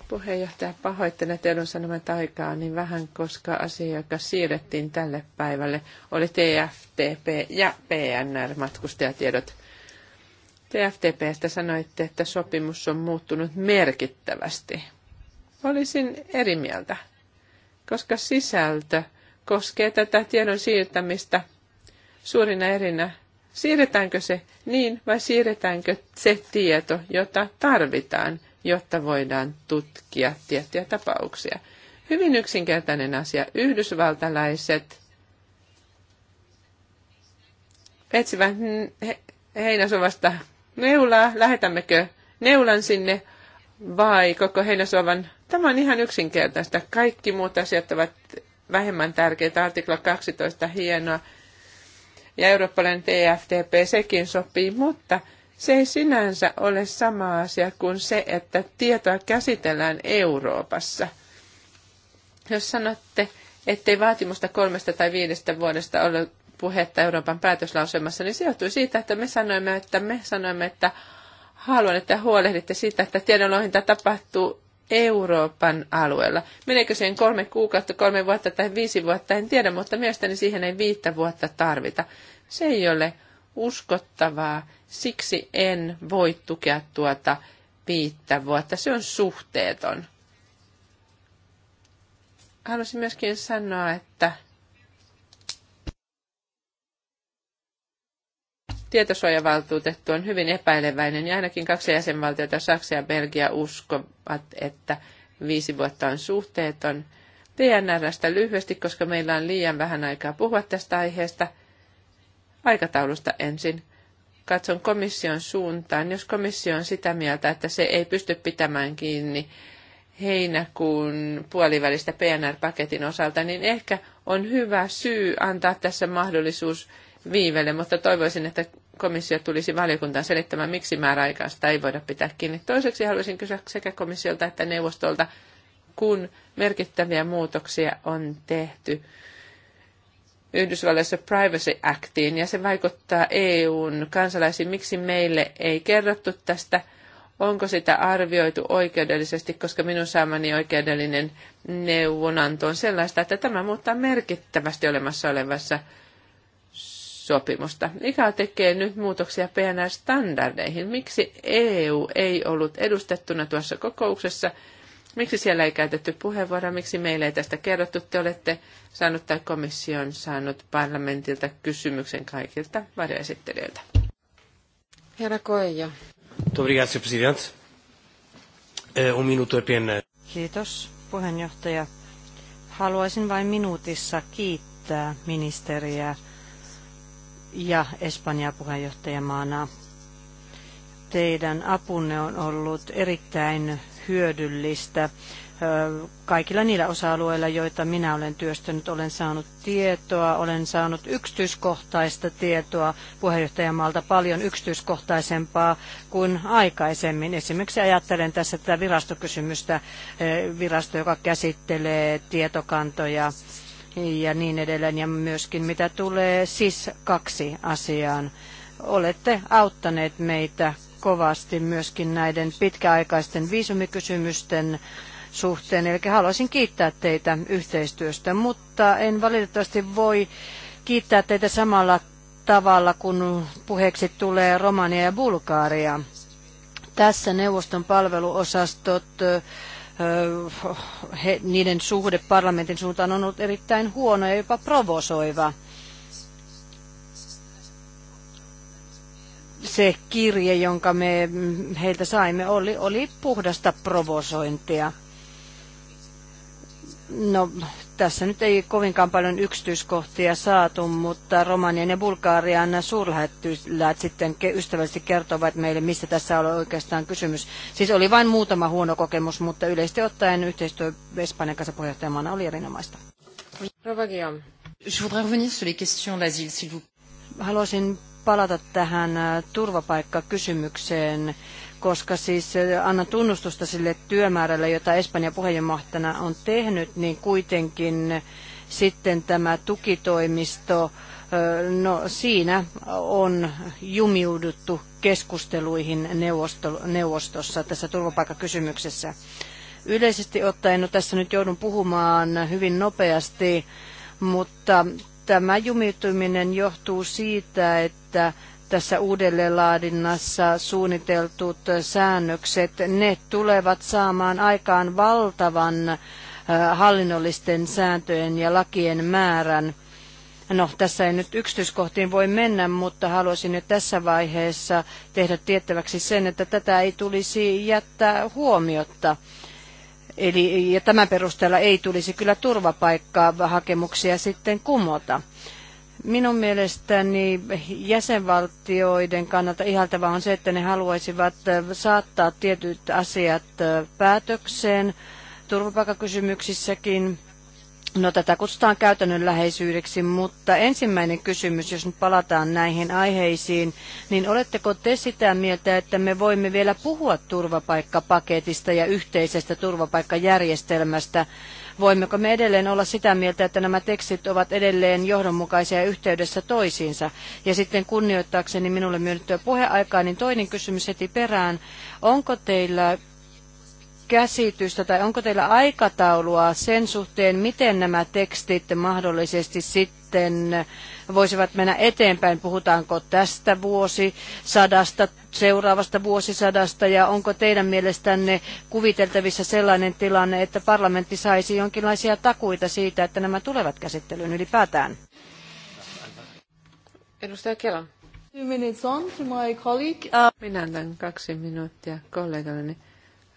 Puheenjohtaja, pahoittelen tiedon sanoman aikaa niin vähän, koska asia, joka siirrettiin tälle päivälle, oli TFTP ja PNR-matkustajatiedot. TFTPstä sanoitte, että sopimus on muuttunut merkittävästi. Olisin eri mieltä, koska sisältö koskee tätä tiedon siirtämistä suurina erinä. Siirretäänkö se niin vai siirretäänkö se tieto, jota tarvitaan jotta voidaan tutkia tiettyjä tapauksia. Hyvin yksinkertainen asia. Yhdysvaltalaiset etsivät heinäsovasta neulaa, lähetämmekö neulan sinne vai koko heinäsovan. Tämä on ihan yksinkertaista. Kaikki muut asiat ovat vähemmän tärkeitä. Artikla 12, hienoa. Ja eurooppalainen TFTP, sekin sopii, mutta se ei sinänsä ole sama asia kuin se, että tietoa käsitellään Euroopassa. Jos sanotte, ettei vaatimusta kolmesta tai viidestä vuodesta ole puhetta Euroopan päätöslauselmassa, niin se johtui siitä, että me sanoimme, että me sanoimme, että haluan, että huolehditte siitä, että tiedonlohinta tapahtuu Euroopan alueella. Meneekö siihen kolme kuukautta, kolme vuotta tai viisi vuotta, en tiedä, mutta mielestäni siihen ei viittä vuotta tarvita. Se ei ole uskottavaa Siksi en voi tukea tuota viittä vuotta. Se on suhteeton. Haluaisin myöskin sanoa, että tietosuojavaltuutettu on hyvin epäileväinen ja ainakin kaksi jäsenvaltiota, Saksa ja Belgia, uskovat, että viisi vuotta on suhteeton. TNRstä lyhyesti, koska meillä on liian vähän aikaa puhua tästä aiheesta. Aikataulusta ensin katson komission suuntaan. Jos komissio on sitä mieltä, että se ei pysty pitämään kiinni heinäkuun puolivälistä PNR-paketin osalta, niin ehkä on hyvä syy antaa tässä mahdollisuus viivelle, mutta toivoisin, että komissio tulisi valiokuntaan selittämään, miksi määräaikaista ei voida pitää kiinni. Toiseksi haluaisin kysyä sekä komissiolta että neuvostolta, kun merkittäviä muutoksia on tehty Yhdysvalloissa Privacy Actiin ja se vaikuttaa EUn kansalaisiin. Miksi meille ei kerrottu tästä? Onko sitä arvioitu oikeudellisesti, koska minun saamani oikeudellinen neuvonanto on sellaista, että tämä muuttaa merkittävästi olemassa olevassa sopimusta. Mikä tekee nyt muutoksia PNR-standardeihin. Miksi EU ei ollut edustettuna tuossa kokouksessa? Miksi siellä ei käytetty puheenvuoroa? Miksi meille ei tästä kerrottu? Te olette saanut tai komissio on saanut parlamentilta kysymyksen kaikilta varjoesittelijöiltä. Herra Koeja. Obrigado, president. Eh, Un um minuto Kiitos, puheenjohtaja. Haluaisin vain minuutissa kiittää ministeriä ja Espanjaa puheenjohtajamaana. Teidän apunne on ollut erittäin hyödyllistä. Kaikilla niillä osa-alueilla, joita minä olen työstänyt, olen saanut tietoa, olen saanut yksityiskohtaista tietoa puheenjohtajamaalta paljon yksityiskohtaisempaa kuin aikaisemmin. Esimerkiksi ajattelen tässä tätä virastokysymystä, virasto, joka käsittelee tietokantoja ja niin edelleen, ja myöskin mitä tulee siis kaksi asiaan olette auttaneet meitä kovasti myöskin näiden pitkäaikaisten viisumikysymysten suhteen. Eli haluaisin kiittää teitä yhteistyöstä, mutta en valitettavasti voi kiittää teitä samalla tavalla, kun puheeksi tulee Romania ja Bulgaaria. Tässä neuvoston palveluosastot, he, niiden suhde parlamentin suuntaan on ollut erittäin huono ja jopa provosoiva. se kirje, jonka me heiltä saimme, oli, oli puhdasta provosointia. No, tässä nyt ei kovinkaan paljon yksityiskohtia saatu, mutta Romanian ja Bulgarian suurlähettiläät sitten ystävällisesti kertovat meille, mistä tässä oli oikeastaan kysymys. Siis oli vain muutama huono kokemus, mutta yleisesti ottaen yhteistyö Espanjan kanssa puheenjohtajamaana oli erinomaista. Haluaisin palata tähän äh, turvapaikkakysymykseen, koska siis äh, annan tunnustusta sille työmäärälle, jota Espanja puheenjohtana on tehnyt, niin kuitenkin sitten tämä tukitoimisto, äh, no siinä on jumiuduttu keskusteluihin neuvosto, neuvostossa tässä turvapaikkakysymyksessä. Yleisesti ottaen, no tässä nyt joudun puhumaan hyvin nopeasti, mutta Tämä jumittuminen johtuu siitä, että tässä uudelleenlaadinnassa suunniteltut säännökset, ne tulevat saamaan aikaan valtavan hallinnollisten sääntöjen ja lakien määrän. No, tässä ei nyt yksityiskohtiin voi mennä, mutta haluaisin nyt tässä vaiheessa tehdä tiettäväksi sen, että tätä ei tulisi jättää huomiotta. Eli ja tämän perusteella ei tulisi kyllä turvapaikkaa hakemuksia sitten kumota. Minun mielestäni jäsenvaltioiden kannalta ihaltavaa on se, että ne haluaisivat saattaa tietyt asiat päätökseen turvapaikkakysymyksissäkin No tätä kutsutaan käytännönläheisyydeksi, mutta ensimmäinen kysymys, jos nyt palataan näihin aiheisiin, niin oletteko te sitä mieltä, että me voimme vielä puhua turvapaikkapaketista ja yhteisestä turvapaikkajärjestelmästä? Voimmeko me edelleen olla sitä mieltä, että nämä tekstit ovat edelleen johdonmukaisia yhteydessä toisiinsa? Ja sitten kunnioittaakseni minulle myönnettyä puheaikaa, niin toinen kysymys heti perään. Onko teillä käsitystä tai onko teillä aikataulua sen suhteen, miten nämä tekstit mahdollisesti sitten voisivat mennä eteenpäin? Puhutaanko tästä vuosisadasta, seuraavasta vuosisadasta ja onko teidän mielestänne kuviteltavissa sellainen tilanne, että parlamentti saisi jonkinlaisia takuita siitä, että nämä tulevat käsittelyyn ylipäätään? Edustaja Kela. Minä annan kaksi minuuttia kollegalleni. Niin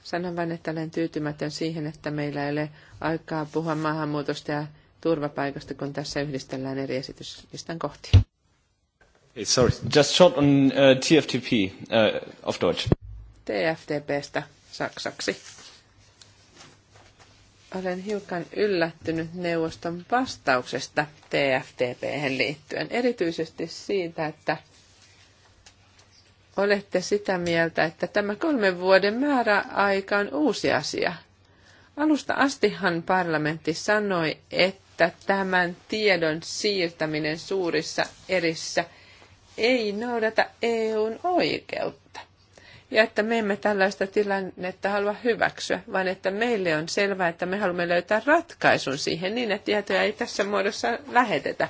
Sanon vain, että olen tyytymätön siihen, että meillä ei ole aikaa puhua maahanmuutosta ja turvapaikasta, kun tässä yhdistellään eri esityslistan kohti. Hey, sorry, just short on uh, TFTP uh, of Deutsch. TFTPstä saksaksi. Olen hiukan yllättynyt neuvoston vastauksesta TFTPhen liittyen, erityisesti siitä, että olette sitä mieltä, että tämä kolmen vuoden määräaika on uusi asia. Alusta astihan parlamentti sanoi, että tämän tiedon siirtäminen suurissa erissä ei noudata EUn oikeutta. Ja että me emme tällaista tilannetta halua hyväksyä, vaan että meille on selvää, että me haluamme löytää ratkaisun siihen niin, että tietoja ei tässä muodossa lähetetä,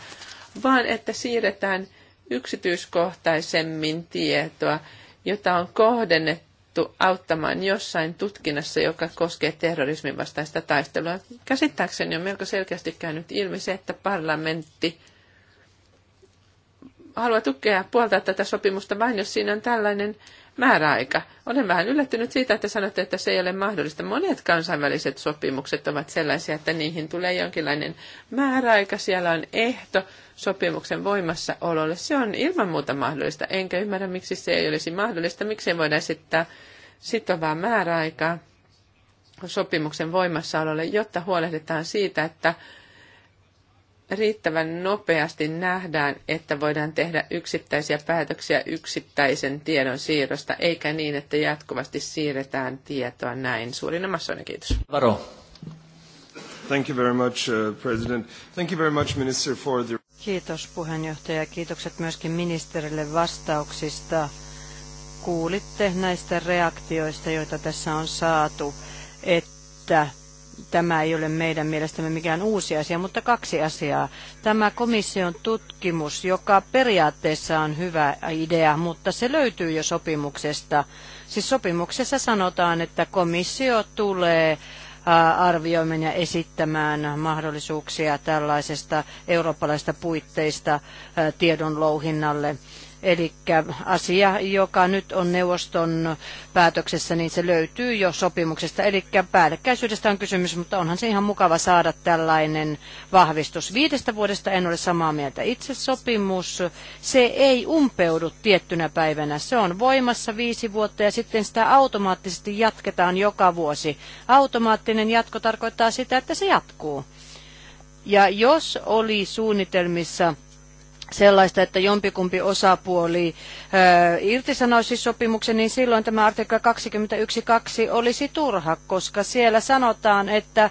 vaan että siirretään – yksityiskohtaisemmin tietoa, jota on kohdennettu auttamaan jossain tutkinnassa, joka koskee terrorismin vastaista taistelua. Käsittääkseni on melko selkeästi käynyt ilmi se, että parlamentti haluaa tukea ja puoltaa tätä sopimusta vain, jos siinä on tällainen määräaika. Olen vähän yllättynyt siitä, että sanotte, että se ei ole mahdollista. Monet kansainväliset sopimukset ovat sellaisia, että niihin tulee jonkinlainen määräaika. Siellä on ehto sopimuksen voimassaololle. Se on ilman muuta mahdollista. Enkä ymmärrä, miksi se ei olisi mahdollista. Miksi ei voida esittää sitovaa määräaikaa sopimuksen voimassaololle, jotta huolehditaan siitä, että riittävän nopeasti nähdään, että voidaan tehdä yksittäisiä päätöksiä yksittäisen tiedon siirrosta, eikä niin, että jatkuvasti siirretään tietoa näin. Suurin massoinen kiitos. Varo. Thank you very much, uh, President. Thank you very much, Minister, for the... Kiitos puheenjohtaja. Kiitokset myöskin ministerille vastauksista. Kuulitte näistä reaktioista, joita tässä on saatu, että tämä ei ole meidän mielestämme mikään uusi asia, mutta kaksi asiaa. Tämä komission tutkimus, joka periaatteessa on hyvä idea, mutta se löytyy jo sopimuksesta. Siis sopimuksessa sanotaan, että komissio tulee arvioimaan ja esittämään mahdollisuuksia tällaisesta eurooppalaisesta puitteista tiedon louhinnalle. Eli asia, joka nyt on neuvoston päätöksessä, niin se löytyy jo sopimuksesta. Eli päällekkäisyydestä on kysymys, mutta onhan se ihan mukava saada tällainen vahvistus. Viidestä vuodesta en ole samaa mieltä. Itse sopimus, se ei umpeudu tiettynä päivänä. Se on voimassa viisi vuotta ja sitten sitä automaattisesti jatketaan joka vuosi. Automaattinen jatko tarkoittaa sitä, että se jatkuu. Ja jos oli suunnitelmissa sellaista, että jompikumpi osapuoli ö, irtisanoisi sopimuksen, niin silloin tämä artikla 21.2 olisi turha, koska siellä sanotaan, että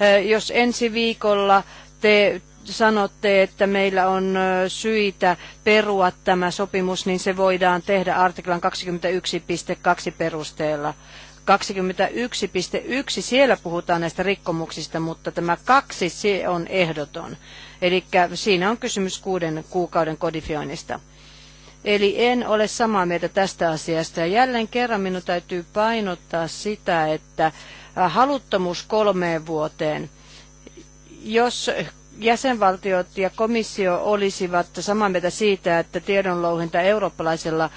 ö, jos ensi viikolla te sanotte, että meillä on syitä perua tämä sopimus, niin se voidaan tehdä artiklan 21.2 perusteella. 21.1, siellä puhutaan näistä rikkomuksista, mutta tämä kaksi, se on ehdoton. Eli siinä on kysymys kuuden kuukauden kodifioinnista. Eli en ole samaa mieltä tästä asiasta. Ja jälleen kerran minun täytyy painottaa sitä, että haluttomuus kolmeen vuoteen, jos jäsenvaltiot ja komissio olisivat samaa mieltä siitä, että tiedonlouhinta eurooppalaisella äh,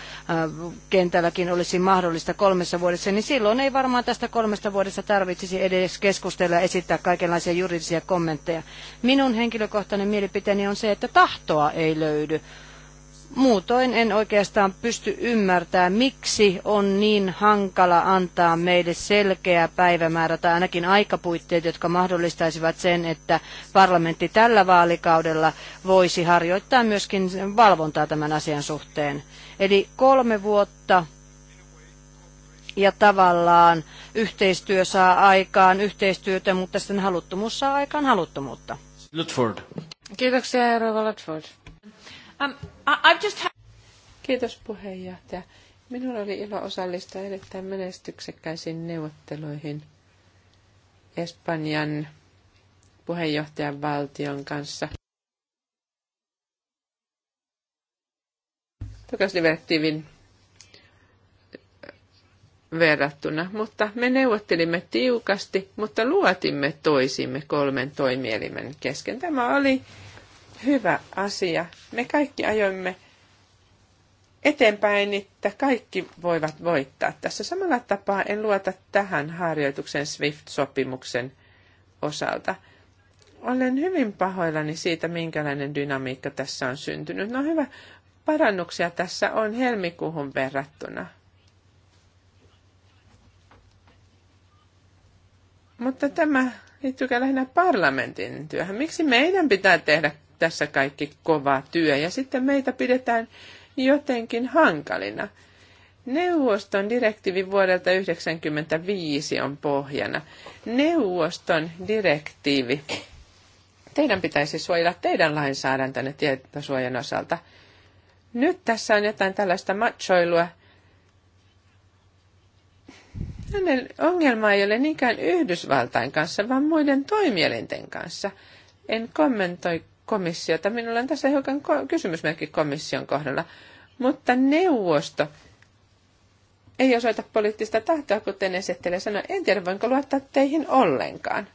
kentälläkin olisi mahdollista kolmessa vuodessa, niin silloin ei varmaan tästä kolmesta vuodesta tarvitsisi edes keskustella ja esittää kaikenlaisia juridisia kommentteja. Minun henkilökohtainen mielipiteeni on se, että tahtoa ei löydy. Muutoin en oikeastaan pysty ymmärtämään, miksi on niin hankala antaa meille selkeä päivämäärä tai ainakin aikapuitteet, jotka mahdollistaisivat sen, että parlamentti tällä vaalikaudella voisi harjoittaa myöskin valvontaa tämän asian suhteen. Eli kolme vuotta ja tavallaan yhteistyö saa aikaan yhteistyötä, mutta sitten haluttomuus saa aikaan haluttomuutta. Lutford. Kiitoksia, Eero Lutford. Um, I, just ha- Kiitos puheenjohtaja. Minulla oli ilo osallistua erittäin menestyksekkäisiin neuvotteluihin Espanjan puheenjohtajan valtion kanssa. Tukasdirektiivin verrattuna, mutta me neuvottelimme tiukasti, mutta luotimme toisimme kolmen toimielimen kesken. Tämä oli hyvä asia. Me kaikki ajoimme eteenpäin, että kaikki voivat voittaa. Tässä samalla tapaa en luota tähän harjoituksen SWIFT-sopimuksen osalta. Olen hyvin pahoillani siitä, minkälainen dynamiikka tässä on syntynyt. No hyvä, parannuksia tässä on helmikuuhun verrattuna. Mutta tämä liittyy lähinnä parlamentin työhön? Miksi meidän pitää tehdä tässä kaikki kova työ ja sitten meitä pidetään jotenkin hankalina. Neuvoston direktiivi vuodelta 1995 on pohjana. Neuvoston direktiivi. Teidän pitäisi suojella teidän lainsäädäntönne tietosuojan osalta. Nyt tässä on jotain tällaista matsoilua. Hänen ongelma ei ole niinkään Yhdysvaltain kanssa, vaan muiden toimielinten kanssa. En kommentoi komissiota. Minulla on tässä hiukan kysymysmerkki komission kohdalla. Mutta neuvosto ei osoita poliittista tahtoa, kuten esittelee sanoi. En tiedä, voinko luottaa teihin ollenkaan.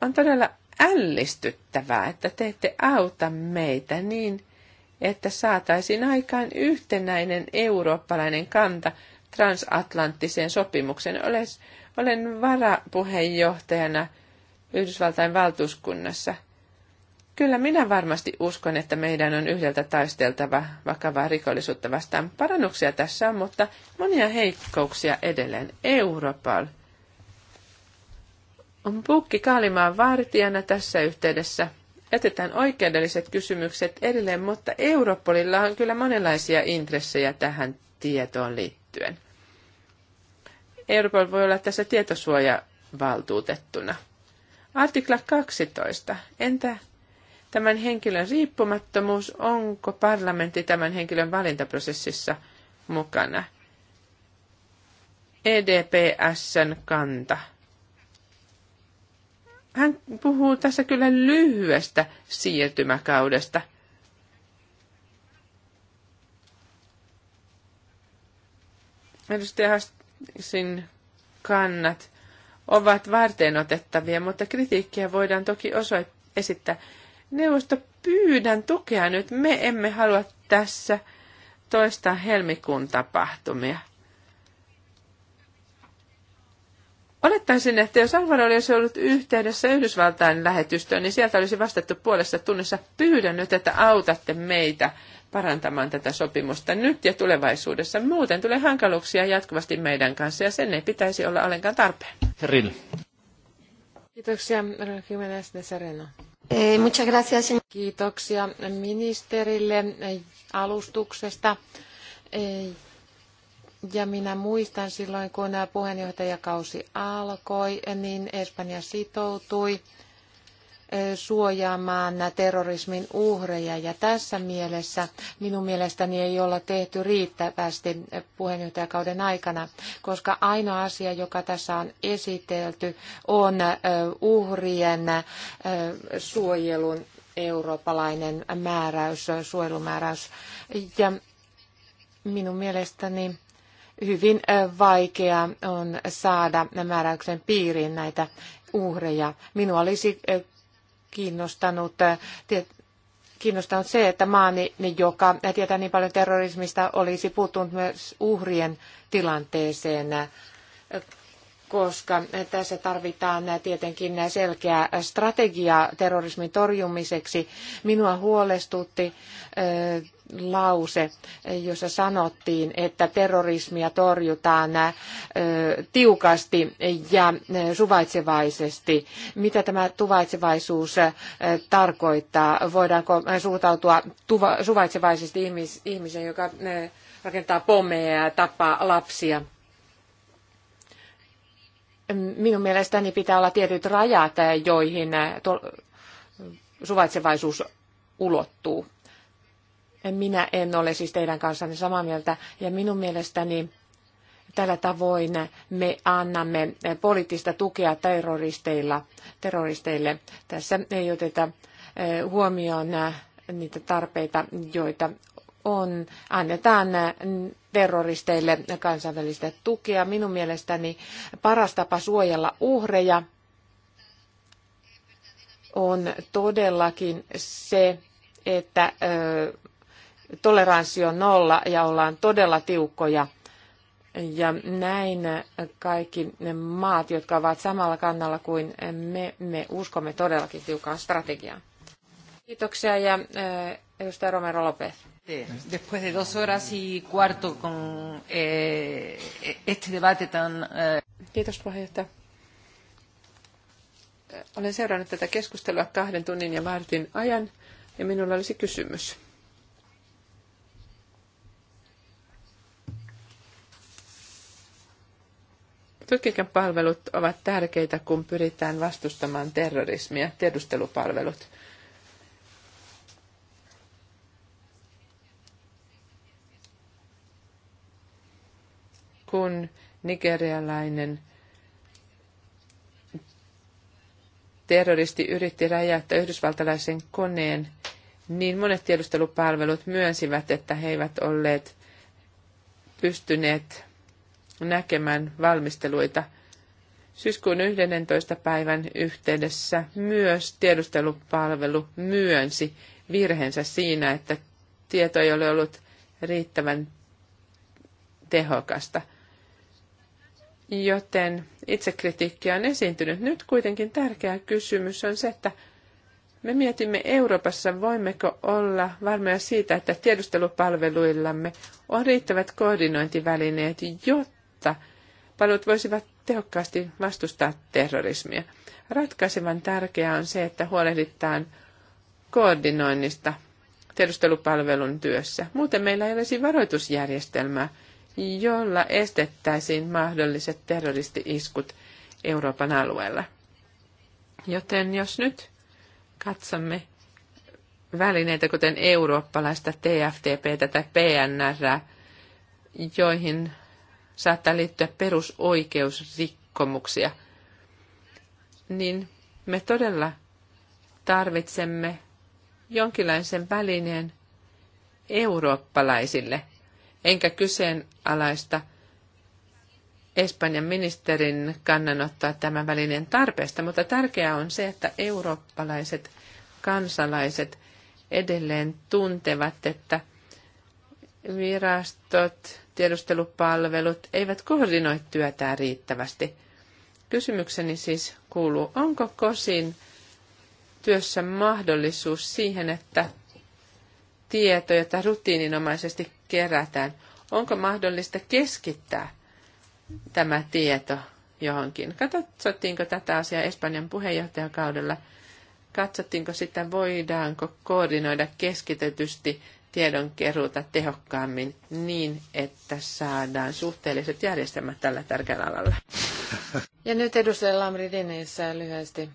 On todella ällistyttävää, että te ette auta meitä niin, että saataisiin aikaan yhtenäinen eurooppalainen kanta transatlanttiseen sopimukseen. Olen, olen varapuheenjohtajana Yhdysvaltain valtuuskunnassa – Kyllä minä varmasti uskon, että meidän on yhdeltä taisteltava vakavaa rikollisuutta vastaan. Parannuksia tässä on, mutta monia heikkouksia edelleen. Europol on pukki Kaalimaan vartijana tässä yhteydessä. Jätetään oikeudelliset kysymykset edelleen, mutta Europolilla on kyllä monenlaisia intressejä tähän tietoon liittyen. Europol voi olla tässä tietosuojavaltuutettuna. Artikla 12. Entä tämän henkilön riippumattomuus, onko parlamentti tämän henkilön valintaprosessissa mukana. EDPSn kanta. Hän puhuu tässä kyllä lyhyestä siirtymäkaudesta. Edustaja Hassin kannat ovat varteenotettavia, mutta kritiikkiä voidaan toki osoittaa esittää Neuvosto, pyydän tukea nyt. Me emme halua tässä toista helmikuun tapahtumia. Olettaisin, että jos Alvaro olisi ollut yhteydessä Yhdysvaltain lähetystöön, niin sieltä olisi vastattu puolessa tunnissa pyydän nyt, että autatte meitä parantamaan tätä sopimusta nyt ja tulevaisuudessa. Muuten tulee hankaluuksia jatkuvasti meidän kanssa ja sen ei pitäisi olla ollenkaan tarpeen. Kiitoksia, Jimenez de Eh, Kiitoksia ministerille alustuksesta. Eh, ja minä muistan silloin, kun puheenjohtajakausi alkoi, niin Espanja sitoutui suojaamaan terrorismin uhreja. Ja tässä mielessä minun mielestäni ei olla tehty riittävästi puheenjohtajakauden aikana, koska ainoa asia, joka tässä on esitelty, on uhrien suojelun eurooppalainen määräys, suojelumääräys. Ja minun mielestäni hyvin vaikea on saada määräyksen piiriin näitä uhreja. Minua olisi kiinnostanut, äh, kiinnostanut se, että maani, joka tietää niin paljon terrorismista, olisi puuttunut myös uhrien tilanteeseen koska tässä tarvitaan tietenkin selkeä strategia terrorismin torjumiseksi. Minua huolestutti lause, jossa sanottiin, että terrorismia torjutaan tiukasti ja suvaitsevaisesti. Mitä tämä suvaitsevaisuus tarkoittaa? Voidaanko suhtautua suvaitsevaisesti ihmiseen, joka rakentaa pommeja ja tappaa lapsia? minun mielestäni pitää olla tietyt rajat, eh, joihin eh, suvaitsevaisuus ulottuu. Minä en ole siis teidän kanssanne samaa mieltä, ja minun mielestäni tällä tavoin me annamme eh, poliittista tukea terroristeilla, terroristeille. Tässä ei oteta huomioon niitä tarpeita, joita on, annetaan terroristeille kansainvälistä tukea. Minun mielestäni paras tapa suojella uhreja on todellakin se, että toleranssi on nolla ja ollaan todella tiukkoja. Ja näin kaikki ne maat, jotka ovat samalla kannalla kuin me, me uskomme todellakin tiukkaan strategiaan. Kiitoksia ja edustaja Romero Lopez. Después de dos horas y cuarto con eh, este debate tan... Eh... Kiitos puheenjohtaja. Olen seurannut tätä keskustelua kahden tunnin ja vartin ajan ja minulla olisi kysymys. Tutkikan palvelut ovat tärkeitä, kun pyritään vastustamaan terrorismia, tiedustelupalvelut – kun nigerialainen terroristi yritti räjäyttää yhdysvaltalaisen koneen, niin monet tiedustelupalvelut myönsivät, että he eivät olleet pystyneet näkemään valmisteluita. Syyskuun 11. päivän yhteydessä myös tiedustelupalvelu myönsi virheensä siinä, että tieto ei ole ollut riittävän tehokasta – joten itsekritiikki on esiintynyt. Nyt kuitenkin tärkeä kysymys on se, että me mietimme Euroopassa, voimmeko olla varmoja siitä, että tiedustelupalveluillamme on riittävät koordinointivälineet, jotta palvelut voisivat tehokkaasti vastustaa terrorismia. Ratkaisevan tärkeää on se, että huolehditaan koordinoinnista tiedustelupalvelun työssä. Muuten meillä ei olisi varoitusjärjestelmää, jolla estettäisiin mahdolliset terroristi-iskut Euroopan alueella. Joten jos nyt katsomme välineitä, kuten eurooppalaista TFTP tai PNR, joihin saattaa liittyä perusoikeusrikkomuksia, niin me todella tarvitsemme jonkinlaisen välineen eurooppalaisille – enkä kyseenalaista Espanjan ministerin kannanottaa tämän välineen tarpeesta, mutta tärkeää on se, että eurooppalaiset kansalaiset edelleen tuntevat, että virastot, tiedustelupalvelut eivät koordinoi työtään riittävästi. Kysymykseni siis kuuluu, onko kosin työssä mahdollisuus siihen, että tieto, jota rutiininomaisesti kerätään, onko mahdollista keskittää tämä tieto johonkin? Katsottiinko tätä asiaa Espanjan puheenjohtajakaudella? Katsottiinko sitä, voidaanko koordinoida keskitetysti tiedonkeruuta tehokkaammin niin, että saadaan suhteelliset järjestelmät tällä tärkeällä alalla? Ja nyt edustaja Lamri Dinissä lyhyesti.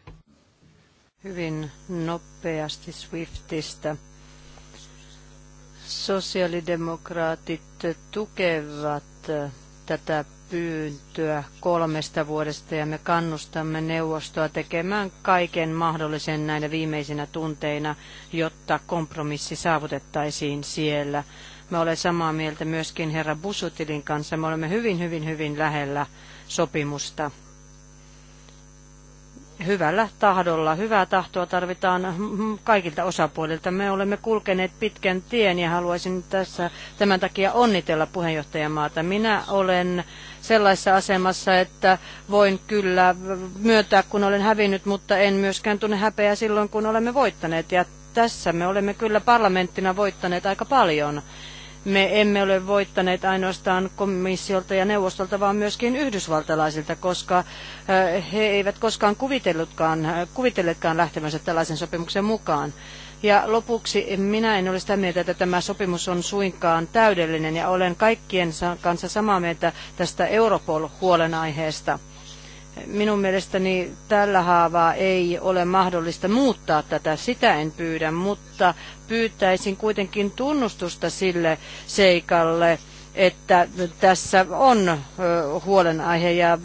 Hyvin nopeasti Swiftistä Sosiaalidemokraatit tukevat tätä pyyntöä kolmesta vuodesta ja me kannustamme neuvostoa tekemään kaiken mahdollisen näinä viimeisinä tunteina, jotta kompromissi saavutettaisiin siellä. Me olemme samaa mieltä myöskin herra Busutilin kanssa. Me olemme hyvin, hyvin, hyvin lähellä sopimusta hyvällä tahdolla. Hyvää tahtoa tarvitaan kaikilta osapuolilta. Me olemme kulkeneet pitkän tien ja haluaisin tässä tämän takia onnitella puheenjohtajamaata. Minä olen sellaisessa asemassa, että voin kyllä myöntää, kun olen hävinnyt, mutta en myöskään tunne häpeä silloin, kun olemme voittaneet. Ja tässä me olemme kyllä parlamenttina voittaneet aika paljon. Me emme ole voittaneet ainoastaan komissiolta ja neuvostolta, vaan myöskin yhdysvaltalaisilta, koska eh, he eivät koskaan kuvitellutkaan, eh, kuvitelletkaan lähtevänsä tällaisen sopimuksen mukaan. Ja lopuksi minä en ole sitä mieltä, että tämä sopimus on suinkaan täydellinen ja olen kaikkien kanssa samaa mieltä tästä Europol-huolenaiheesta. Minun mielestäni tällä haavaa ei ole mahdollista muuttaa tätä, sitä en pyydä, mutta pyytäisin kuitenkin tunnustusta sille seikalle, että tässä on huolenaihe ja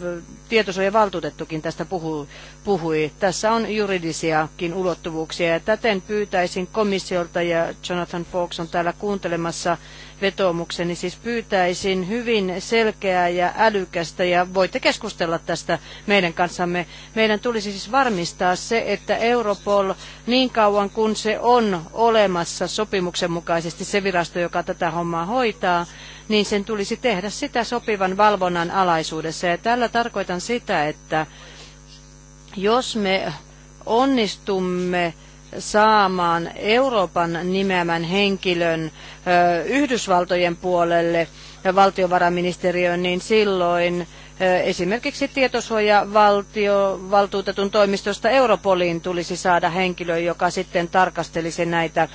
tietosuojavaltuutettukin tästä puhui, Tässä on juridisiakin ulottuvuuksia ja täten pyytäisin komissiolta ja Jonathan Fox on täällä kuuntelemassa vetoomukseni, Siis pyytäisin hyvin selkeää ja älykästä ja voitte keskustella tästä meidän kanssamme. Meidän tulisi siis varmistaa se, että Europol niin kauan kuin se on olemassa sopimuksen mukaisesti se virasto, joka tätä hommaa hoitaa, niin sen tulisi tehdä sitä sopivan valvonnan alaisuudessa. Ja tällä tarkoitan sitä, että jos me onnistumme saamaan Euroopan nimeämän henkilön Yhdysvaltojen puolelle valtiovarainministeriöön, niin silloin esimerkiksi tietosuojavaltuutetun toimistosta Europoliin tulisi saada henkilö, joka sitten tarkastelisi näitä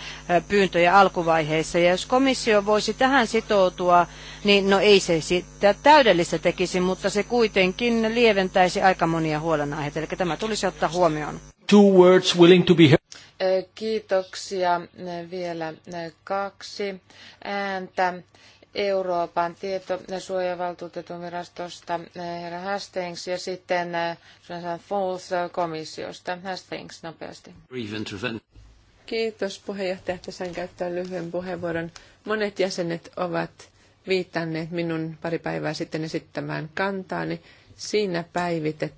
pyyntöjä alkuvaiheessa. Ja jos komissio voisi tähän sitoutua, niin no ei se sitä täydellistä tekisi, mutta se kuitenkin lieventäisi aika monia huolenaiheita. Eli tämä tulisi ottaa huomioon. Two words willing to be Kiitoksia eh, vielä eh, kaksi ääntä Euroopan tietosuojavaltuutetun virastosta eh, herra Hastings ja sitten Jonathan Falls komissiosta. Hastings nopeasti. Kiitos puheenjohtaja, että sain käyttää lyhyen puheenvuoron. Monet jäsenet ovat viitanneet minun pari päivää sitten esittämään kantaani. Siinä päivitet,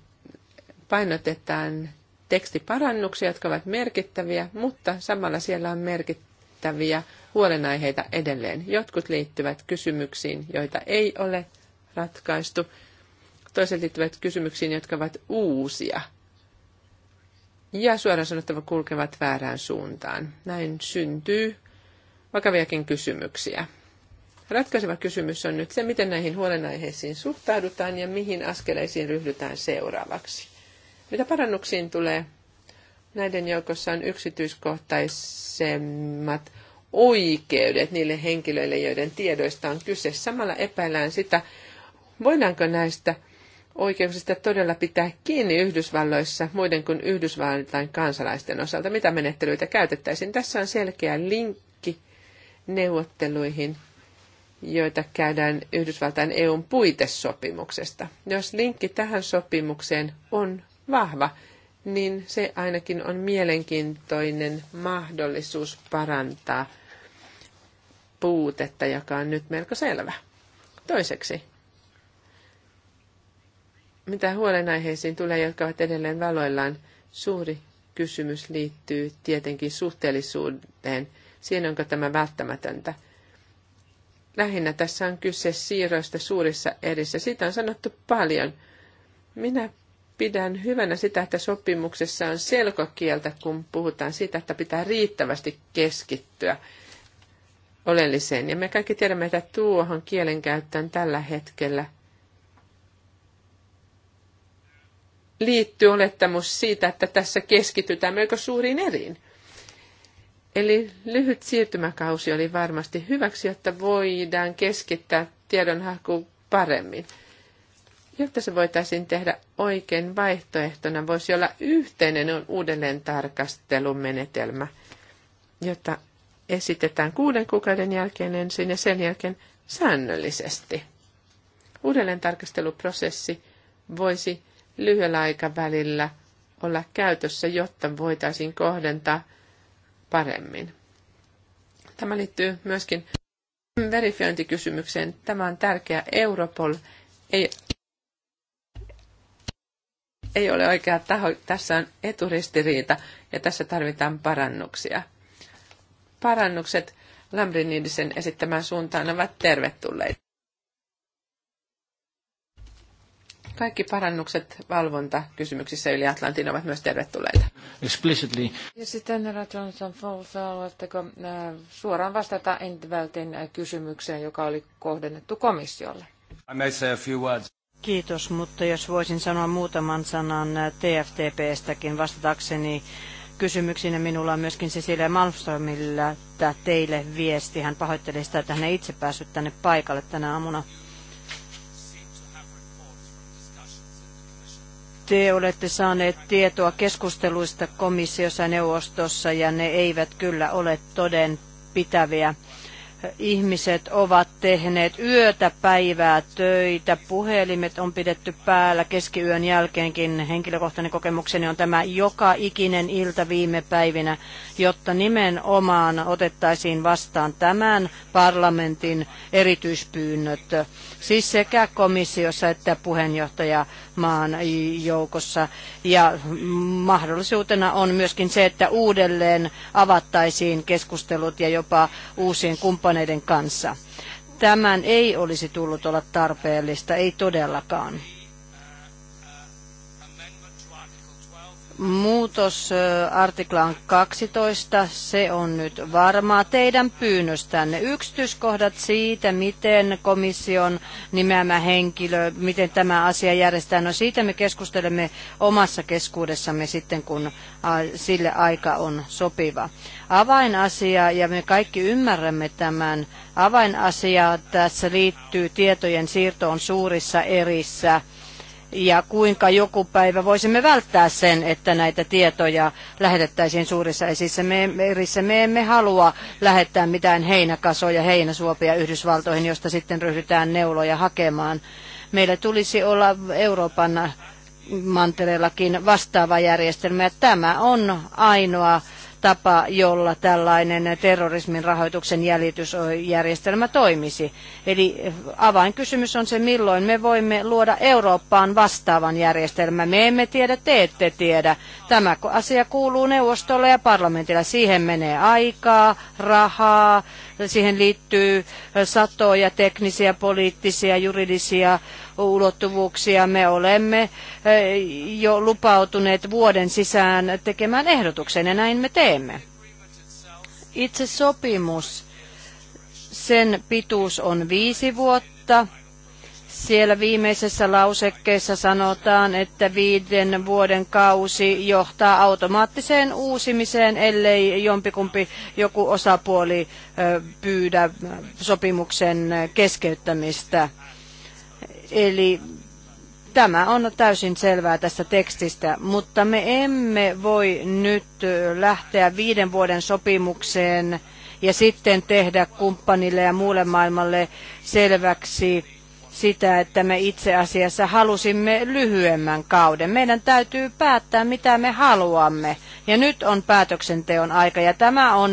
painotetaan tekstiparannuksia, jotka ovat merkittäviä, mutta samalla siellä on merkittäviä huolenaiheita edelleen. Jotkut liittyvät kysymyksiin, joita ei ole ratkaistu. Toiset liittyvät kysymyksiin, jotka ovat uusia ja suoraan sanottava kulkevat väärään suuntaan. Näin syntyy vakaviakin kysymyksiä. Ratkaiseva kysymys on nyt se, miten näihin huolenaiheisiin suhtaudutaan ja mihin askeleisiin ryhdytään seuraavaksi. Mitä parannuksiin tulee? Näiden joukossa on yksityiskohtaisemmat oikeudet niille henkilöille, joiden tiedoista on kyse. Samalla epäillään sitä, voidaanko näistä oikeuksista todella pitää kiinni Yhdysvalloissa muiden kuin Yhdysvaltain kansalaisten osalta. Mitä menettelyitä käytettäisiin? Tässä on selkeä linkki neuvotteluihin, joita käydään Yhdysvaltain EUn puitesopimuksesta. Jos linkki tähän sopimukseen on vahva, niin se ainakin on mielenkiintoinen mahdollisuus parantaa puutetta, joka on nyt melko selvä. Toiseksi, mitä huolenaiheisiin tulee, jotka ovat edelleen valoillaan, suuri kysymys liittyy tietenkin suhteellisuuteen, siihen onko tämä välttämätöntä. Lähinnä tässä on kyse siirroista suurissa erissä. Siitä on sanottu paljon. Minä pidän hyvänä sitä, että sopimuksessa on selkokieltä, kun puhutaan siitä, että pitää riittävästi keskittyä oleelliseen. Ja me kaikki tiedämme, että tuohon kielenkäyttöön tällä hetkellä liittyy olettamus siitä, että tässä keskitytään melko suuriin eriin. Eli lyhyt siirtymäkausi oli varmasti hyväksi, jotta voidaan keskittää tiedonhaku paremmin. Jotta se voitaisiin tehdä oikein vaihtoehtona, voisi olla yhteinen uudelleen tarkastelumenetelmä, jota esitetään kuuden kuukauden jälkeen ensin ja sen jälkeen säännöllisesti. Uudelleen tarkasteluprosessi voisi lyhyellä aikavälillä olla käytössä, jotta voitaisiin kohdentaa paremmin. Tämä liittyy myöskin verifiointikysymykseen. Tämä on tärkeä. Europol ei ei ole oikea taho. Tässä on eturistiriita ja tässä tarvitaan parannuksia. Parannukset Lambrinidisen esittämään suuntaan ovat tervetulleita. Kaikki parannukset valvontakysymyksissä yli Atlantin ovat myös tervetulleita. Explicitly. Ja sitten herra Johnson Falls, haluatteko äh, suoraan vastata Entveltin äh, kysymykseen, joka oli kohdennettu komissiolle? I may say a few words. Kiitos, mutta jos voisin sanoa muutaman sanan TFTPstäkin vastatakseni kysymyksinä niin minulla on myöskin Cecilia Malmströmillä teille viesti. Hän pahoitteli sitä, että hän ei itse päässyt tänne paikalle tänä aamuna. te olette saaneet tietoa keskusteluista komissiossa ja neuvostossa ja ne eivät kyllä ole toden pitäviä ihmiset ovat tehneet yötä päivää töitä, puhelimet on pidetty päällä keskiyön jälkeenkin. Henkilökohtainen kokemukseni on tämä joka ikinen ilta viime päivinä, jotta nimenomaan otettaisiin vastaan tämän parlamentin erityispyynnöt Siis sekä komissiossa että puheenjohtajamaan joukossa. Ja mahdollisuutena on myöskin se, että uudelleen avattaisiin keskustelut ja jopa uusien kumppaneiden kanssa. Tämän ei olisi tullut olla tarpeellista, ei todellakaan. muutos artiklaan 12, se on nyt varmaa teidän pyynnöstänne. Yksityiskohdat siitä, miten komission nimeämä henkilö, miten tämä asia järjestetään, no siitä me keskustelemme omassa keskuudessamme sitten, kun sille aika on sopiva. Avainasia, ja me kaikki ymmärrämme tämän, avainasia tässä liittyy tietojen siirtoon suurissa erissä ja kuinka joku päivä voisimme välttää sen, että näitä tietoja lähetettäisiin suurissa esissä. Me, erissä me emme halua lähettää mitään heinäkasoja, heinäsuopia Yhdysvaltoihin, josta sitten ryhdytään neuloja hakemaan. Meillä tulisi olla Euroopan mantereellakin vastaava järjestelmä. Ja tämä on ainoa tapa, jolla tällainen terrorismin rahoituksen jäljitysjärjestelmä toimisi. Eli avainkysymys on se, milloin me voimme luoda Eurooppaan vastaavan järjestelmän. Me emme tiedä, te ette tiedä. Tämä asia kuuluu neuvostolle ja parlamentille. Siihen menee aikaa, rahaa, siihen liittyy satoja teknisiä, poliittisia, juridisia ulottuvuuksia. Me olemme eh, jo lupautuneet vuoden sisään tekemään ehdotuksen ja näin me teemme. Itse sopimus, sen pituus on viisi vuotta. Siellä viimeisessä lausekkeessa sanotaan, että viiden vuoden kausi johtaa automaattiseen uusimiseen, ellei jompikumpi joku osapuoli eh, pyydä sopimuksen keskeyttämistä. Eli tämä on täysin selvää tästä tekstistä, mutta me emme voi nyt lähteä viiden vuoden sopimukseen ja sitten tehdä kumppanille ja muulle maailmalle selväksi, sitä, että me itse asiassa halusimme lyhyemmän kauden. Meidän täytyy päättää, mitä me haluamme. Ja nyt on päätöksenteon aika. Ja tämä on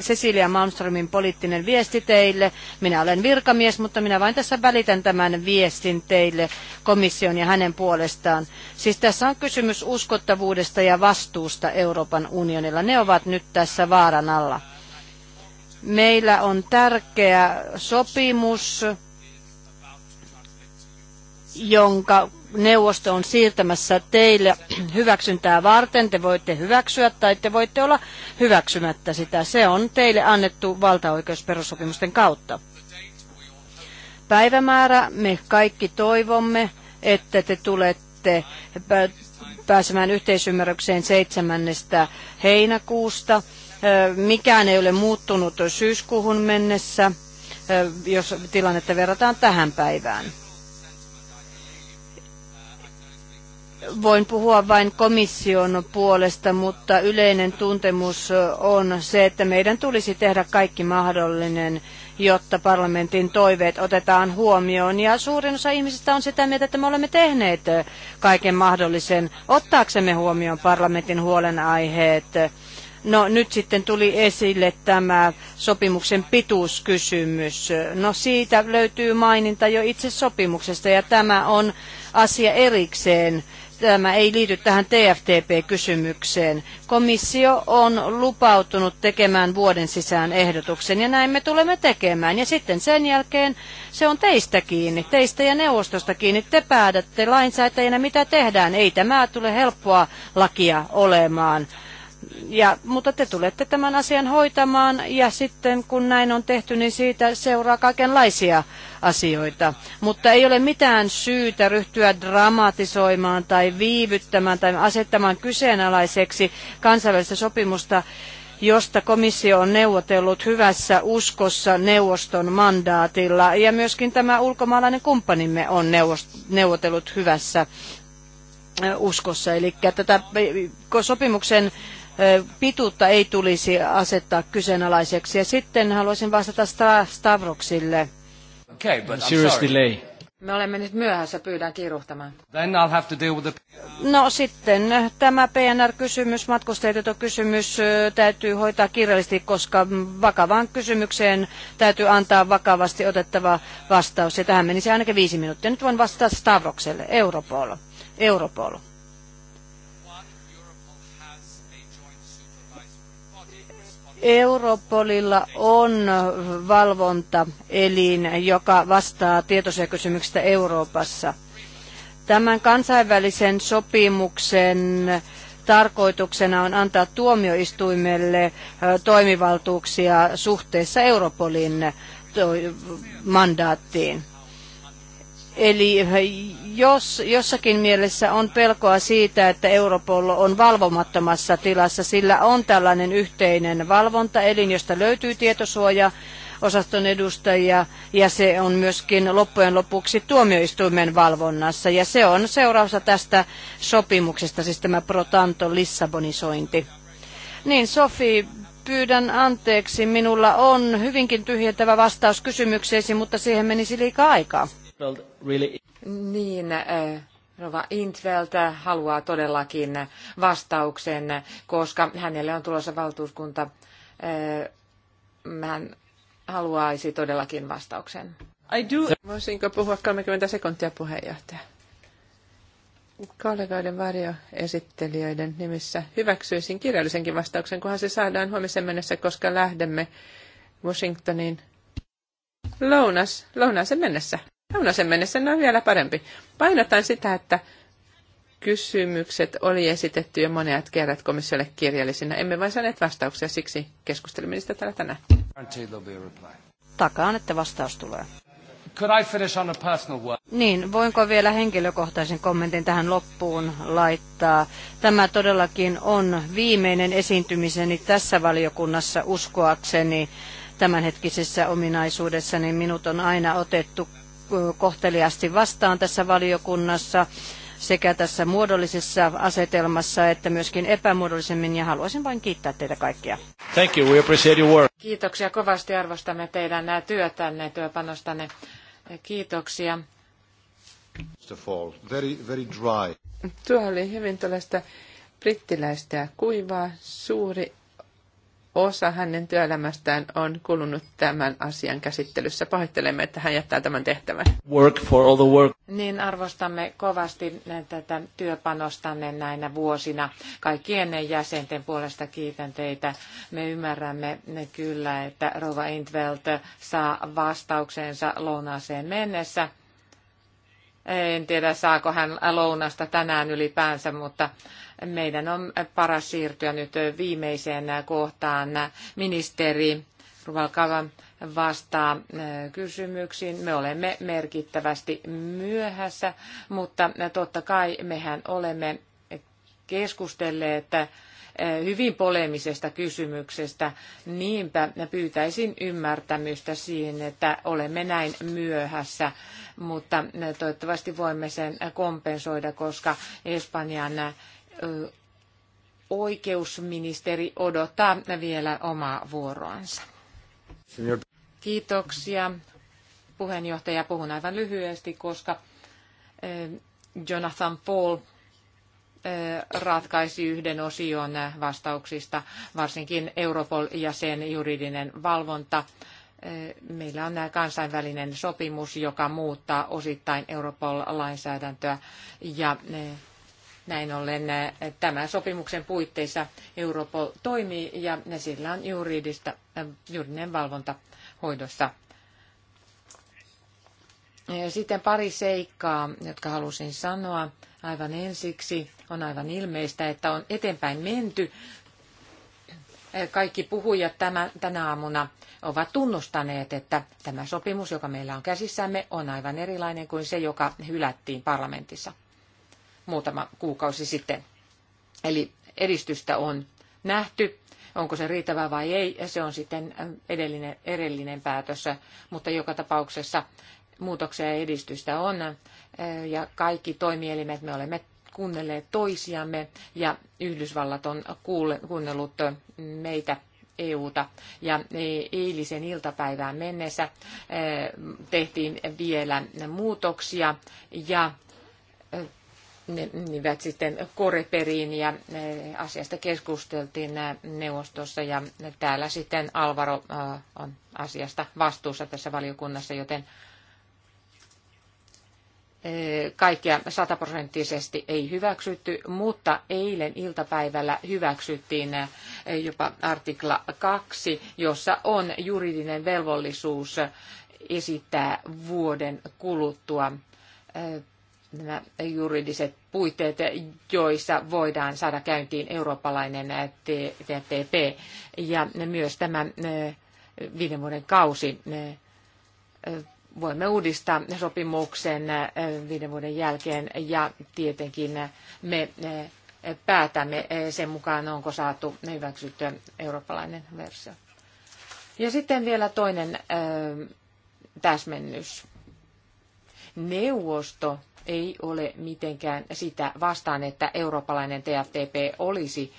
Cecilia Malmströmin poliittinen viesti teille. Minä olen virkamies, mutta minä vain tässä välitän tämän viestin teille komission ja hänen puolestaan. Siis tässä on kysymys uskottavuudesta ja vastuusta Euroopan unionilla. Ne ovat nyt tässä vaaran alla. Meillä on tärkeä sopimus jonka neuvosto on siirtämässä teille hyväksyntää varten. Te voitte hyväksyä tai te voitte olla hyväksymättä sitä. Se on teille annettu valtaoikeus perussopimusten kautta. Päivämäärä me kaikki toivomme, että te tulette pääsemään yhteisymmärrykseen 7. heinäkuusta. Mikään ei ole muuttunut syyskuuhun mennessä, jos tilannetta verrataan tähän päivään. voin puhua vain komission puolesta, mutta yleinen tuntemus on se, että meidän tulisi tehdä kaikki mahdollinen, jotta parlamentin toiveet otetaan huomioon. Ja suurin osa ihmisistä on sitä mieltä, että me olemme tehneet kaiken mahdollisen ottaaksemme huomioon parlamentin huolenaiheet. No nyt sitten tuli esille tämä sopimuksen pituuskysymys. No siitä löytyy maininta jo itse sopimuksesta ja tämä on asia erikseen tämä ei liity tähän TFTP-kysymykseen. Komissio on lupautunut tekemään vuoden sisään ehdotuksen ja näin me tulemme tekemään. Ja sitten sen jälkeen se on teistä kiinni, teistä ja neuvostosta kiinni. Te päätätte lainsäätäjänä, mitä tehdään. Ei tämä tule helppoa lakia olemaan. Ja, mutta te tulette tämän asian hoitamaan ja sitten kun näin on tehty, niin siitä seuraa kaikenlaisia asioita. Mutta ei ole mitään syytä ryhtyä dramatisoimaan tai viivyttämään tai asettamaan kyseenalaiseksi kansainvälistä sopimusta, josta komissio on neuvotellut hyvässä uskossa neuvoston mandaatilla. Ja myöskin tämä ulkomaalainen kumppanimme on neuvotellut hyvässä uskossa. Eli tätä sopimuksen pituutta ei tulisi asettaa kyseenalaiseksi. Ja sitten haluaisin vastata Stavroksille. Okay, but I'm serious delay. Me olemme nyt myöhässä, pyydän kiiruhtamaan. Then I'll have to deal with the... No sitten tämä PNR-kysymys, kysymys täytyy hoitaa kirjallisesti, koska vakavaan kysymykseen täytyy antaa vakavasti otettava vastaus. Ja tähän menisi ainakin viisi minuuttia. Nyt voin vastata Stavrokselle, Europol. Europol. Europolilla on valvontaelin, joka vastaa tietosuojakysymyksistä Euroopassa. Tämän kansainvälisen sopimuksen tarkoituksena on antaa tuomioistuimelle toimivaltuuksia suhteessa Europolin mandaattiin. Eli jos jossakin mielessä on pelkoa siitä, että Europol on valvomattomassa tilassa, sillä on tällainen yhteinen valvontaelin, josta löytyy tietosuoja, osaston edustajia ja se on myöskin loppujen lopuksi tuomioistuimen valvonnassa ja se on seurausta tästä sopimuksesta, siis tämä protanto Lissabonisointi. Niin Sofi, pyydän anteeksi, minulla on hyvinkin tyhjentävä vastaus kysymykseesi, mutta siihen menisi liikaa aikaa. Intveld really... Niin, äh, Rova Intveld haluaa todellakin vastauksen, koska hänelle on tulossa valtuuskunta. Äh, hän haluaisi todellakin vastauksen. I do... Voisinko puhua 30 sekuntia puheenjohtaja? Kollegoiden varjoesittelijöiden nimissä hyväksyisin kirjallisenkin vastauksen, kunhan se saadaan huomisen mennessä, koska lähdemme Washingtoniin lounas, lounasen mennessä. Lounasen mennessä ne on vielä parempi. Painotan sitä, että kysymykset oli esitetty jo monet kerrat komissiolle kirjallisina. Emme vain saaneet vastauksia, siksi keskustelimme niistä täällä tänään. Takaan, että vastaus tulee. Niin, voinko vielä henkilökohtaisen kommentin tähän loppuun laittaa? Tämä todellakin on viimeinen esiintymiseni tässä valiokunnassa uskoakseni tämänhetkisessä ominaisuudessa, niin minut on aina otettu kohteliasti vastaan tässä valiokunnassa sekä tässä muodollisessa asetelmassa että myöskin epämuodollisemmin ja haluaisin vain kiittää teitä kaikkia. Thank you. We appreciate your work. Kiitoksia kovasti arvostamme teidän äh, työtänne, työpanostanne. Kiitoksia. Very, very dry. Tuo oli hyvin tällaista brittiläistä kuivaa, suuri osa hänen työelämästään on kulunut tämän asian käsittelyssä. Pahoittelemme, että hän jättää tämän tehtävän. Work for all the work. Niin arvostamme kovasti tätä työpanostanne näinä vuosina. Kaikkien jäsenten puolesta kiitän teitä. Me ymmärrämme kyllä, että Rova Intveld saa vastauksensa lounaaseen mennessä. En tiedä, saako hän lounasta tänään ylipäänsä, mutta meidän on paras siirtyä nyt viimeiseen kohtaan. Ministeri Ruvalkava vastaa eh, kysymyksiin. Me olemme merkittävästi myöhässä, mutta totta kai mehän olemme keskustelleet että hyvin polemisesta kysymyksestä. Niinpä pyytäisin ymmärtämystä siihen, että olemme näin myöhässä, mutta toivottavasti voimme sen kompensoida, koska Espanjan oikeusministeri odottaa vielä omaa vuoroansa. Kiitoksia. Puheenjohtaja, puhun aivan lyhyesti, koska Jonathan Paul ratkaisi yhden osion vastauksista, varsinkin Europol ja sen juridinen valvonta. Meillä on kansainvälinen sopimus, joka muuttaa osittain Europol-lainsäädäntöä ja näin ollen tämän sopimuksen puitteissa Europol toimii ja sillä on juridista, juridinen valvonta hoidossa. Sitten pari seikkaa, jotka halusin sanoa aivan ensiksi on aivan ilmeistä, että on eteenpäin menty. Kaikki puhujat tämän, tänä aamuna ovat tunnustaneet, että tämä sopimus, joka meillä on käsissämme, on aivan erilainen kuin se, joka hylättiin parlamentissa muutama kuukausi sitten. Eli edistystä on nähty. Onko se riittävä vai ei, se on sitten edellinen, erillinen päätös, mutta joka tapauksessa muutoksia ja edistystä on. Ja kaikki toimielimet, me olemme kuunnelleet toisiamme ja Yhdysvallat on kuunnellut meitä EUta. Ja e, eilisen iltapäivään mennessä e, tehtiin vielä muutoksia ja e, ne menivät sitten Koreperiin ja asiasta keskusteltiin neuvostossa ja täällä sitten Alvaro on asiasta vastuussa tässä valiokunnassa, joten kaikkia sataprosenttisesti ei hyväksytty, mutta eilen iltapäivällä hyväksyttiin jopa artikla 2, jossa on juridinen velvollisuus esittää vuoden kuluttua nämä juridiset puitteet, joissa voidaan saada käyntiin eurooppalainen TTP ja myös tämä viiden vuoden kausi voimme uudistaa sopimuksen äh, viiden vuoden jälkeen ja tietenkin äh, me äh, päätämme sen mukaan, onko saatu hyväksyttyä eurooppalainen versio. Ja sitten vielä toinen täsmennys. Neuvosto ei ole mitenkään sitä vastaan, että eurooppalainen TFTP olisi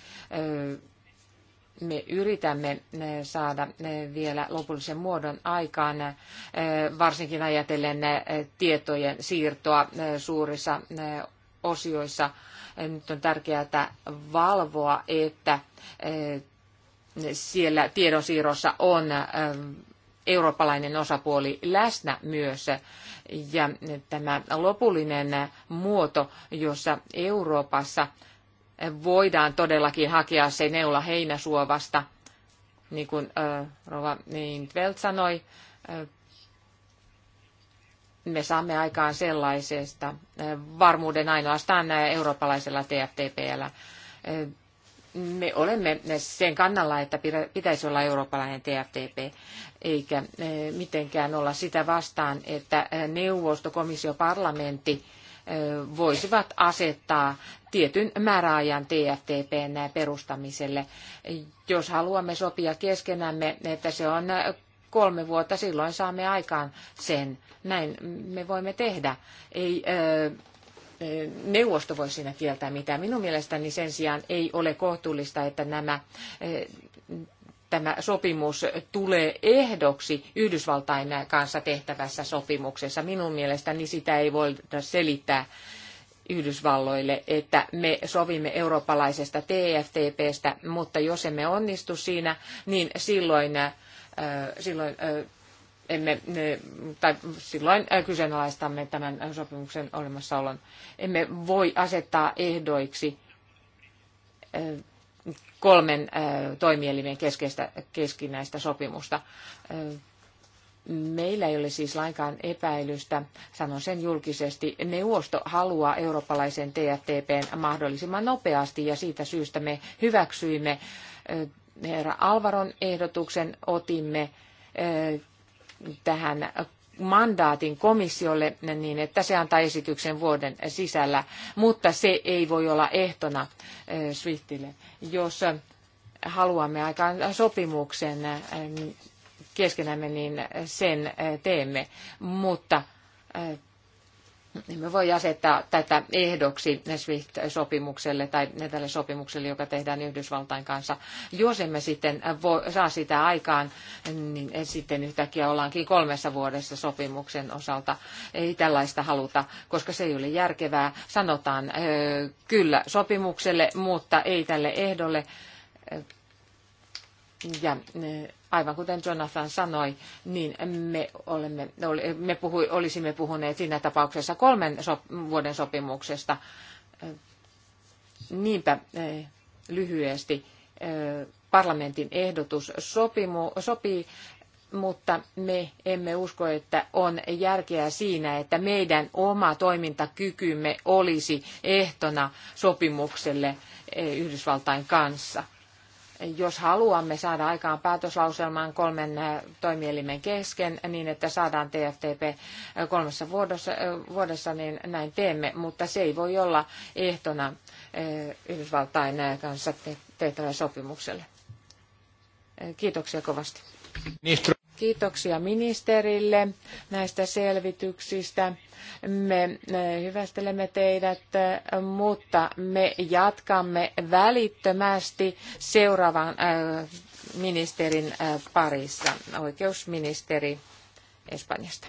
me yritämme eh, saada eh, vielä lopullisen muodon aikaan, eh, varsinkin ajatellen tietojen siirtoa suurissa osioissa. Nyt on tärkeää valvoa, että siellä tiedonsiirrossa on eurooppalainen osapuoli läsnä myös. Ja tämä lopullinen muoto, jossa Euroopassa voidaan todellakin hakea se neula heinäsuovasta, niin kuin äh, Rova Velt sanoi. me saamme aikaan sellaisesta varmuuden ainoastaan eurooppalaisella TFTPllä. llä. me olemme sen kannalla, että pitäisi olla eurooppalainen TFTP, eikä mitenkään olla sitä vastaan, että neuvosto, komissio, parlamentti – voisivat asettaa tietyn määräajan TFTPn perustamiselle. Jos haluamme sopia keskenämme, että se on kolme vuotta, silloin saamme aikaan sen. Näin me voimme tehdä. Ei, neuvosto voi siinä kieltää mitään. Minun mielestäni sen sijaan ei ole kohtuullista, että nämä tämä sopimus tulee ehdoksi Yhdysvaltain kanssa tehtävässä sopimuksessa. Minun mielestäni sitä ei voida selittää Yhdysvalloille, että me sovimme eurooppalaisesta TFTPstä, mutta jos emme onnistu siinä, niin silloin, äh, silloin äh, emme, äh, tai silloin kyseenalaistamme tämän sopimuksen olemassaolon. Emme voi asettaa ehdoiksi kolmen äh, toimielimen keskeistä, keskinäistä sopimusta. Äh, meillä ei ole siis lainkaan epäilystä, sanon sen julkisesti. Neuvosto haluaa eurooppalaisen TFTPn mahdollisimman nopeasti ja siitä syystä me hyväksyimme äh, herra Alvaron ehdotuksen, otimme tähän mandaatin komissiolle niin, että se antaa esityksen vuoden sisällä, mutta se ei voi olla ehtona eh, Swiftille. Jos haluamme aikaan sopimuksen eh, keskenämme, niin sen eh, teemme, mutta emme niin voi asettaa tätä ehdoksi SWIFT-sopimukselle tai tälle sopimukselle, joka tehdään Yhdysvaltain kanssa. Jos emme sitten voi, saa sitä aikaan, niin sitten yhtäkkiä ollaankin kolmessa vuodessa sopimuksen osalta. Ei tällaista haluta, koska se ei ole järkevää. Sanotaan kyllä sopimukselle, mutta ei tälle ehdolle ja e, aivan kuten Jonathan sanoi, niin me, olemme, me puhui, olisimme puhuneet siinä tapauksessa kolmen sop, vuoden sopimuksesta. E, niinpä e, lyhyesti parlamentin ehdotus sopimu, sopii, mutta me emme usko, että on järkeä siinä, että meidän oma toimintakykymme olisi ehtona sopimukselle Yhdysvaltain kanssa – jos haluamme saada aikaan päätöslauselman kolmen toimielimen kesken niin, että saadaan TFTP kolmessa vuodessa, vuodessa, niin näin teemme, mutta se ei voi olla ehtona Yhdysvaltain kanssa tehtävälle sopimukselle. Kiitoksia kovasti. Kiitoksia ministerille näistä selvityksistä. Me hyvästelemme teidät, mutta me jatkamme välittömästi seuraavan äh, ministerin äh, parissa, oikeusministeri Espanjasta.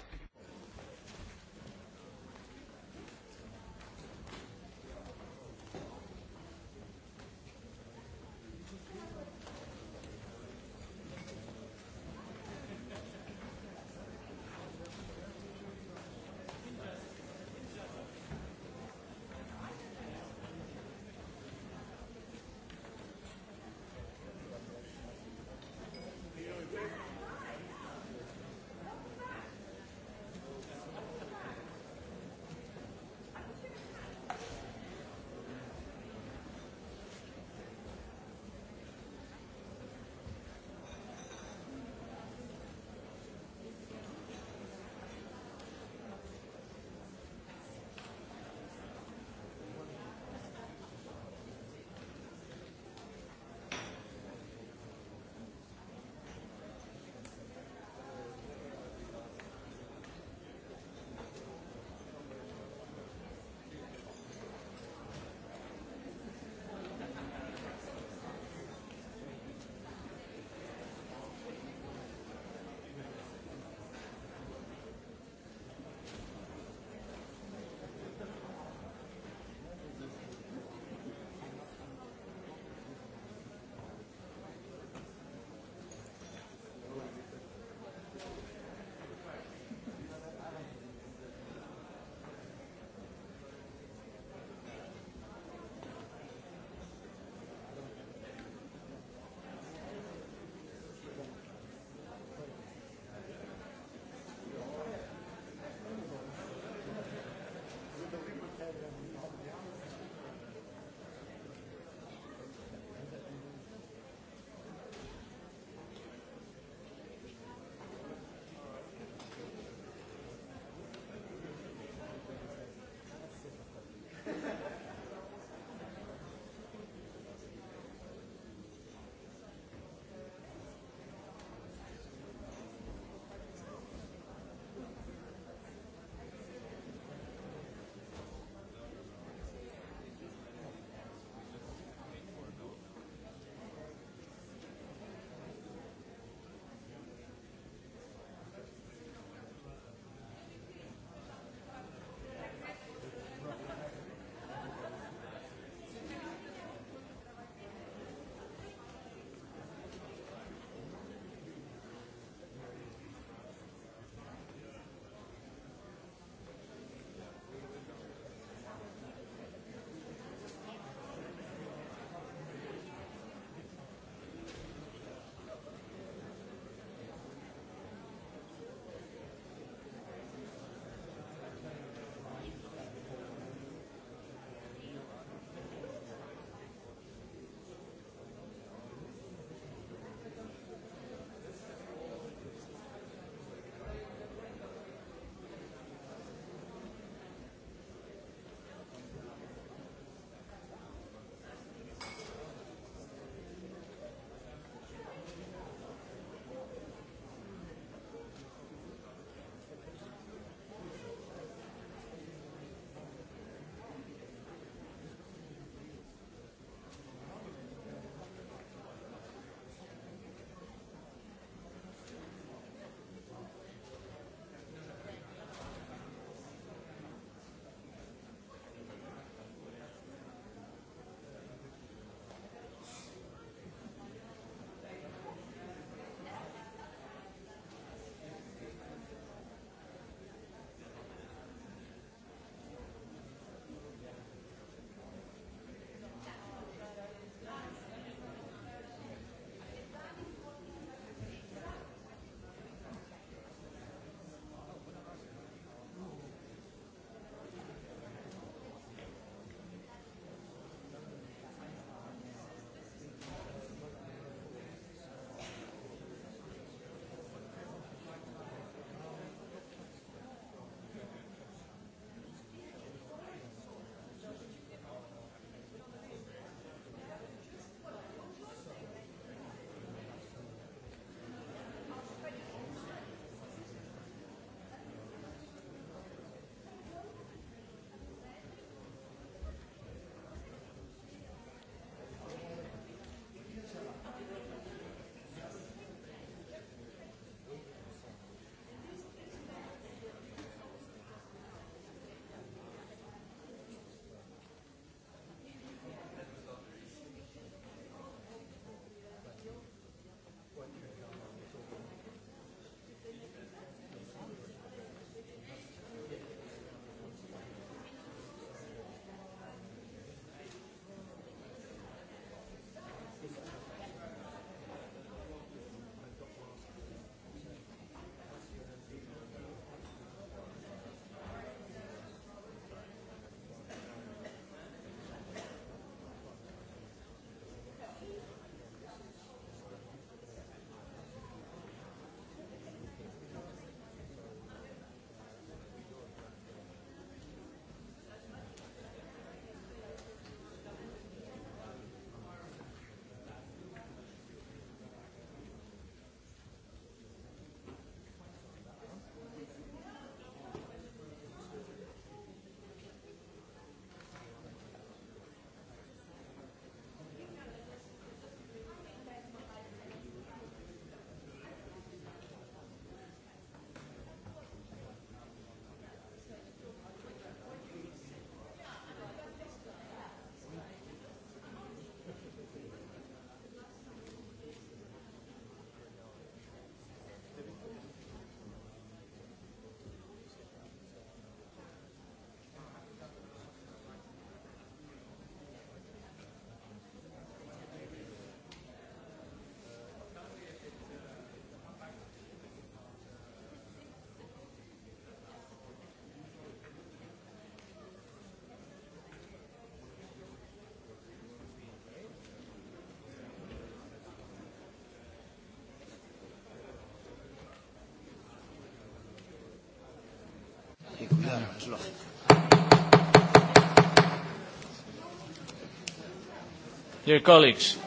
Dear colleagues.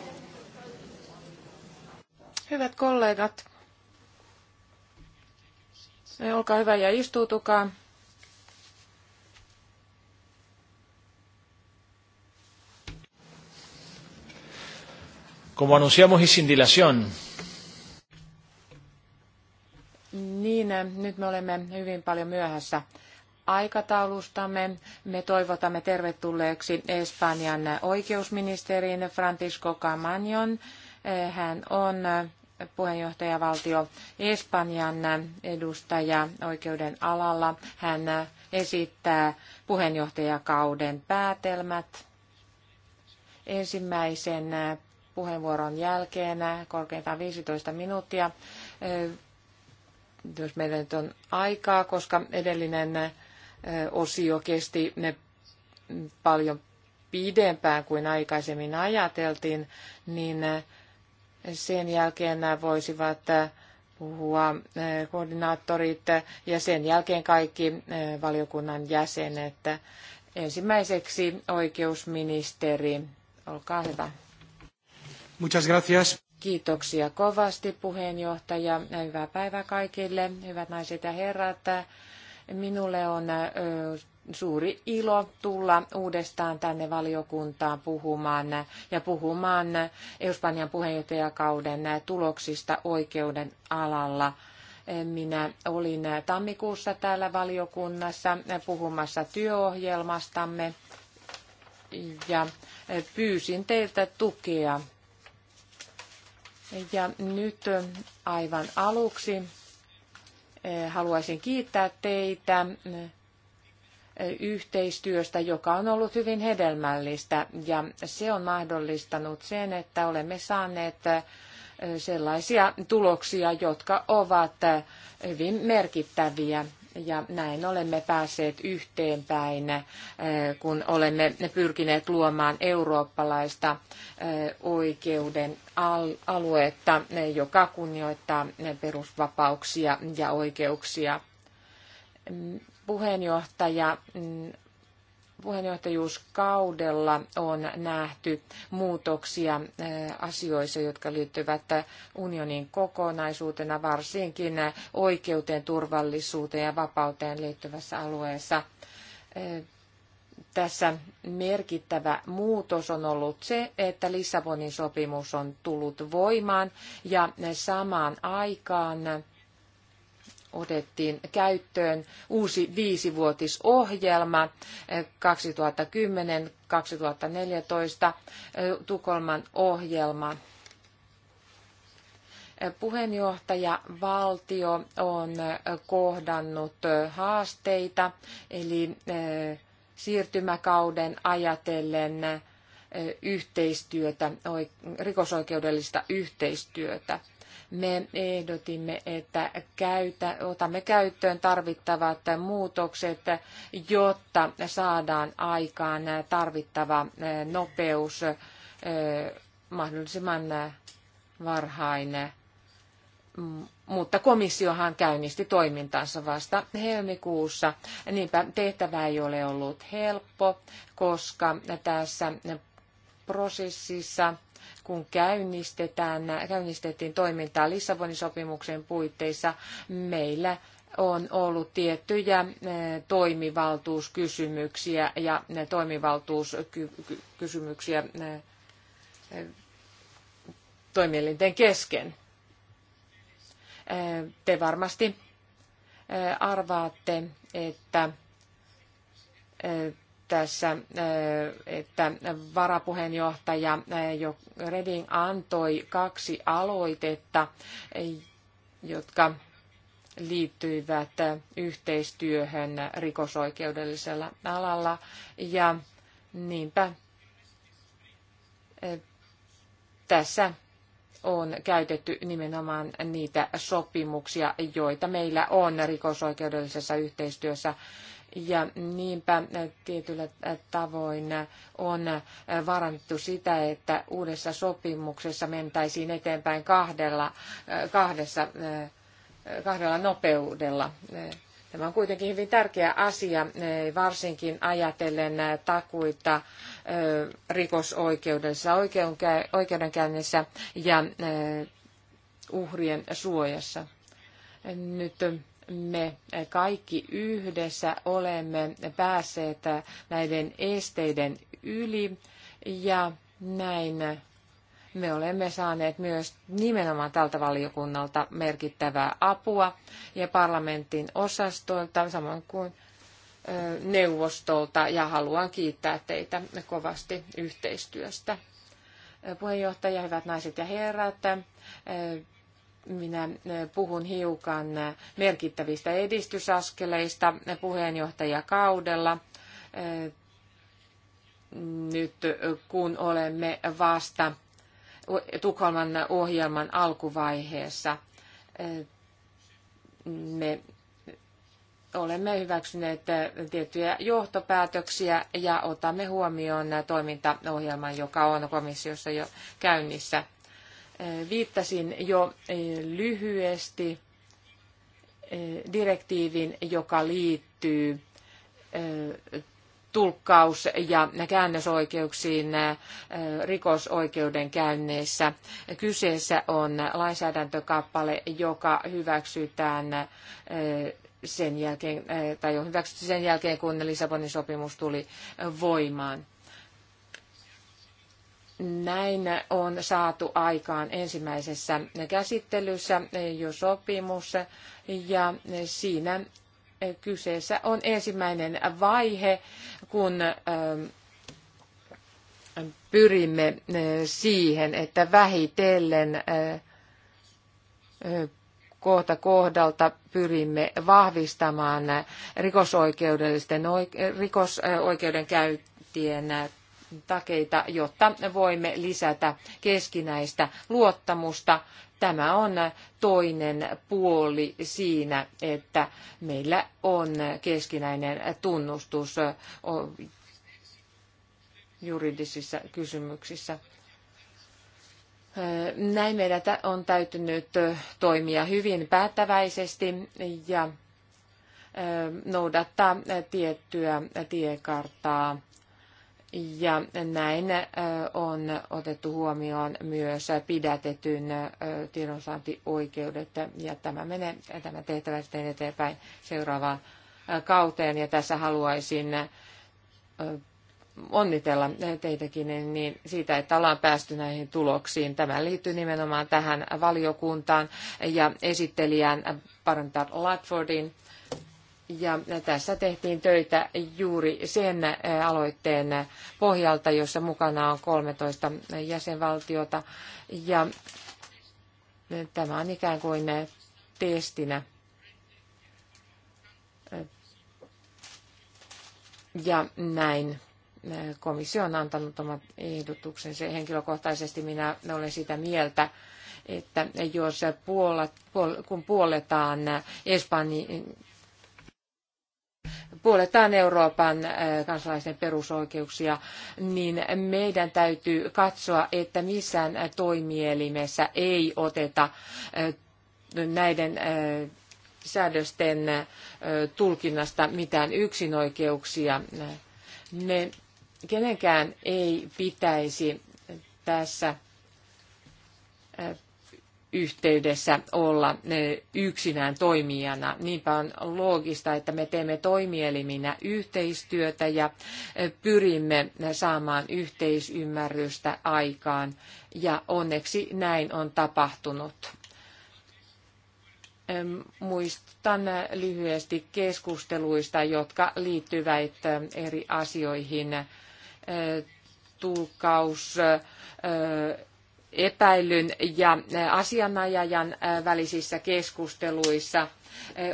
Hyvät kollegat, eh, olkaa hyvä ja istuutukaa. Como anunciamos y sin dilación, Niin, eh, nyt me olemme hyvin paljon myöhässä aikataulustamme. Me toivotamme tervetulleeksi Espanjan oikeusministerin Francisco Camañon. Hän on puheenjohtajavaltio Espanjan edustaja oikeuden alalla. Hän esittää puheenjohtajakauden päätelmät. Ensimmäisen puheenvuoron jälkeen korkeintaan 15 minuuttia jos meillä nyt on aikaa, koska edellinen osio kesti ne paljon pidempään kuin aikaisemmin ajateltiin, niin sen jälkeen nämä voisivat puhua koordinaattorit ja sen jälkeen kaikki valiokunnan jäsenet. Ensimmäiseksi oikeusministeri, olkaa hyvä. Muchas gracias. Kiitoksia kovasti puheenjohtaja. Hyvää päivää kaikille, hyvät naiset ja herrat. Minulle on suuri ilo tulla uudestaan tänne valiokuntaan puhumaan ja puhumaan Espanjan puheenjohtajakauden tuloksista oikeuden alalla. Minä olin tammikuussa täällä valiokunnassa puhumassa työohjelmastamme ja pyysin teiltä tukea. Ja nyt aivan aluksi Eh, haluaisin kiittää teitä eh, yhteistyöstä, joka on ollut hyvin hedelmällistä ja se on mahdollistanut sen, että olemme saaneet eh, sellaisia tuloksia, jotka ovat hyvin merkittäviä ja näin olemme päässeet yhteenpäin, äh, kun olemme pyrkineet luomaan eurooppalaista äh, oikeuden aluetta, äh, joka kunnioittaa perusvapauksia ja oikeuksia. Mm, puheenjohtaja, mm, puheenjohtajuuskaudella on nähty muutoksia eh, asioissa, jotka liittyvät unionin kokonaisuutena, varsinkin oikeuteen, turvallisuuteen ja vapauteen liittyvässä alueessa. Eh, tässä merkittävä muutos on ollut se, että Lissabonin sopimus on tullut voimaan ja samaan aikaan otettiin käyttöön uusi viisivuotisohjelma 2010-2014 eh, eh, Tukholman ohjelma. Eh, Puheenjohtaja valtio on kohdannut haasteita, eli siirtymäkauden ajatellen yhteistyötä, rikosoikeudellista yhteistyötä me ehdotimme, että käytä, otamme käyttöön tarvittavat muutokset, jotta saadaan aikaan tarvittava nopeus mahdollisimman varhain. Mutta komissiohan käynnisti toimintansa vasta helmikuussa. Niinpä tehtävä ei ole ollut helppo, koska tässä prosessissa kun käynnistetään, käynnistettiin toimintaa Lissabonin sopimuksen puitteissa, meillä on ollut tiettyjä eh, toimivaltuuskysymyksiä ja eh, toimivaltuuskysymyksiä eh, toimielinten kesken. Te varmasti arvaatte, että tässä, eh, että varapuheenjohtaja eh, jo Reding antoi kaksi aloitetta, eh, jotka liittyivät yhteistyöhön rikosoikeudellisella alalla. Ja niinpä tässä on käytetty nimenomaan niitä sopimuksia, joita meillä on rikosoikeudellisessa yhteistyössä ja niinpä tietyllä tavoin on varannettu sitä, että uudessa sopimuksessa mentäisiin eteenpäin kahdella, kahdessa, kahdella nopeudella. Tämä on kuitenkin hyvin tärkeä asia, varsinkin ajatellen takuita rikosoikeudessa oikeudenkäynnissä ja uhrien suojassa. Nyt me kaikki yhdessä olemme päässeet näiden esteiden yli ja näin me olemme saaneet myös nimenomaan tältä valiokunnalta merkittävää apua ja parlamentin osastoilta, samoin kuin neuvostolta ja haluan kiittää teitä kovasti yhteistyöstä. Puheenjohtaja, hyvät naiset ja herrat, minä puhun hiukan merkittävistä edistysaskeleista puheenjohtajakaudella. Nyt kun olemme vasta Tukholman ohjelman alkuvaiheessa, me olemme hyväksyneet tiettyjä johtopäätöksiä ja otamme huomioon toimintaohjelman, joka on komissiossa jo käynnissä – Viittasin jo eh, lyhyesti eh, direktiivin, joka liittyy eh, tulkkaus- ja käännösoikeuksiin rikosoikeuden Kyseessä on lainsäädäntökappale, joka hyväksytään sen jälkeen, tai on hyväksytty sen jälkeen, kun Lissabonin sopimus tuli voimaan. Näin on saatu aikaan ensimmäisessä käsittelyssä jo sopimus ja siinä kyseessä on ensimmäinen vaihe, kun ähm, pyrimme äh, siihen, että vähitellen äh, kohta kohdalta pyrimme vahvistamaan rikosoikeudellisten rikosoikeudenkäyntien takeita, jotta voimme lisätä keskinäistä luottamusta. Tämä on toinen puoli siinä, että meillä on keskinäinen tunnustus juridisissa kysymyksissä. Näin meidän on täytynyt toimia hyvin päättäväisesti ja noudattaa tiettyä tiekarttaa ja näin on otettu huomioon myös pidätetyn tiedonsaantioikeudet ja tämä, menee, tämä tehtävä sitten eteenpäin seuraavaan kauteen. Ja tässä haluaisin onnitella teitäkin niin siitä, että ollaan päästy näihin tuloksiin. Tämä liittyy nimenomaan tähän valiokuntaan ja esittelijän parantaa Latfordin ja tässä tehtiin töitä juuri sen aloitteen pohjalta, jossa mukana on 13 jäsenvaltiota. Ja tämä on ikään kuin testinä. Ja näin komissio on antanut omat ehdotuksensa. Henkilökohtaisesti minä olen sitä mieltä, että jos puolet, kun puoletaan Espanjan puoletaan Euroopan äh, kansalaisten perusoikeuksia, niin meidän täytyy katsoa, että missään toimielimessä ei oteta äh, näiden äh, säädösten tulkinnasta mitään yksinoikeuksia. Me kenenkään ei pitäisi tässä yhteydessä olla yksinään toimijana. Niinpä on loogista, että me teemme toimieliminä yhteistyötä ja pyrimme saamaan yhteisymmärrystä aikaan. Ja onneksi näin on tapahtunut. Muistan lyhyesti keskusteluista, jotka liittyvät eri asioihin. Tulkaus epäilyn ja asianajajan välisissä keskusteluissa,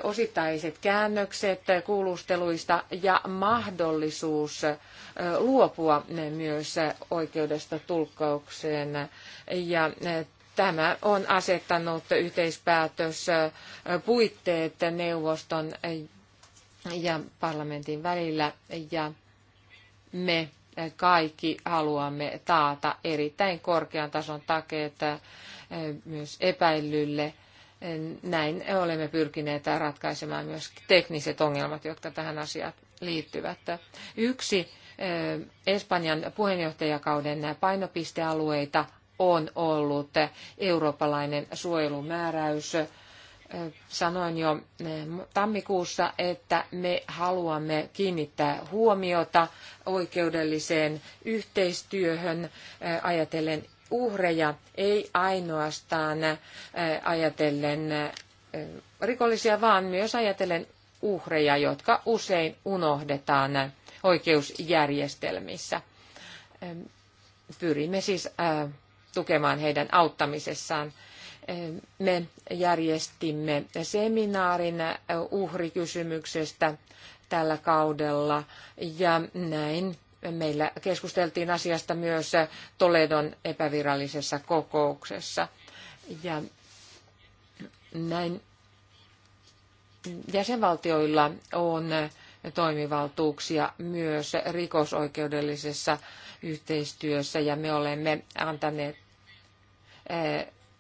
osittaiset käännökset kuulusteluista ja mahdollisuus luopua myös oikeudesta tulkkaukseen. Ja tämä on asettanut yhteispäätös puitteet neuvoston ja parlamentin välillä ja me kaikki haluamme taata erittäin korkean tason takeet äh, myös epäillylle. Näin olemme pyrkineet ratkaisemaan myös tekniset ongelmat, jotka tähän asiaan liittyvät. Yksi äh, Espanjan puheenjohtajakauden painopistealueita on ollut eurooppalainen suojelumääräys sanoin jo eh, tammikuussa, että me haluamme kiinnittää huomiota oikeudelliseen yhteistyöhön eh, ajatellen uhreja, ei ainoastaan eh, ajatellen rikollisia, vaan myös ajatellen uhreja, jotka usein unohdetaan oikeusjärjestelmissä. Pyrimme siis tukemaan heidän auttamisessaan me järjestimme seminaarin uhrikysymyksestä tällä kaudella ja näin meillä keskusteltiin asiasta myös Toledon epävirallisessa kokouksessa. Ja näin jäsenvaltioilla on toimivaltuuksia myös rikosoikeudellisessa yhteistyössä ja me olemme antaneet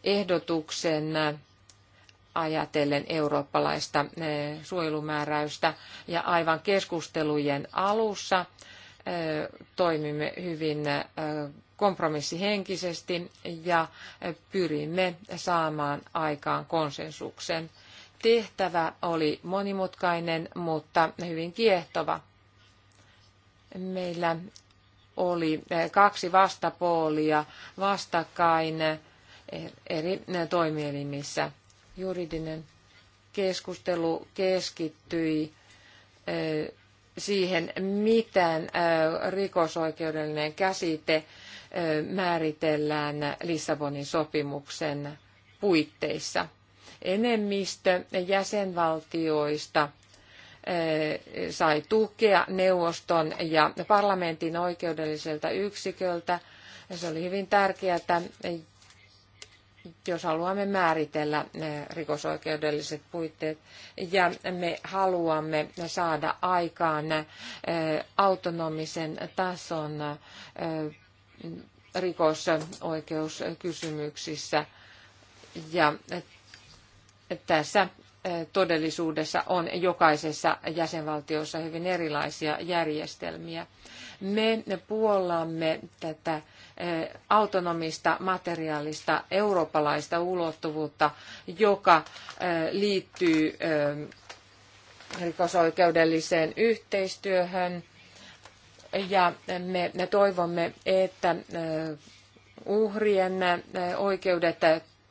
ehdotuksen ajatellen eurooppalaista eh, suojelumääräystä. Ja aivan keskustelujen alussa eh, toimimme hyvin eh, kompromissihenkisesti ja pyrimme saamaan aikaan konsensuksen. Tehtävä oli monimutkainen, mutta hyvin kiehtova. Meillä oli kaksi vastapoolia vastakkain eri toimielimissä. Juridinen keskustelu keskittyi siihen, miten rikosoikeudellinen käsite määritellään Lissabonin sopimuksen puitteissa. Enemmistö jäsenvaltioista sai tukea neuvoston ja parlamentin oikeudelliselta yksiköltä. Se oli hyvin tärkeää jos haluamme määritellä eh, rikosoikeudelliset puitteet ja me haluamme saada aikaan eh, autonomisen tason eh, rikosoikeuskysymyksissä. Ja tässä todellisuudessa on jokaisessa jäsenvaltiossa hyvin erilaisia järjestelmiä. Me puollamme tätä Eh, autonomista materiaalista eurooppalaista ulottuvuutta, joka eh, liittyy eh, rikosoikeudelliseen yhteistyöhön. Ja me, me toivomme, että uhrien oikeudet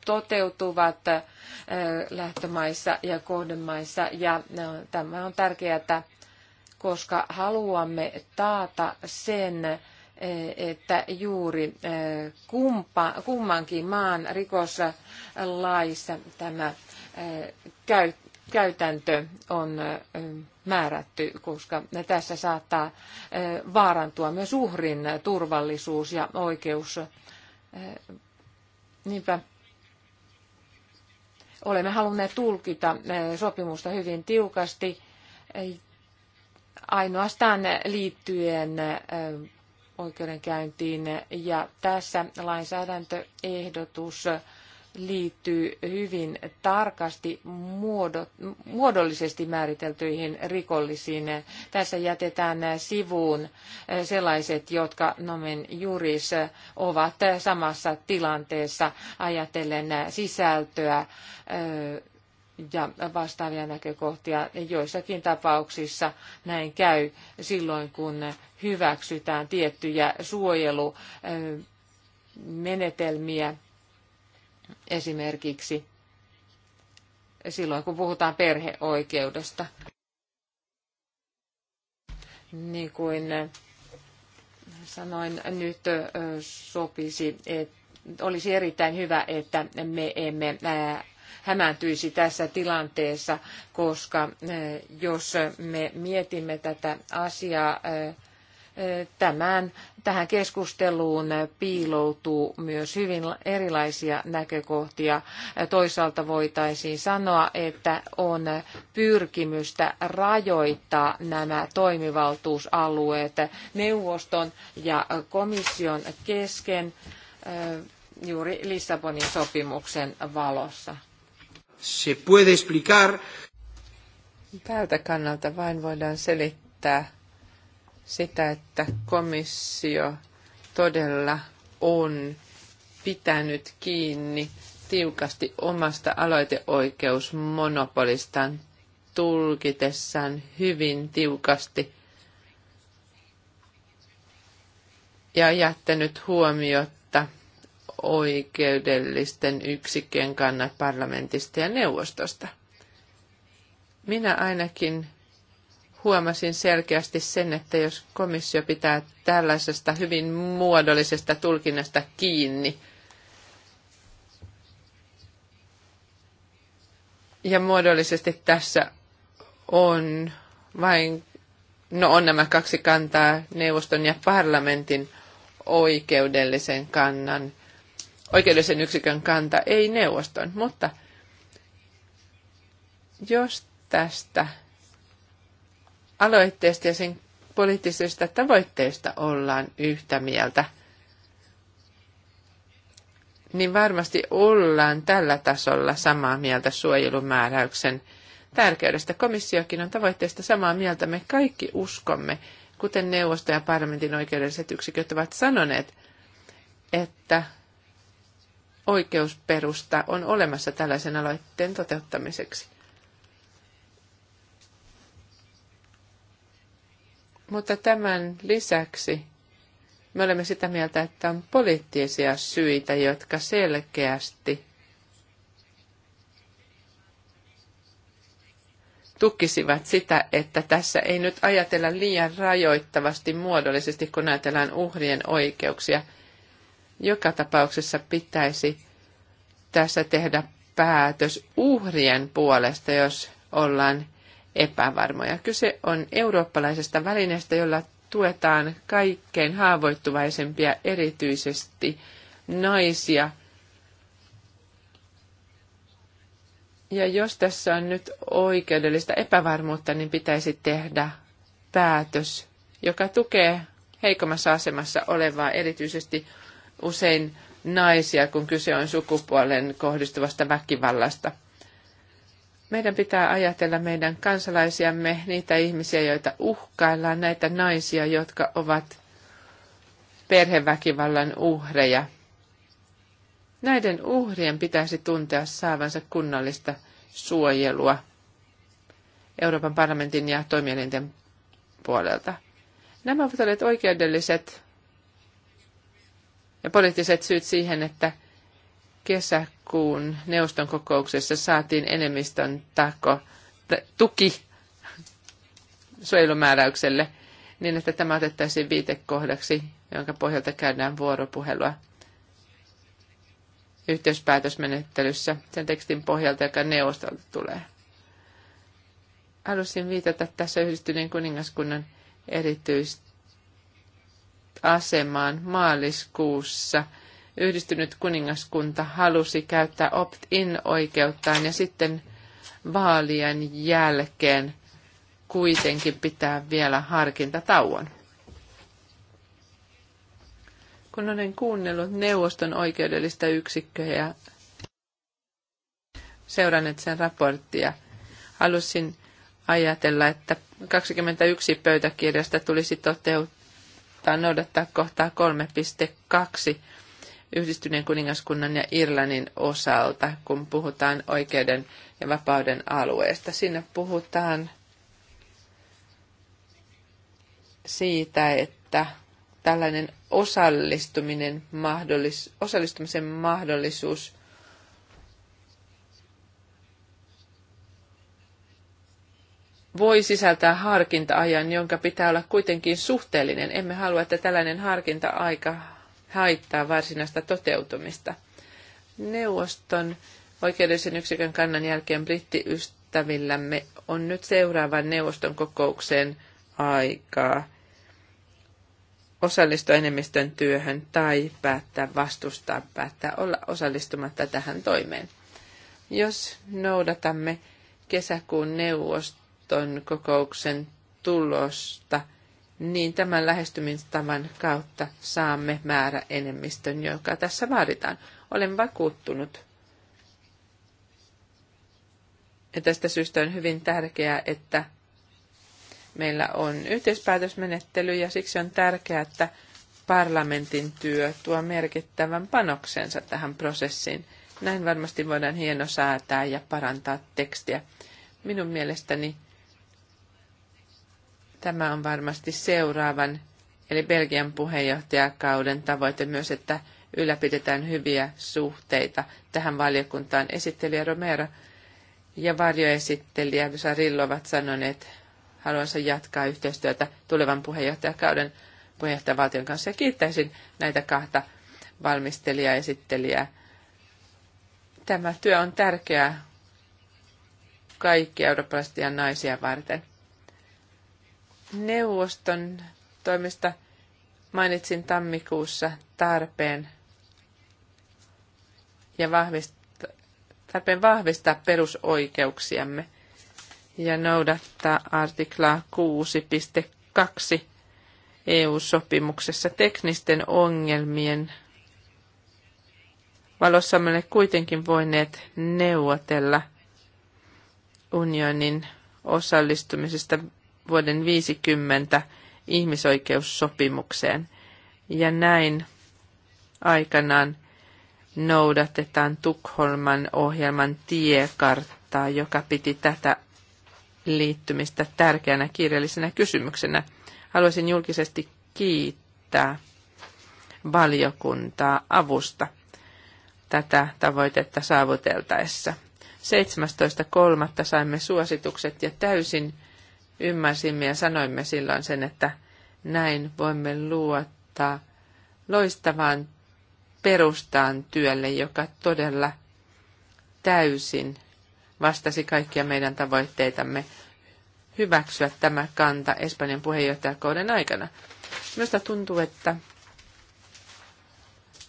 toteutuvat lähtömaissa ja kohdemaissa. Ja tämä on tärkeää, koska haluamme taata sen, Eh, että juuri eh, kumpa, kummankin maan rikoslaissa tämä eh, käytäntö on määrätty, koska tässä saattaa vaarantua myös uhrin turvallisuus ja oikeus. Niinpä olemme halunneet tulkita sopimusta hyvin tiukasti ainoastaan liittyen oikeudenkäyntiin. Ja tässä lainsäädäntöehdotus liittyy hyvin tarkasti muodollisesti määriteltyihin rikollisiin. Tässä jätetään sivuun sellaiset, jotka nomen juris ovat samassa tilanteessa ajatellen sisältöä ja vastaavia näkökohtia. Joissakin tapauksissa näin käy silloin, kun hyväksytään tiettyjä suojelumenetelmiä esimerkiksi silloin, kun puhutaan perheoikeudesta. Niin kuin sanoin, nyt sopisi, että olisi erittäin hyvä, että me emme hämääntyisi tässä tilanteessa, koska eh, jos me mietimme tätä asiaa eh, eh, tämän, tähän keskusteluun piiloutuu myös hyvin erilaisia näkökohtia. Toisaalta voitaisiin sanoa, että on pyrkimystä rajoittaa nämä toimivaltuusalueet neuvoston ja komission kesken juuri Lissabonin sopimuksen valossa se puede explicar. Tältä kannalta vain voidaan selittää sitä, että komissio todella on pitänyt kiinni tiukasti omasta aloiteoikeusmonopolistaan tulkitessaan hyvin tiukasti ja jättänyt huomiota oikeudellisten yksikkien kannat parlamentista ja neuvostosta. Minä ainakin huomasin selkeästi sen, että jos komissio pitää tällaisesta hyvin muodollisesta tulkinnasta kiinni, ja muodollisesti tässä on vain, no on nämä kaksi kantaa, neuvoston ja parlamentin oikeudellisen kannan oikeudellisen yksikön kanta, ei neuvoston. Mutta jos tästä aloitteesta ja sen poliittisista tavoitteista ollaan yhtä mieltä, niin varmasti ollaan tällä tasolla samaa mieltä suojelumääräyksen tärkeydestä. Komissiokin on tavoitteesta samaa mieltä. Me kaikki uskomme, kuten neuvosto ja parlamentin oikeudelliset yksiköt ovat sanoneet, että oikeusperusta on olemassa tällaisen aloitteen toteuttamiseksi. Mutta tämän lisäksi me olemme sitä mieltä, että on poliittisia syitä, jotka selkeästi tukisivat sitä, että tässä ei nyt ajatella liian rajoittavasti muodollisesti, kun ajatellaan uhrien oikeuksia – joka tapauksessa pitäisi tässä tehdä päätös uhrien puolesta, jos ollaan epävarmoja. Kyse on eurooppalaisesta välineestä, jolla tuetaan kaikkein haavoittuvaisempia, erityisesti naisia. Ja jos tässä on nyt oikeudellista epävarmuutta, niin pitäisi tehdä päätös, joka tukee heikommassa asemassa olevaa, erityisesti usein naisia, kun kyse on sukupuolen kohdistuvasta väkivallasta. Meidän pitää ajatella meidän kansalaisiamme, niitä ihmisiä, joita uhkaillaan, näitä naisia, jotka ovat perheväkivallan uhreja. Näiden uhrien pitäisi tuntea saavansa kunnallista suojelua Euroopan parlamentin ja toimielinten puolelta. Nämä ovat olleet oikeudelliset ja poliittiset syyt siihen, että kesäkuun neuvoston kokouksessa saatiin enemmistön tako, tuki suojelumääräykselle niin, että tämä otettaisiin viitekohdaksi, jonka pohjalta käydään vuoropuhelua yhteispäätösmenettelyssä sen tekstin pohjalta, joka neuvostolta tulee. Halusin viitata tässä yhdistyneen kuningaskunnan erityistä asemaan maaliskuussa. Yhdistynyt kuningaskunta halusi käyttää opt-in-oikeuttaan ja sitten vaalien jälkeen kuitenkin pitää vielä harkintatauon. Kun olen kuunnellut neuvoston oikeudellista yksikköä ja seurannut sen raporttia, halusin ajatella, että 21 pöytäkirjasta tulisi toteuttaa kannattaa noudattaa kohtaa 3.2 yhdistyneen kuningaskunnan ja Irlannin osalta, kun puhutaan oikeuden ja vapauden alueesta. Siinä puhutaan siitä, että tällainen osallistuminen, mahdollis, osallistumisen mahdollisuus voi sisältää harkinta-ajan, jonka pitää olla kuitenkin suhteellinen. Emme halua, että tällainen harkinta-aika haittaa varsinaista toteutumista. Neuvoston oikeudellisen yksikön kannan jälkeen brittiystävillämme on nyt seuraavan neuvoston kokoukseen aikaa osallistua enemmistön työhön tai päättää vastustaa, päättää olla osallistumatta tähän toimeen. Jos noudatamme kesäkuun neuvoston, tuon kokouksen tulosta, niin tämän lähestymistavan kautta saamme määrä enemmistön, joka tässä vaaditaan. Olen vakuuttunut. Ja tästä syystä on hyvin tärkeää, että meillä on yhteispäätösmenettely ja siksi on tärkeää, että parlamentin työ tuo merkittävän panoksensa tähän prosessiin. Näin varmasti voidaan hieno säätää ja parantaa tekstiä. Minun mielestäni Tämä on varmasti seuraavan, eli Belgian puheenjohtajakauden tavoite myös, että ylläpidetään hyviä suhteita tähän valiokuntaan. Esittelijä Romero ja varjoesittelijä Rillo ovat sanoneet haluansa jatkaa yhteistyötä tulevan puheenjohtajakauden puheenjohtajavaltion kanssa. Ja kiittäisin näitä kahta valmistelijaa ja esittelijää. Tämä työ on tärkeää kaikkia eurooppalaisia naisia varten. Neuvoston toimista mainitsin tammikuussa tarpeen ja vahvista, tarpeen vahvistaa perusoikeuksiamme ja noudattaa artiklaa 6.2 EU-sopimuksessa teknisten ongelmien valossa me kuitenkin voineet neuvotella unionin osallistumisesta vuoden 50 ihmisoikeussopimukseen. Ja näin aikanaan noudatetaan Tukholman ohjelman tiekarttaa, joka piti tätä liittymistä tärkeänä kirjallisena kysymyksenä. Haluaisin julkisesti kiittää valiokuntaa avusta tätä tavoitetta saavuteltaessa. 17.3. saimme suositukset ja täysin ymmärsimme ja sanoimme silloin sen, että näin voimme luottaa loistavaan perustaan työlle, joka todella täysin vastasi kaikkia meidän tavoitteitamme hyväksyä tämä kanta Espanjan puheenjohtajakauden aikana. Minusta tuntuu, että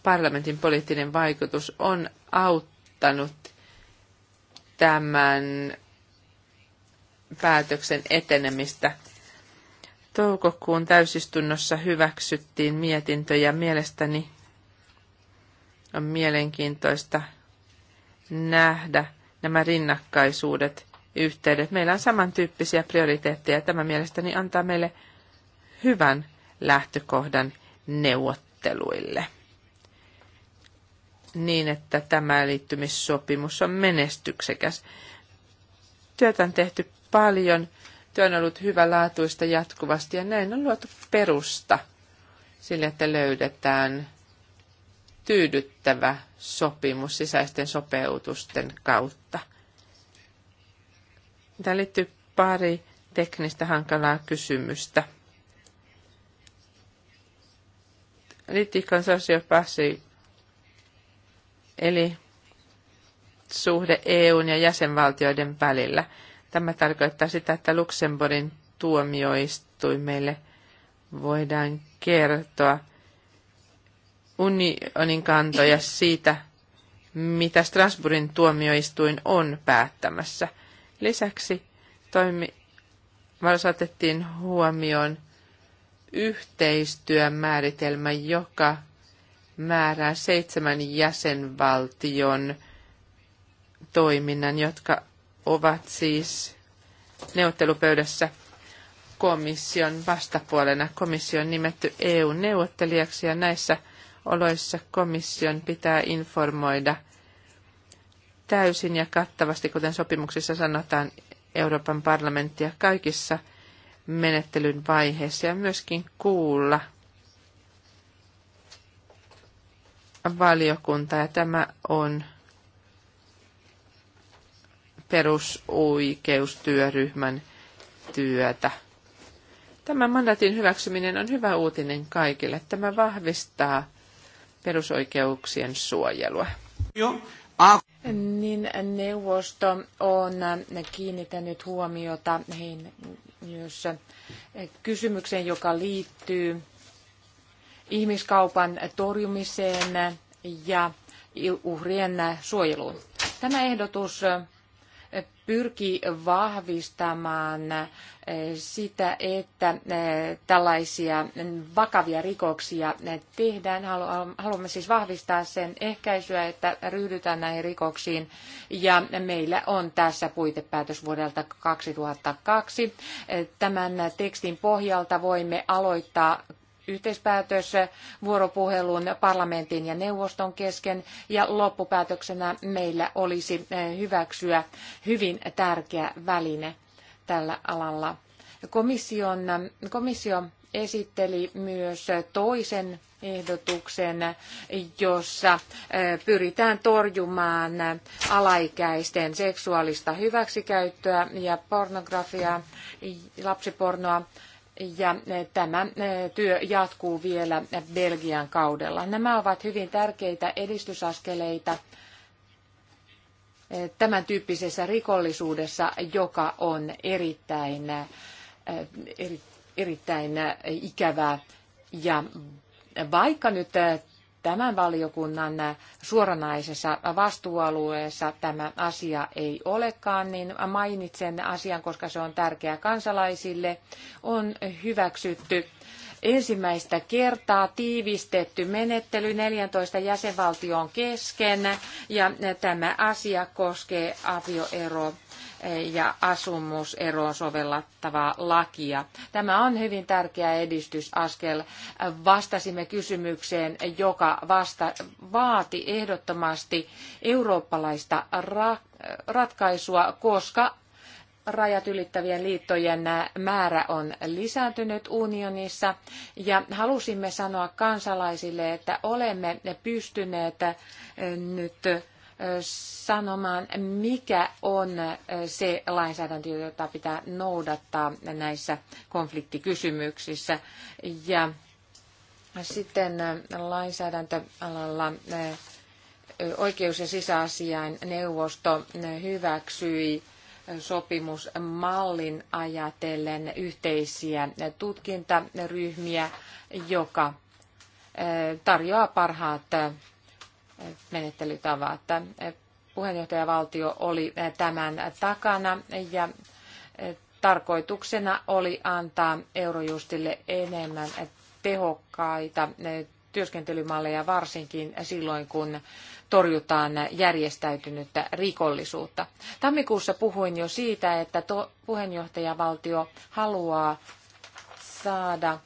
parlamentin poliittinen vaikutus on auttanut tämän päätöksen etenemistä. Toukokuun täysistunnossa hyväksyttiin mietintö ja mielestäni on mielenkiintoista nähdä nämä rinnakkaisuudet, yhteydet. Meillä on samantyyppisiä prioriteetteja. Tämä mielestäni antaa meille hyvän lähtökohdan neuvotteluille niin, että tämä liittymissopimus on menestyksekäs. Työtä on tehty paljon. Työ on ollut hyvälaatuista jatkuvasti ja näin on luotu perusta sille, että löydetään tyydyttävä sopimus sisäisten sopeutusten kautta. Tämä liittyy pari teknistä hankalaa kysymystä. Liittyykö sosiopassi, eli suhde EUn ja jäsenvaltioiden välillä? Tämä tarkoittaa sitä, että Luxemburgin tuomioistuimelle voidaan kertoa unionin kantoja siitä, mitä Strasbourgin tuomioistuin on päättämässä. Lisäksi toimi, saatettiin huomioon yhteistyömääritelmä, joka määrää seitsemän jäsenvaltion toiminnan, jotka ovat siis neuvottelupöydässä komission vastapuolena. Komissio on nimetty EU-neuvottelijaksi ja näissä oloissa komission pitää informoida täysin ja kattavasti, kuten sopimuksissa sanotaan, Euroopan parlamenttia kaikissa menettelyn vaiheissa ja myöskin kuulla valiokuntaa. Ja tämä on perusoikeustyöryhmän työtä. Tämän mandatin hyväksyminen on hyvä uutinen kaikille. Tämä vahvistaa perusoikeuksien suojelua. Joo. Niin neuvosto on kiinnittänyt huomiota myös kysymykseen, joka liittyy ihmiskaupan torjumiseen ja uhrien suojeluun. Tämä ehdotus pyrki vahvistamaan eh, sitä, että eh, tällaisia vakavia rikoksia eh, tehdään. Haluamme siis vahvistaa sen ehkäisyä, että ryhdytään näihin rikoksiin. Ja meillä on tässä puitepäätös vuodelta 2002. Tämän tekstin pohjalta voimme aloittaa yhteispäätös vuoropuhelun parlamentin ja neuvoston kesken ja loppupäätöksenä meillä olisi eh, hyväksyä hyvin tärkeä väline tällä alalla. Komission, komissio esitteli myös toisen ehdotuksen, jossa eh, pyritään torjumaan alaikäisten seksuaalista hyväksikäyttöä ja pornografiaa, lapsipornoa ja eh, tämä eh, työ jatkuu vielä Belgian kaudella. Nämä ovat hyvin tärkeitä edistysaskeleita eh, tämän tyyppisessä rikollisuudessa, joka on erittäin, erittäin ikävää. Ja vaikka nyt tämän valiokunnan suoranaisessa vastuualueessa tämä asia ei olekaan, niin mainitsen asian, koska se on tärkeä kansalaisille. On hyväksytty ensimmäistä kertaa tiivistetty menettely 14 jäsenvaltion kesken ja tämä asia koskee avioeroa ja asumuseroon sovellattavaa lakia. Tämä on hyvin tärkeä edistysaskel. Vastasimme kysymykseen, joka vasta vaati ehdottomasti eurooppalaista ratkaisua, koska rajat ylittävien liittojen määrä on lisääntynyt unionissa ja halusimme sanoa kansalaisille, että olemme pystyneet nyt sanomaan, mikä on se lainsäädäntö, jota pitää noudattaa näissä konfliktikysymyksissä. Ja sitten lainsäädäntöalalla oikeus- ja sisäasiain neuvosto hyväksyi sopimusmallin ajatellen yhteisiä tutkintaryhmiä, joka tarjoaa parhaat menettelytavat. Puheenjohtajavaltio oli tämän takana ja tarkoituksena oli antaa Eurojustille enemmän tehokkaita työskentelymalleja varsinkin silloin, kun torjutaan järjestäytynyttä rikollisuutta. Tammikuussa puhuin jo siitä, että puheenjohtajavaltio haluaa saada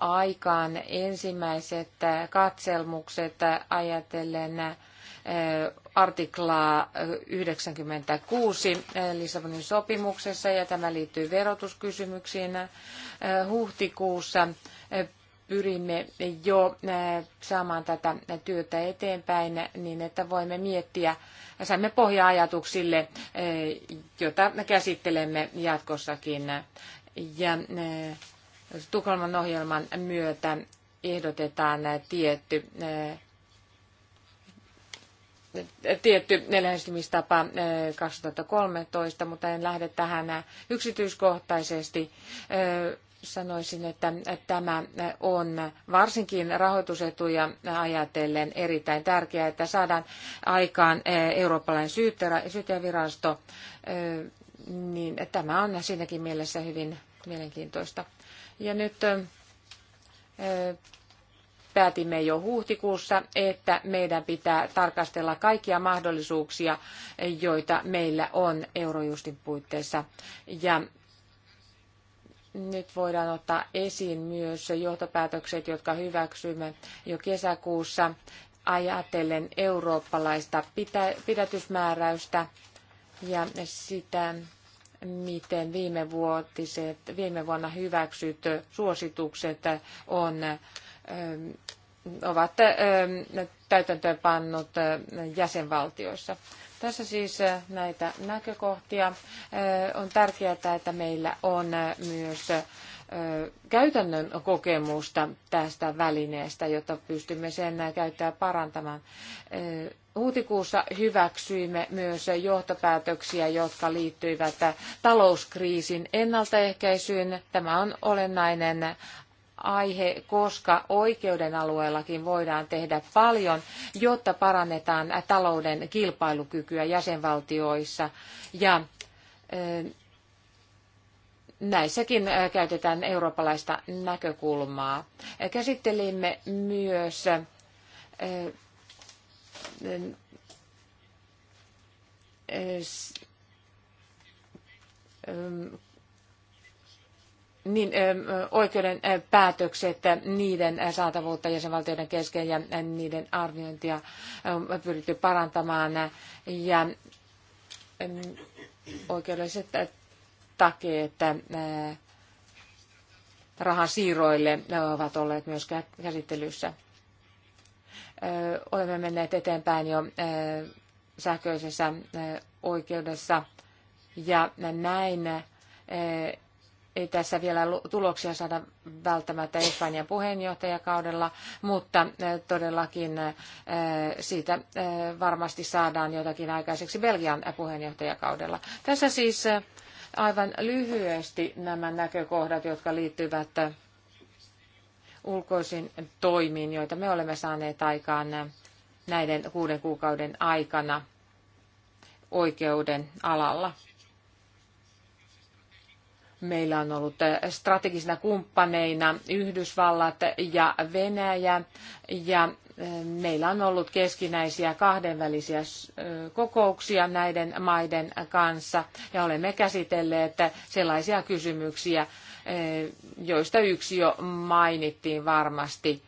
aikaan ensimmäiset katselmukset ajatellen artiklaa 96 Lissabonin sopimuksessa ja tämä liittyy verotuskysymyksiin. Huhtikuussa pyrimme jo saamaan tätä työtä eteenpäin niin, että voimme miettiä, ja saimme pohja-ajatuksille, jota käsittelemme jatkossakin. Ja Tukholman ohjelman myötä ehdotetaan tietty, eh, tietty lähestymistapa 2013, eh, mutta en lähde tähän yksityiskohtaisesti. Eh, sanoisin, että tämä on varsinkin rahoitusetuja ajatellen erittäin tärkeää, että saadaan aikaan eurooppalainen syyttäjävirasto, niin tämä on siinäkin mielessä hyvin mielenkiintoista. Ja nyt päätimme jo huhtikuussa, että meidän pitää tarkastella kaikkia mahdollisuuksia, joita meillä on Eurojustin puitteissa. Ja nyt voidaan ottaa esiin myös johtopäätökset, jotka hyväksymme jo kesäkuussa ajatellen eurooppalaista pidätysmääräystä ja sitä, miten viime, vuotiset, viime vuonna hyväksyt suositukset on, ähm, ovat ähm, täytäntöönpannut äh, jäsenvaltioissa. Tässä siis äh, näitä näkökohtia. Äh, on tärkeää, että meillä on myös käytännön kokemusta tästä välineestä, jotta pystymme sen käyttää parantamaan. Huhtikuussa hyväksyimme myös johtopäätöksiä, jotka liittyivät talouskriisin ennaltaehkäisyyn. Tämä on olennainen aihe, koska oikeuden alueellakin voidaan tehdä paljon, jotta parannetaan talouden kilpailukykyä jäsenvaltioissa. Ja näissäkin käytetään eurooppalaista näkökulmaa. Käsittelimme myös niin, niin oikeuden eh, päätökset, eh, niiden eh, saatavuutta jäsenvaltioiden kesken ja niiden arviointia on pyritty parantamaan ja oikeudelliset takeet rahan siirroille ovat olleet myös käsittelyssä olemme menneet eteenpäin jo sähköisessä oikeudessa ja näin ei tässä vielä tuloksia saada välttämättä Espanjan puheenjohtajakaudella, mutta todellakin siitä varmasti saadaan jotakin aikaiseksi Belgian puheenjohtajakaudella. Tässä siis aivan lyhyesti nämä näkökohdat, jotka liittyvät ulkoisin toimiin, joita me olemme saaneet aikaan näiden kuuden kuukauden aikana oikeuden alalla. Meillä on ollut strategisina kumppaneina Yhdysvallat ja Venäjä ja eh, meillä on ollut keskinäisiä kahdenvälisiä eh, kokouksia näiden maiden kanssa ja olemme käsitelleet sellaisia kysymyksiä, joista yksi jo mainittiin varmasti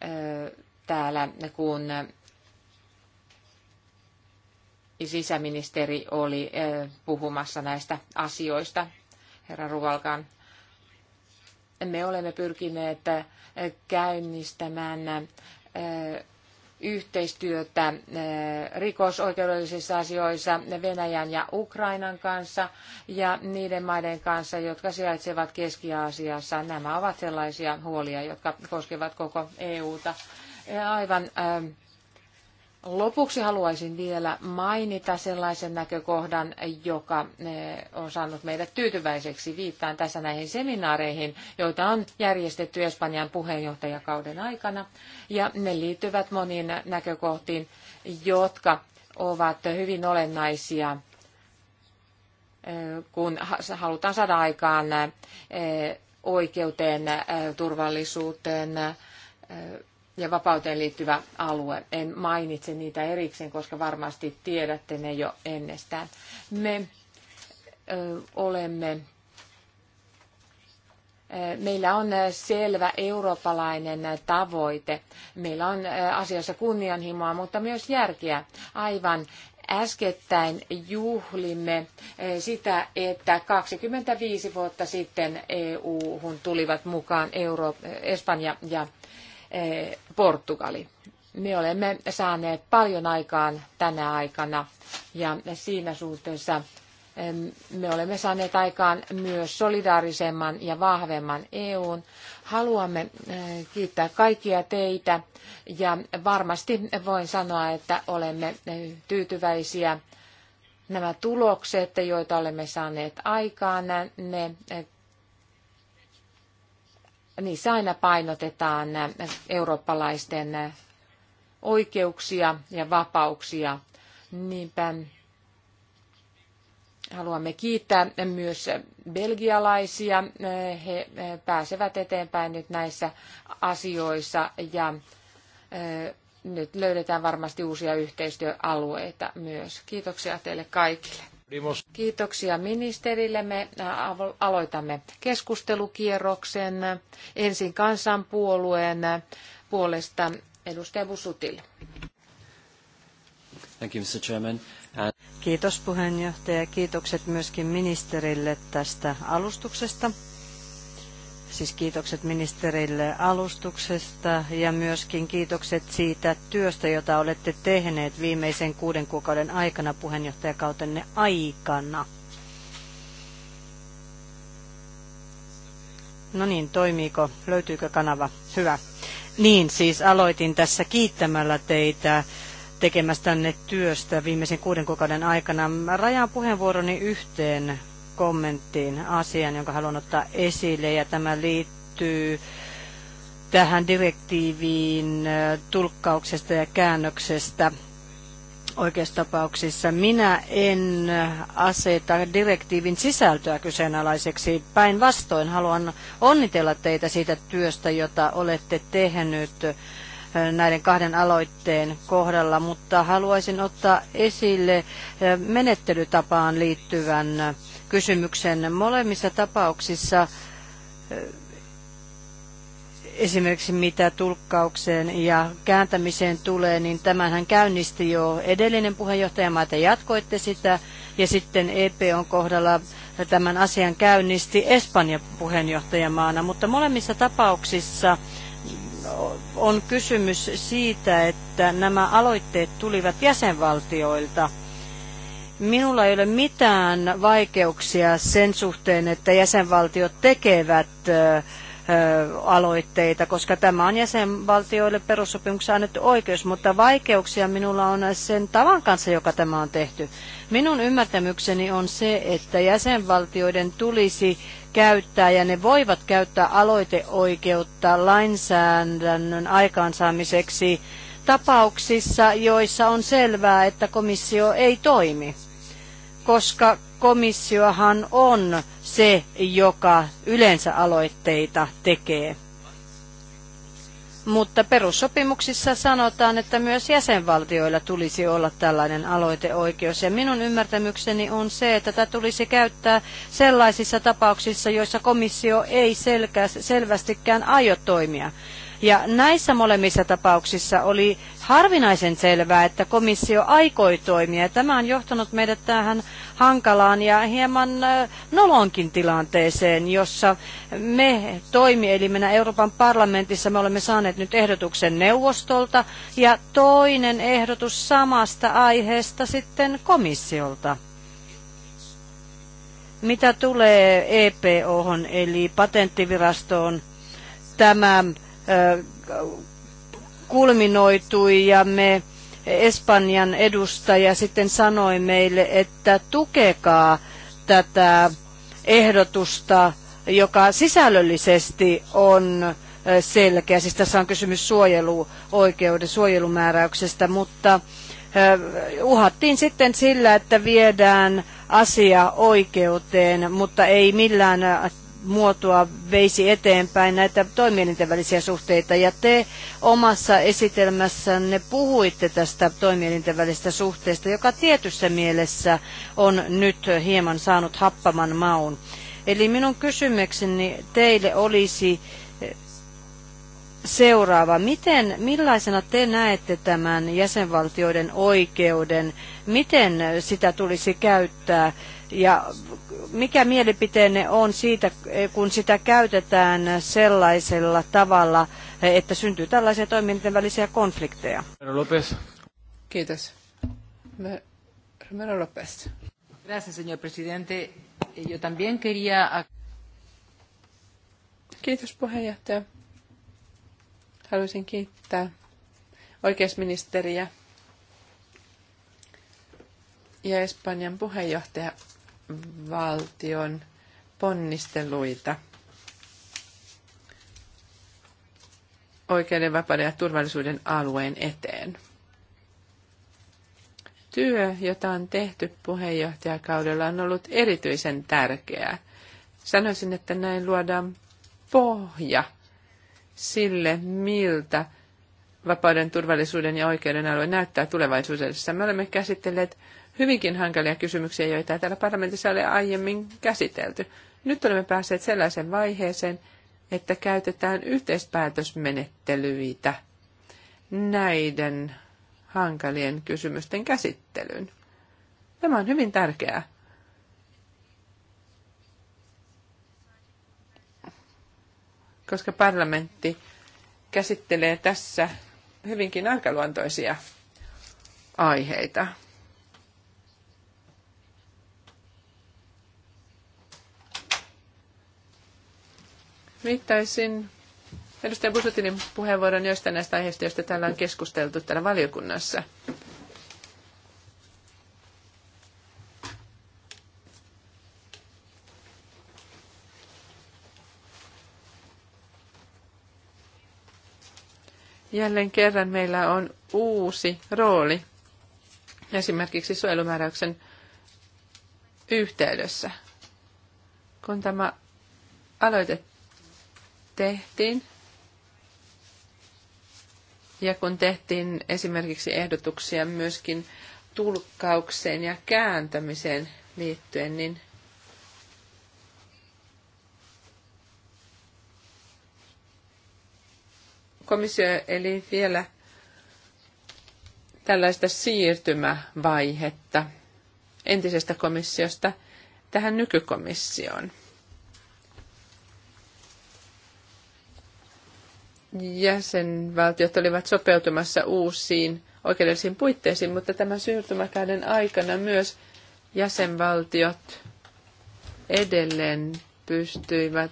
eh, täällä, kun sisäministeri oli eh, puhumassa näistä asioista, herra Ruvalkan. Me olemme pyrkineet eh, käynnistämään yhteistyötä eh, rikosoikeudellisissa asioissa Venäjän ja Ukrainan kanssa ja niiden maiden kanssa, jotka sijaitsevat Keski-Aasiassa. Nämä ovat sellaisia huolia, jotka koskevat koko EUta. Eh, aivan eh, Lopuksi haluaisin vielä mainita sellaisen näkökohdan, joka eh, on saanut meidät tyytyväiseksi. Viittaan tässä näihin seminaareihin, joita on järjestetty Espanjan puheenjohtajakauden aikana. Ja ne liittyvät moniin näkökohtiin, jotka ovat hyvin olennaisia, eh, kun halutaan saada aikaan eh, oikeuteen, turvallisuuteen, ja vapauteen liittyvä alue. En mainitse niitä erikseen, koska varmasti tiedätte ne jo ennestään. Me ö, olemme Meillä on selvä eurooppalainen tavoite. Meillä on asiassa kunnianhimoa, mutta myös järkeä. Aivan äskettäin juhlimme sitä, että 25 vuotta sitten EU-hun tulivat mukaan Euro- Espanja ja Eh, Portugali. Me olemme saaneet paljon aikaan tänä aikana ja siinä suhteessa me olemme saaneet aikaan myös solidaarisemman ja vahvemman EUn. Haluamme eh, kiittää kaikkia teitä ja varmasti voin sanoa, että olemme eh, tyytyväisiä nämä tulokset, joita olemme saaneet aikaan, ne niissä aina painotetaan eurooppalaisten oikeuksia ja vapauksia. Niinpä haluamme kiittää myös belgialaisia. He pääsevät eteenpäin nyt näissä asioissa ja e, nyt löydetään varmasti uusia yhteistyöalueita myös. Kiitoksia teille kaikille. Kiitoksia ministerille. Me aloitamme keskustelukierroksen ensin kansanpuolueen puolesta edustaja Busutil. Thank you, Mr. Chairman. Kiitos puheenjohtaja ja kiitokset myöskin ministerille tästä alustuksesta. Siis kiitokset ministerille alustuksesta ja myöskin kiitokset siitä työstä, jota olette tehneet viimeisen kuuden kuukauden aikana puheenjohtajakautenne aikana. No niin, toimiiko? Löytyykö kanava? Hyvä. Niin, siis aloitin tässä kiittämällä teitä tekemästänne työstä viimeisen kuuden kuukauden aikana. Rajaan puheenvuoroni yhteen kommenttiin asian, jonka haluan ottaa esille, ja tämä liittyy tähän direktiiviin äh, tulkkauksesta ja käännöksestä oikeustapauksissa. Minä en aseta direktiivin sisältöä kyseenalaiseksi. Päinvastoin haluan onnitella teitä siitä työstä, jota olette tehnyt äh, näiden kahden aloitteen kohdalla, mutta haluaisin ottaa esille äh, menettelytapaan liittyvän kysymyksen. Molemmissa tapauksissa esimerkiksi mitä tulkkaukseen ja kääntämiseen tulee, niin tämähän käynnisti jo edellinen puheenjohtajamaa, että jatkoitte sitä, ja sitten EP on kohdalla tämän asian käynnisti Espanja puheenjohtajamaana, mutta molemmissa tapauksissa on kysymys siitä, että nämä aloitteet tulivat jäsenvaltioilta – Minulla ei ole mitään vaikeuksia sen suhteen, että jäsenvaltiot tekevät aloitteita, koska tämä on jäsenvaltioille perussopimuksessa annettu oikeus, mutta vaikeuksia minulla on sen tavan kanssa, joka tämä on tehty. Minun ymmärtämykseni on se, että jäsenvaltioiden tulisi käyttää ja ne voivat käyttää aloiteoikeutta lainsäädännön aikaansaamiseksi tapauksissa, joissa on selvää, että komissio ei toimi koska komissiohan on se, joka yleensä aloitteita tekee. Mutta perussopimuksissa sanotaan, että myös jäsenvaltioilla tulisi olla tällainen aloiteoikeus. Ja minun ymmärtämykseni on se, että tätä tulisi käyttää sellaisissa tapauksissa, joissa komissio ei selkä, selvästikään aio toimia. Ja näissä molemmissa tapauksissa oli harvinaisen selvää, että komissio aikoi toimia. Tämä on johtanut meidät tähän hankalaan ja hieman nolonkin tilanteeseen, jossa me toimielimenä Euroopan parlamentissa me olemme saaneet nyt ehdotuksen neuvostolta ja toinen ehdotus samasta aiheesta sitten komissiolta. Mitä tulee EPO, eli patenttivirastoon, tämä kulminoitui ja me Espanjan edustaja sitten sanoi meille, että tukekaa tätä ehdotusta, joka sisällöllisesti on selkeä. Siis tässä on kysymys suojeluoikeuden suojelumääräyksestä, mutta uhattiin sitten sillä, että viedään asia oikeuteen, mutta ei millään muotoa veisi eteenpäin näitä toimielinten välisiä suhteita. Ja te omassa esitelmässänne puhuitte tästä toimielinten välisestä suhteesta, joka tietyssä mielessä on nyt hieman saanut happaman maun. Eli minun kysymykseni teille olisi eh, seuraava. Miten, millaisena te näette tämän jäsenvaltioiden oikeuden? Miten sitä tulisi käyttää? Ja mikä mielipiteenne on siitä, kun sitä käytetään sellaisella tavalla, että syntyy tällaisia toimijoiden välisiä konflikteja? López. Kiitos. Romero López. Gracias, señor presidente. Eh, yo también quería... Kiitos puheenjohtaja. Haluaisin kiittää oikeusministeriä ja Espanjan puheenjohtaja valtion ponnisteluita oikeuden, vapauden ja turvallisuuden alueen eteen. Työ, jota on tehty puheenjohtajakaudella, on ollut erityisen tärkeää. Sanoisin, että näin luodaan pohja sille, miltä vapauden, turvallisuuden ja oikeuden alue näyttää tulevaisuudessa. Me olemme käsitelleet hyvinkin hankalia kysymyksiä, joita ei täällä parlamentissa ole aiemmin käsitelty. Nyt olemme päässeet sellaiseen vaiheeseen, että käytetään yhteispäätösmenettelyitä näiden hankalien kysymysten käsittelyyn. Tämä on hyvin tärkeää. Koska parlamentti käsittelee tässä hyvinkin arkaluontoisia aiheita. Viittaisin edustaja Busutinin puheenvuoron jostain näistä aiheista, joista täällä on keskusteltu täällä valiokunnassa. Jälleen kerran meillä on uusi rooli esimerkiksi suojelumääräyksen yhteydessä. Kun tämä aloitettiin, tehtiin. Ja kun tehtiin esimerkiksi ehdotuksia myöskin tulkkaukseen ja kääntämiseen liittyen, niin komissio eli vielä tällaista siirtymävaihetta entisestä komissiosta tähän nykykomissioon. jäsenvaltiot olivat sopeutumassa uusiin oikeudellisiin puitteisiin, mutta tämän siirtymäkauden aikana myös jäsenvaltiot edelleen pystyivät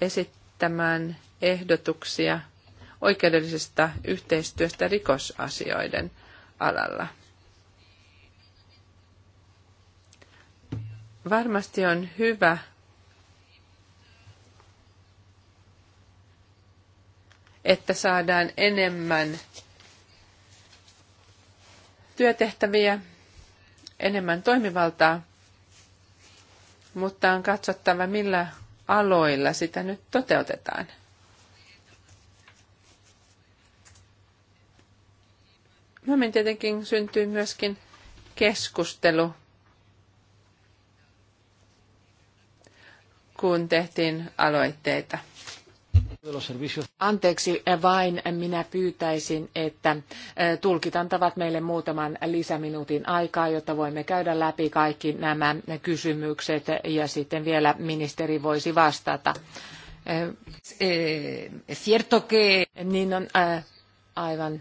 esittämään ehdotuksia oikeudellisesta yhteistyöstä rikosasioiden alalla. Varmasti on hyvä että saadaan enemmän työtehtäviä, enemmän toimivaltaa, mutta on katsottava, millä aloilla sitä nyt toteutetaan. Myöhemmin tietenkin syntyy myöskin keskustelu, kun tehtiin aloitteita. Anteeksi, eh, vain minä pyytäisin, että eh, tulkit antavat meille muutaman lisäminuutin aikaa, jotta voimme käydä läpi kaikki nämä kysymykset ja sitten vielä ministeri voisi vastata. Eh, niin on aivan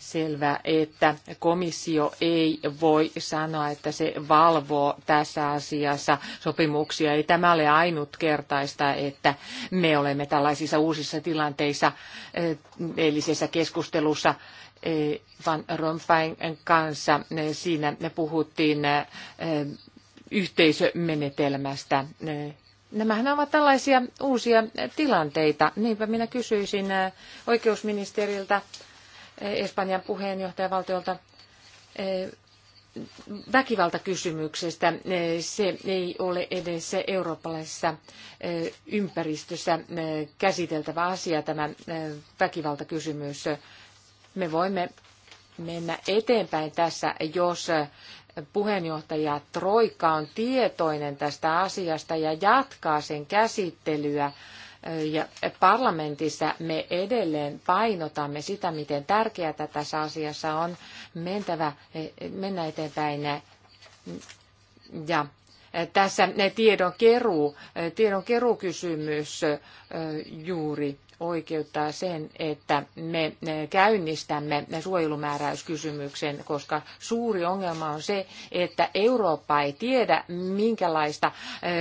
selvää, että komissio ei voi sanoa, että se valvoo tässä asiassa sopimuksia. Ei tämä ole ainutkertaista, että me olemme tällaisissa uusissa tilanteissa eh, eilisessä keskustelussa eh, Van Rompuyn kanssa. Siinä me puhuttiin eh, yhteisömenetelmästä. Nämähän ovat tällaisia uusia tilanteita. Niinpä minä kysyisin oikeusministeriltä, Espanjan puheenjohtajavaltiolta eh, väkivaltakysymyksestä. Eh, se ei ole edes eurooppalaisessa eh, ympäristössä käsiteltävä asia, tämä väkivaltakysymys. Me voimme mennä eteenpäin tässä, jos puheenjohtaja Troika on tietoinen tästä asiasta ja jatkaa sen käsittelyä ja parlamentissa me edelleen painotamme sitä, miten tärkeää tässä asiassa on mentävä, mennä eteenpäin. Ja tässä tiedon keruu, tiedon keruukysymys juuri oikeuttaa sen, että me käynnistämme suojelumääräyskysymyksen, koska suuri ongelma on se, että Eurooppa ei tiedä, minkälaista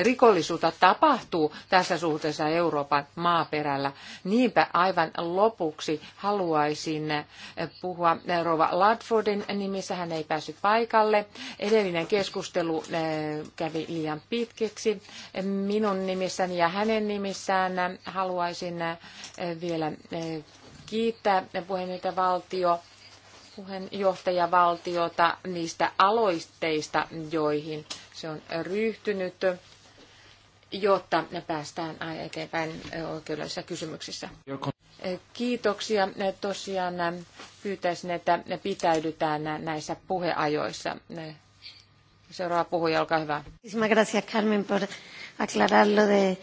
rikollisuutta tapahtuu tässä suhteessa Euroopan maaperällä. Niinpä aivan lopuksi haluaisin puhua Rova Ladfordin nimissä. Hän ei päässyt paikalle. Edellinen keskustelu kävi liian pitkäksi. Minun nimissäni ja hänen nimissään haluaisin vielä eh, kiittää puheenjohtajavaltio, puheenjohtajavaltiota niistä aloitteista, joihin se on ryhtynyt, jotta päästään eteenpäin oikeudellisissa kysymyksissä. Kiitoksia. Tosiaan pyytäisin, että pitäydytään näissä puheajoissa. Seuraava puhuja, olkaa hyvä. Carmen, por de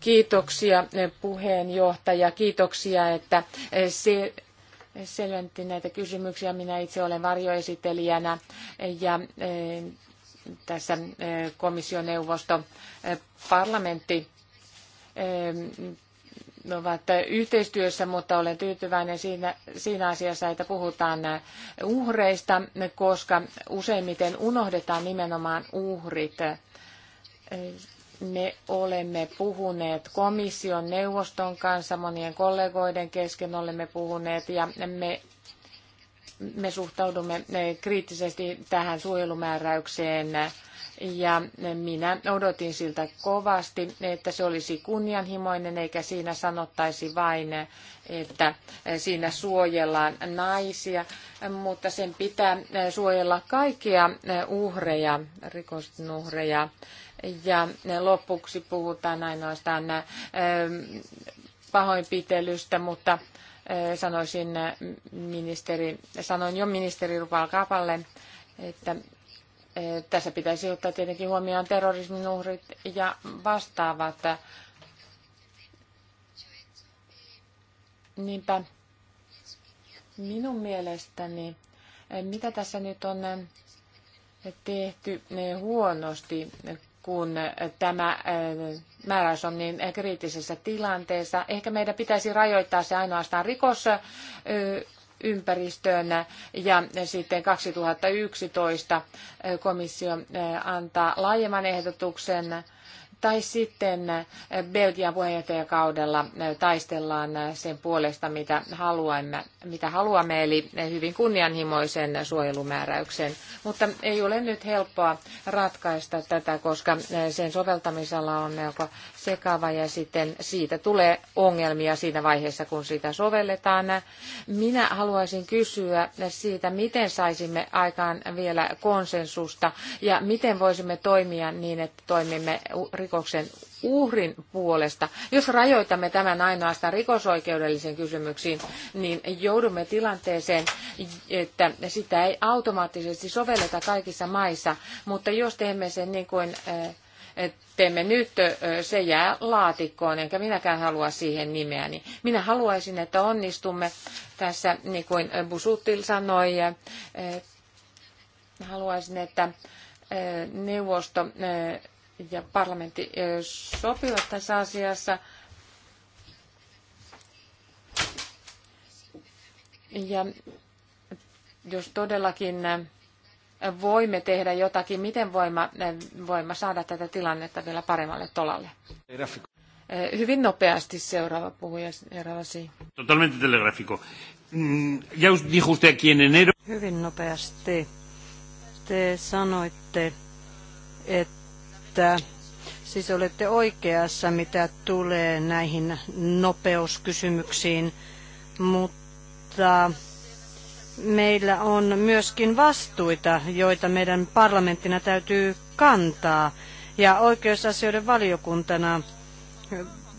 Kiitoksia eh, puheenjohtaja, kiitoksia, että eh, se, eh, näitä kysymyksiä. Minä itse olen varjoesittelijänä ja tässä komissioneuvosto parlamentti ovat yhteistyössä, mutta olen tyytyväinen siinä, siinä asiassa, että puhutaan uhreista, koska useimmiten unohdetaan nimenomaan uhrit me olemme puhuneet komission neuvoston kanssa, monien kollegoiden kesken olemme puhuneet ja me, me suhtaudumme eh, kriittisesti tähän suojelumääräykseen ja minä odotin siltä kovasti, että se olisi kunnianhimoinen eikä siinä sanottaisi vain, että eh, siinä suojellaan naisia, mutta sen pitää eh, suojella kaikkia uhreja, rikosten uhreja ja lopuksi puhutaan ainoastaan pahoinpitelystä, mutta sanoisin ministeri, sanoin jo ministeri Rupalkapalle, että tässä pitäisi ottaa tietenkin huomioon terrorismin uhrit ja vastaavat. Niinpä minun mielestäni, mitä tässä nyt on tehty huonosti, kun eh, tämä eh, määräys on niin kriittisessä tilanteessa. Ehkä meidän pitäisi rajoittaa se ainoastaan rikosympäristöön eh, ja sitten 2011 komissio antaa laajemman ehdotuksen tai sitten eh, Belgian puheenjohtajakaudella eh, taistellaan eh, sen puolesta, mitä haluamme, mitä haluamme eli hyvin kunnianhimoisen suojelumääräyksen. Mutta ei ole nyt helppoa ratkaista tätä, koska sen soveltamisala on melko sekava ja sitten siitä tulee ongelmia siinä vaiheessa, kun sitä sovelletaan. Minä haluaisin kysyä siitä, miten saisimme aikaan vielä konsensusta ja miten voisimme toimia niin, että toimimme rikoksen uhrin puolesta. Jos rajoitamme tämän ainoastaan rikosoikeudellisiin kysymyksiin, niin joudumme tilanteeseen, että sitä ei automaattisesti sovelleta kaikissa maissa, mutta jos teemme sen niin kuin äh, teemme nyt, se jää laatikkoon, enkä minäkään halua siihen nimeäni. Minä haluaisin, että onnistumme tässä, niin kuin Busuttil sanoi, haluaisin, että neuvosto ja parlamentti sopivat tässä asiassa. Ja jos todellakin voimme tehdä jotakin, miten voimme, voimme saada tätä tilannetta vielä paremmalle tolalle. Hyvin nopeasti seuraava puhuja, seuraava Totalmente telegrafico. Mm, ya dijo usted aquí en enero. Hyvin nopeasti. Te sanoitte, että siis olette oikeassa, mitä tulee näihin nopeuskysymyksiin, mutta meillä on myöskin vastuita, joita meidän parlamenttina täytyy kantaa. Ja oikeusasioiden valiokuntana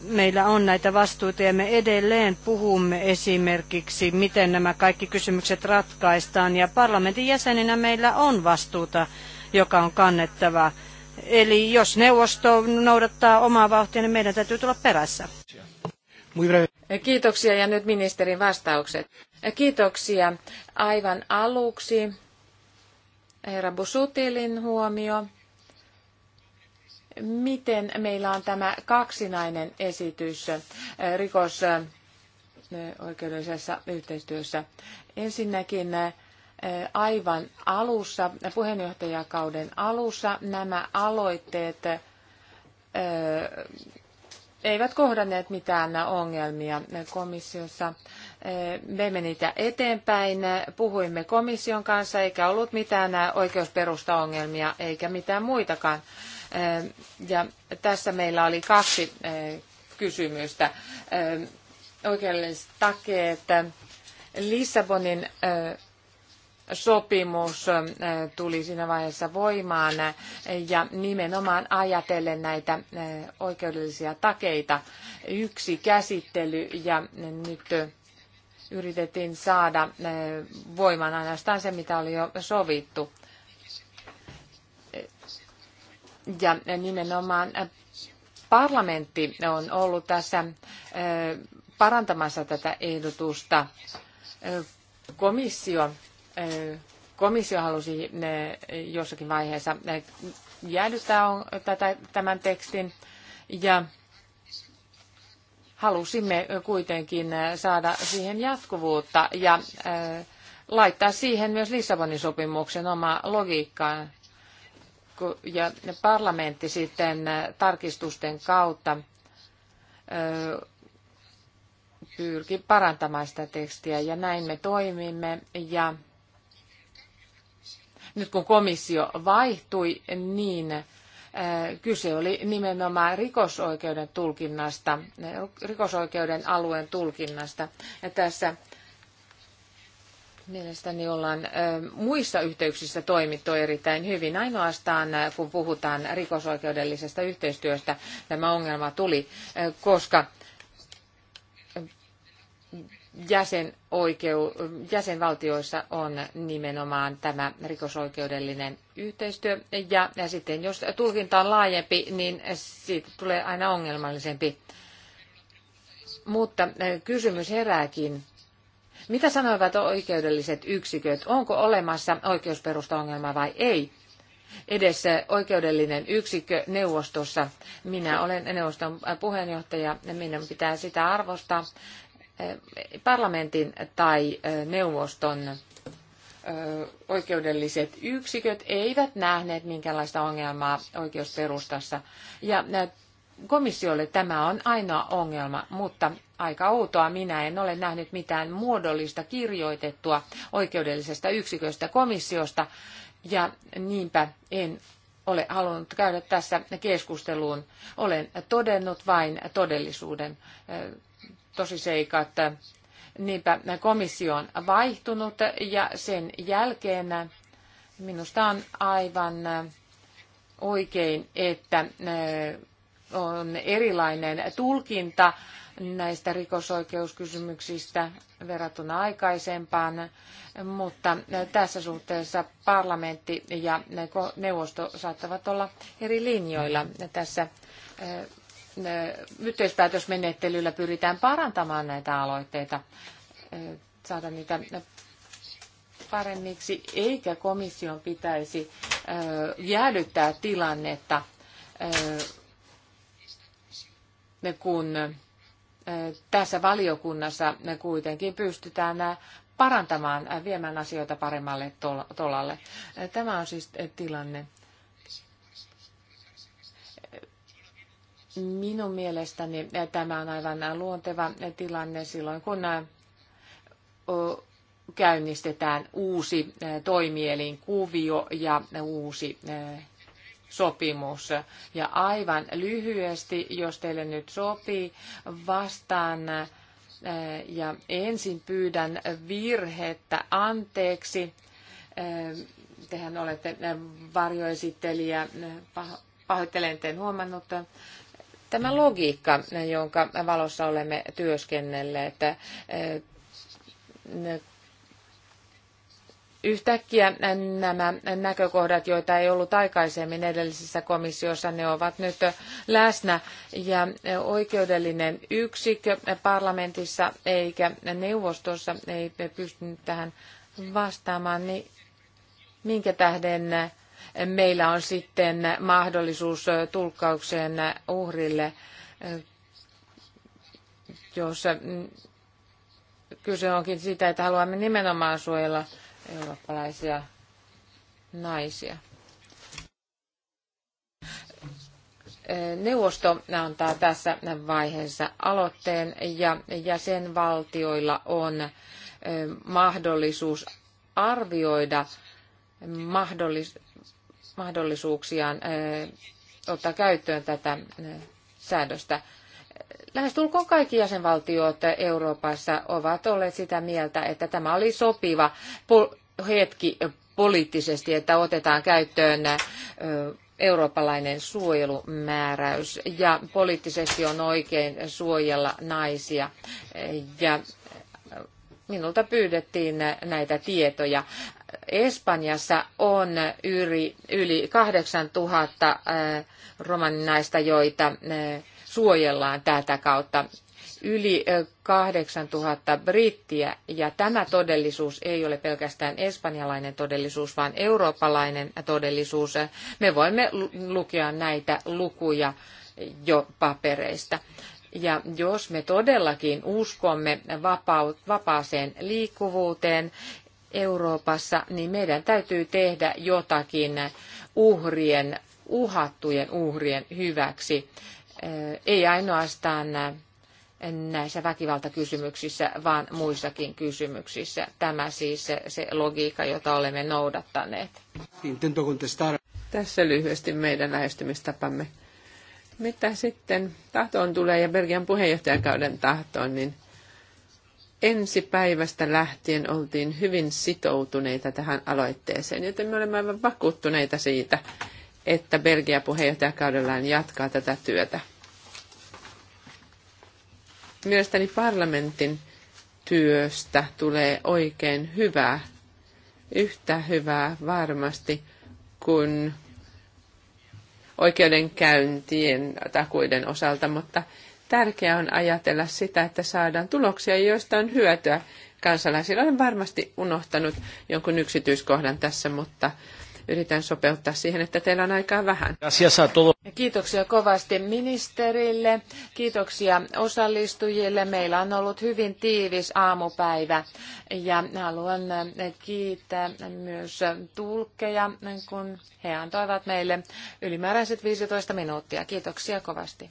meillä on näitä vastuita ja me edelleen puhumme esimerkiksi, miten nämä kaikki kysymykset ratkaistaan. Ja parlamentin jäseninä meillä on vastuuta, joka on kannettava. Eli jos neuvosto noudattaa omaa vauhtia, niin meidän täytyy tulla perässä. Kiitoksia ja nyt ministerin vastaukset. Kiitoksia. Aivan aluksi herra Busutilin huomio. Miten meillä on tämä kaksinainen esitys äh, rikos äh, oikeudellisessa yhteistyössä? Ensinnäkin äh, aivan alussa, puheenjohtajakauden alussa nämä aloitteet eivät kohdanneet mitään ongelmia komissiossa. Veimme eh, niitä eteenpäin, puhuimme komission kanssa, eikä ollut mitään oikeusperustaongelmia eikä mitään muitakaan. Eh, ja tässä meillä oli kaksi eh, kysymystä. Oikeudelliset takeet Lissabonin sopimus tuli siinä vaiheessa voimaan ja nimenomaan ajatellen näitä oikeudellisia takeita yksi käsittely ja nyt yritettiin saada voimaan ainoastaan se, mitä oli jo sovittu. Ja nimenomaan parlamentti on ollut tässä parantamassa tätä ehdotusta. Komissio komissio halusi jossakin vaiheessa jäädyttää tätä, tämän tekstin ja halusimme kuitenkin saada siihen jatkuvuutta ja laittaa siihen myös Lissabonin sopimuksen oma logiikka Ja parlamentti sitten tarkistusten kautta pyrki parantamaan sitä tekstiä ja näin me toimimme ja nyt kun komissio vaihtui, niin äh, kyse oli nimenomaan rikosoikeuden tulkinnasta, rikosoikeuden alueen tulkinnasta. Ja tässä Mielestäni ollaan äh, muissa yhteyksissä toimittu erittäin hyvin. Ainoastaan äh, kun puhutaan rikosoikeudellisesta yhteistyöstä, tämä ongelma tuli, koska jäsenoikeu, jäsenvaltioissa on nimenomaan tämä rikosoikeudellinen yhteistyö. Ja, ja sitten jos tulkinta on laajempi, niin siitä tulee aina ongelmallisempi. Mutta eh, kysymys herääkin. Mitä sanoivat oikeudelliset yksiköt? Onko olemassa oikeusperustaongelma vai ei? Edes eh, oikeudellinen yksikkö neuvostossa. Minä olen neuvoston puheenjohtaja ja minun pitää sitä arvostaa parlamentin tai neuvoston oikeudelliset yksiköt eivät nähneet minkäänlaista ongelmaa oikeusperustassa. Ja komissiolle tämä on ainoa ongelma, mutta aika outoa. Minä en ole nähnyt mitään muodollista kirjoitettua oikeudellisesta yksiköstä komissiosta ja niinpä en ole halunnut käydä tässä keskusteluun. Olen todennut vain todellisuuden tosiseikat. Niinpä komissio on vaihtunut ja sen jälkeen minusta on aivan oikein, että on erilainen tulkinta näistä rikosoikeuskysymyksistä verrattuna aikaisempaan, mutta tässä suhteessa parlamentti ja neuvosto saattavat olla eri linjoilla tässä yhteispäätösmenettelyllä pyritään parantamaan näitä aloitteita, saada niitä paremmiksi, eikä komission pitäisi jäädyttää tilannetta, kun tässä valiokunnassa kuitenkin pystytään parantamaan, viemään asioita paremmalle tolalle. Tämä on siis tilanne. Minun mielestäni eh, tämä on aivan eh, luonteva eh, tilanne silloin, kun käynnistetään uusi toimielin kuvio ja uusi sopimus. Ja aivan lyhyesti, jos teille nyt sopii, vastaan ja ensin pyydän virhettä anteeksi. Tehän olette varjoesittelijä, pahoittelen, en huomannut Tämä logiikka, jonka valossa olemme työskennelleet, eh, Yhtäkkiä nämä näkökohdat, joita ei ollut aikaisemmin edellisissä komissiossa, ne ovat nyt läsnä ja oikeudellinen yksikkö parlamentissa eikä neuvostossa ei pystynyt tähän vastaamaan, niin minkä tähden meillä on sitten mahdollisuus tulkkaukseen uhrille, jos mm, kyse onkin siitä, että haluamme nimenomaan suojella eurooppalaisia naisia. Neuvosto antaa tässä vaiheessa aloitteen ja jäsenvaltioilla on mahdollisuus arvioida mahdollis- mahdollisuuksiaan ottaa käyttöön tätä säädöstä. Lähestulkoon kaikki jäsenvaltiot Euroopassa ovat olleet sitä mieltä, että tämä oli sopiva hetki poliittisesti, että otetaan käyttöön eurooppalainen suojelumääräys ja poliittisesti on oikein suojella naisia. Ja minulta pyydettiin näitä tietoja. Espanjassa on yli, yli 8000 äh, romaninaista, joita äh, suojellaan tätä kautta. Yli 8000 äh, brittiä ja tämä todellisuus ei ole pelkästään espanjalainen todellisuus, vaan eurooppalainen todellisuus. Me voimme lukea näitä lukuja jo papereista. Ja jos me todellakin uskomme vapaaseen liikkuvuuteen, Euroopassa, niin meidän täytyy tehdä jotakin uhrien, uhattujen uhrien hyväksi. Ei ainoastaan näissä väkivaltakysymyksissä, vaan muissakin kysymyksissä. Tämä siis se, se logiikka, jota olemme noudattaneet. Tässä lyhyesti meidän lähestymistapamme. Mitä sitten tahtoon tulee ja Belgian puheenjohtajakauden tahtoon, niin – ensi päivästä lähtien oltiin hyvin sitoutuneita tähän aloitteeseen, joten me olemme aivan vakuuttuneita siitä, että Belgia puheenjohtajakaudellaan jatkaa tätä työtä. Mielestäni parlamentin työstä tulee oikein hyvää, yhtä hyvää varmasti kuin oikeudenkäyntien takuiden osalta, mutta Tärkeää on ajatella sitä, että saadaan tuloksia, joista on hyötyä kansalaisille. Olen varmasti unohtanut jonkun yksityiskohdan tässä, mutta yritän sopeuttaa siihen, että teillä on aikaa vähän. Kiitoksia kovasti ministerille, kiitoksia osallistujille. Meillä on ollut hyvin tiivis aamupäivä ja haluan kiittää myös tulkkeja, kun he antoivat meille ylimääräiset 15 minuuttia. Kiitoksia kovasti.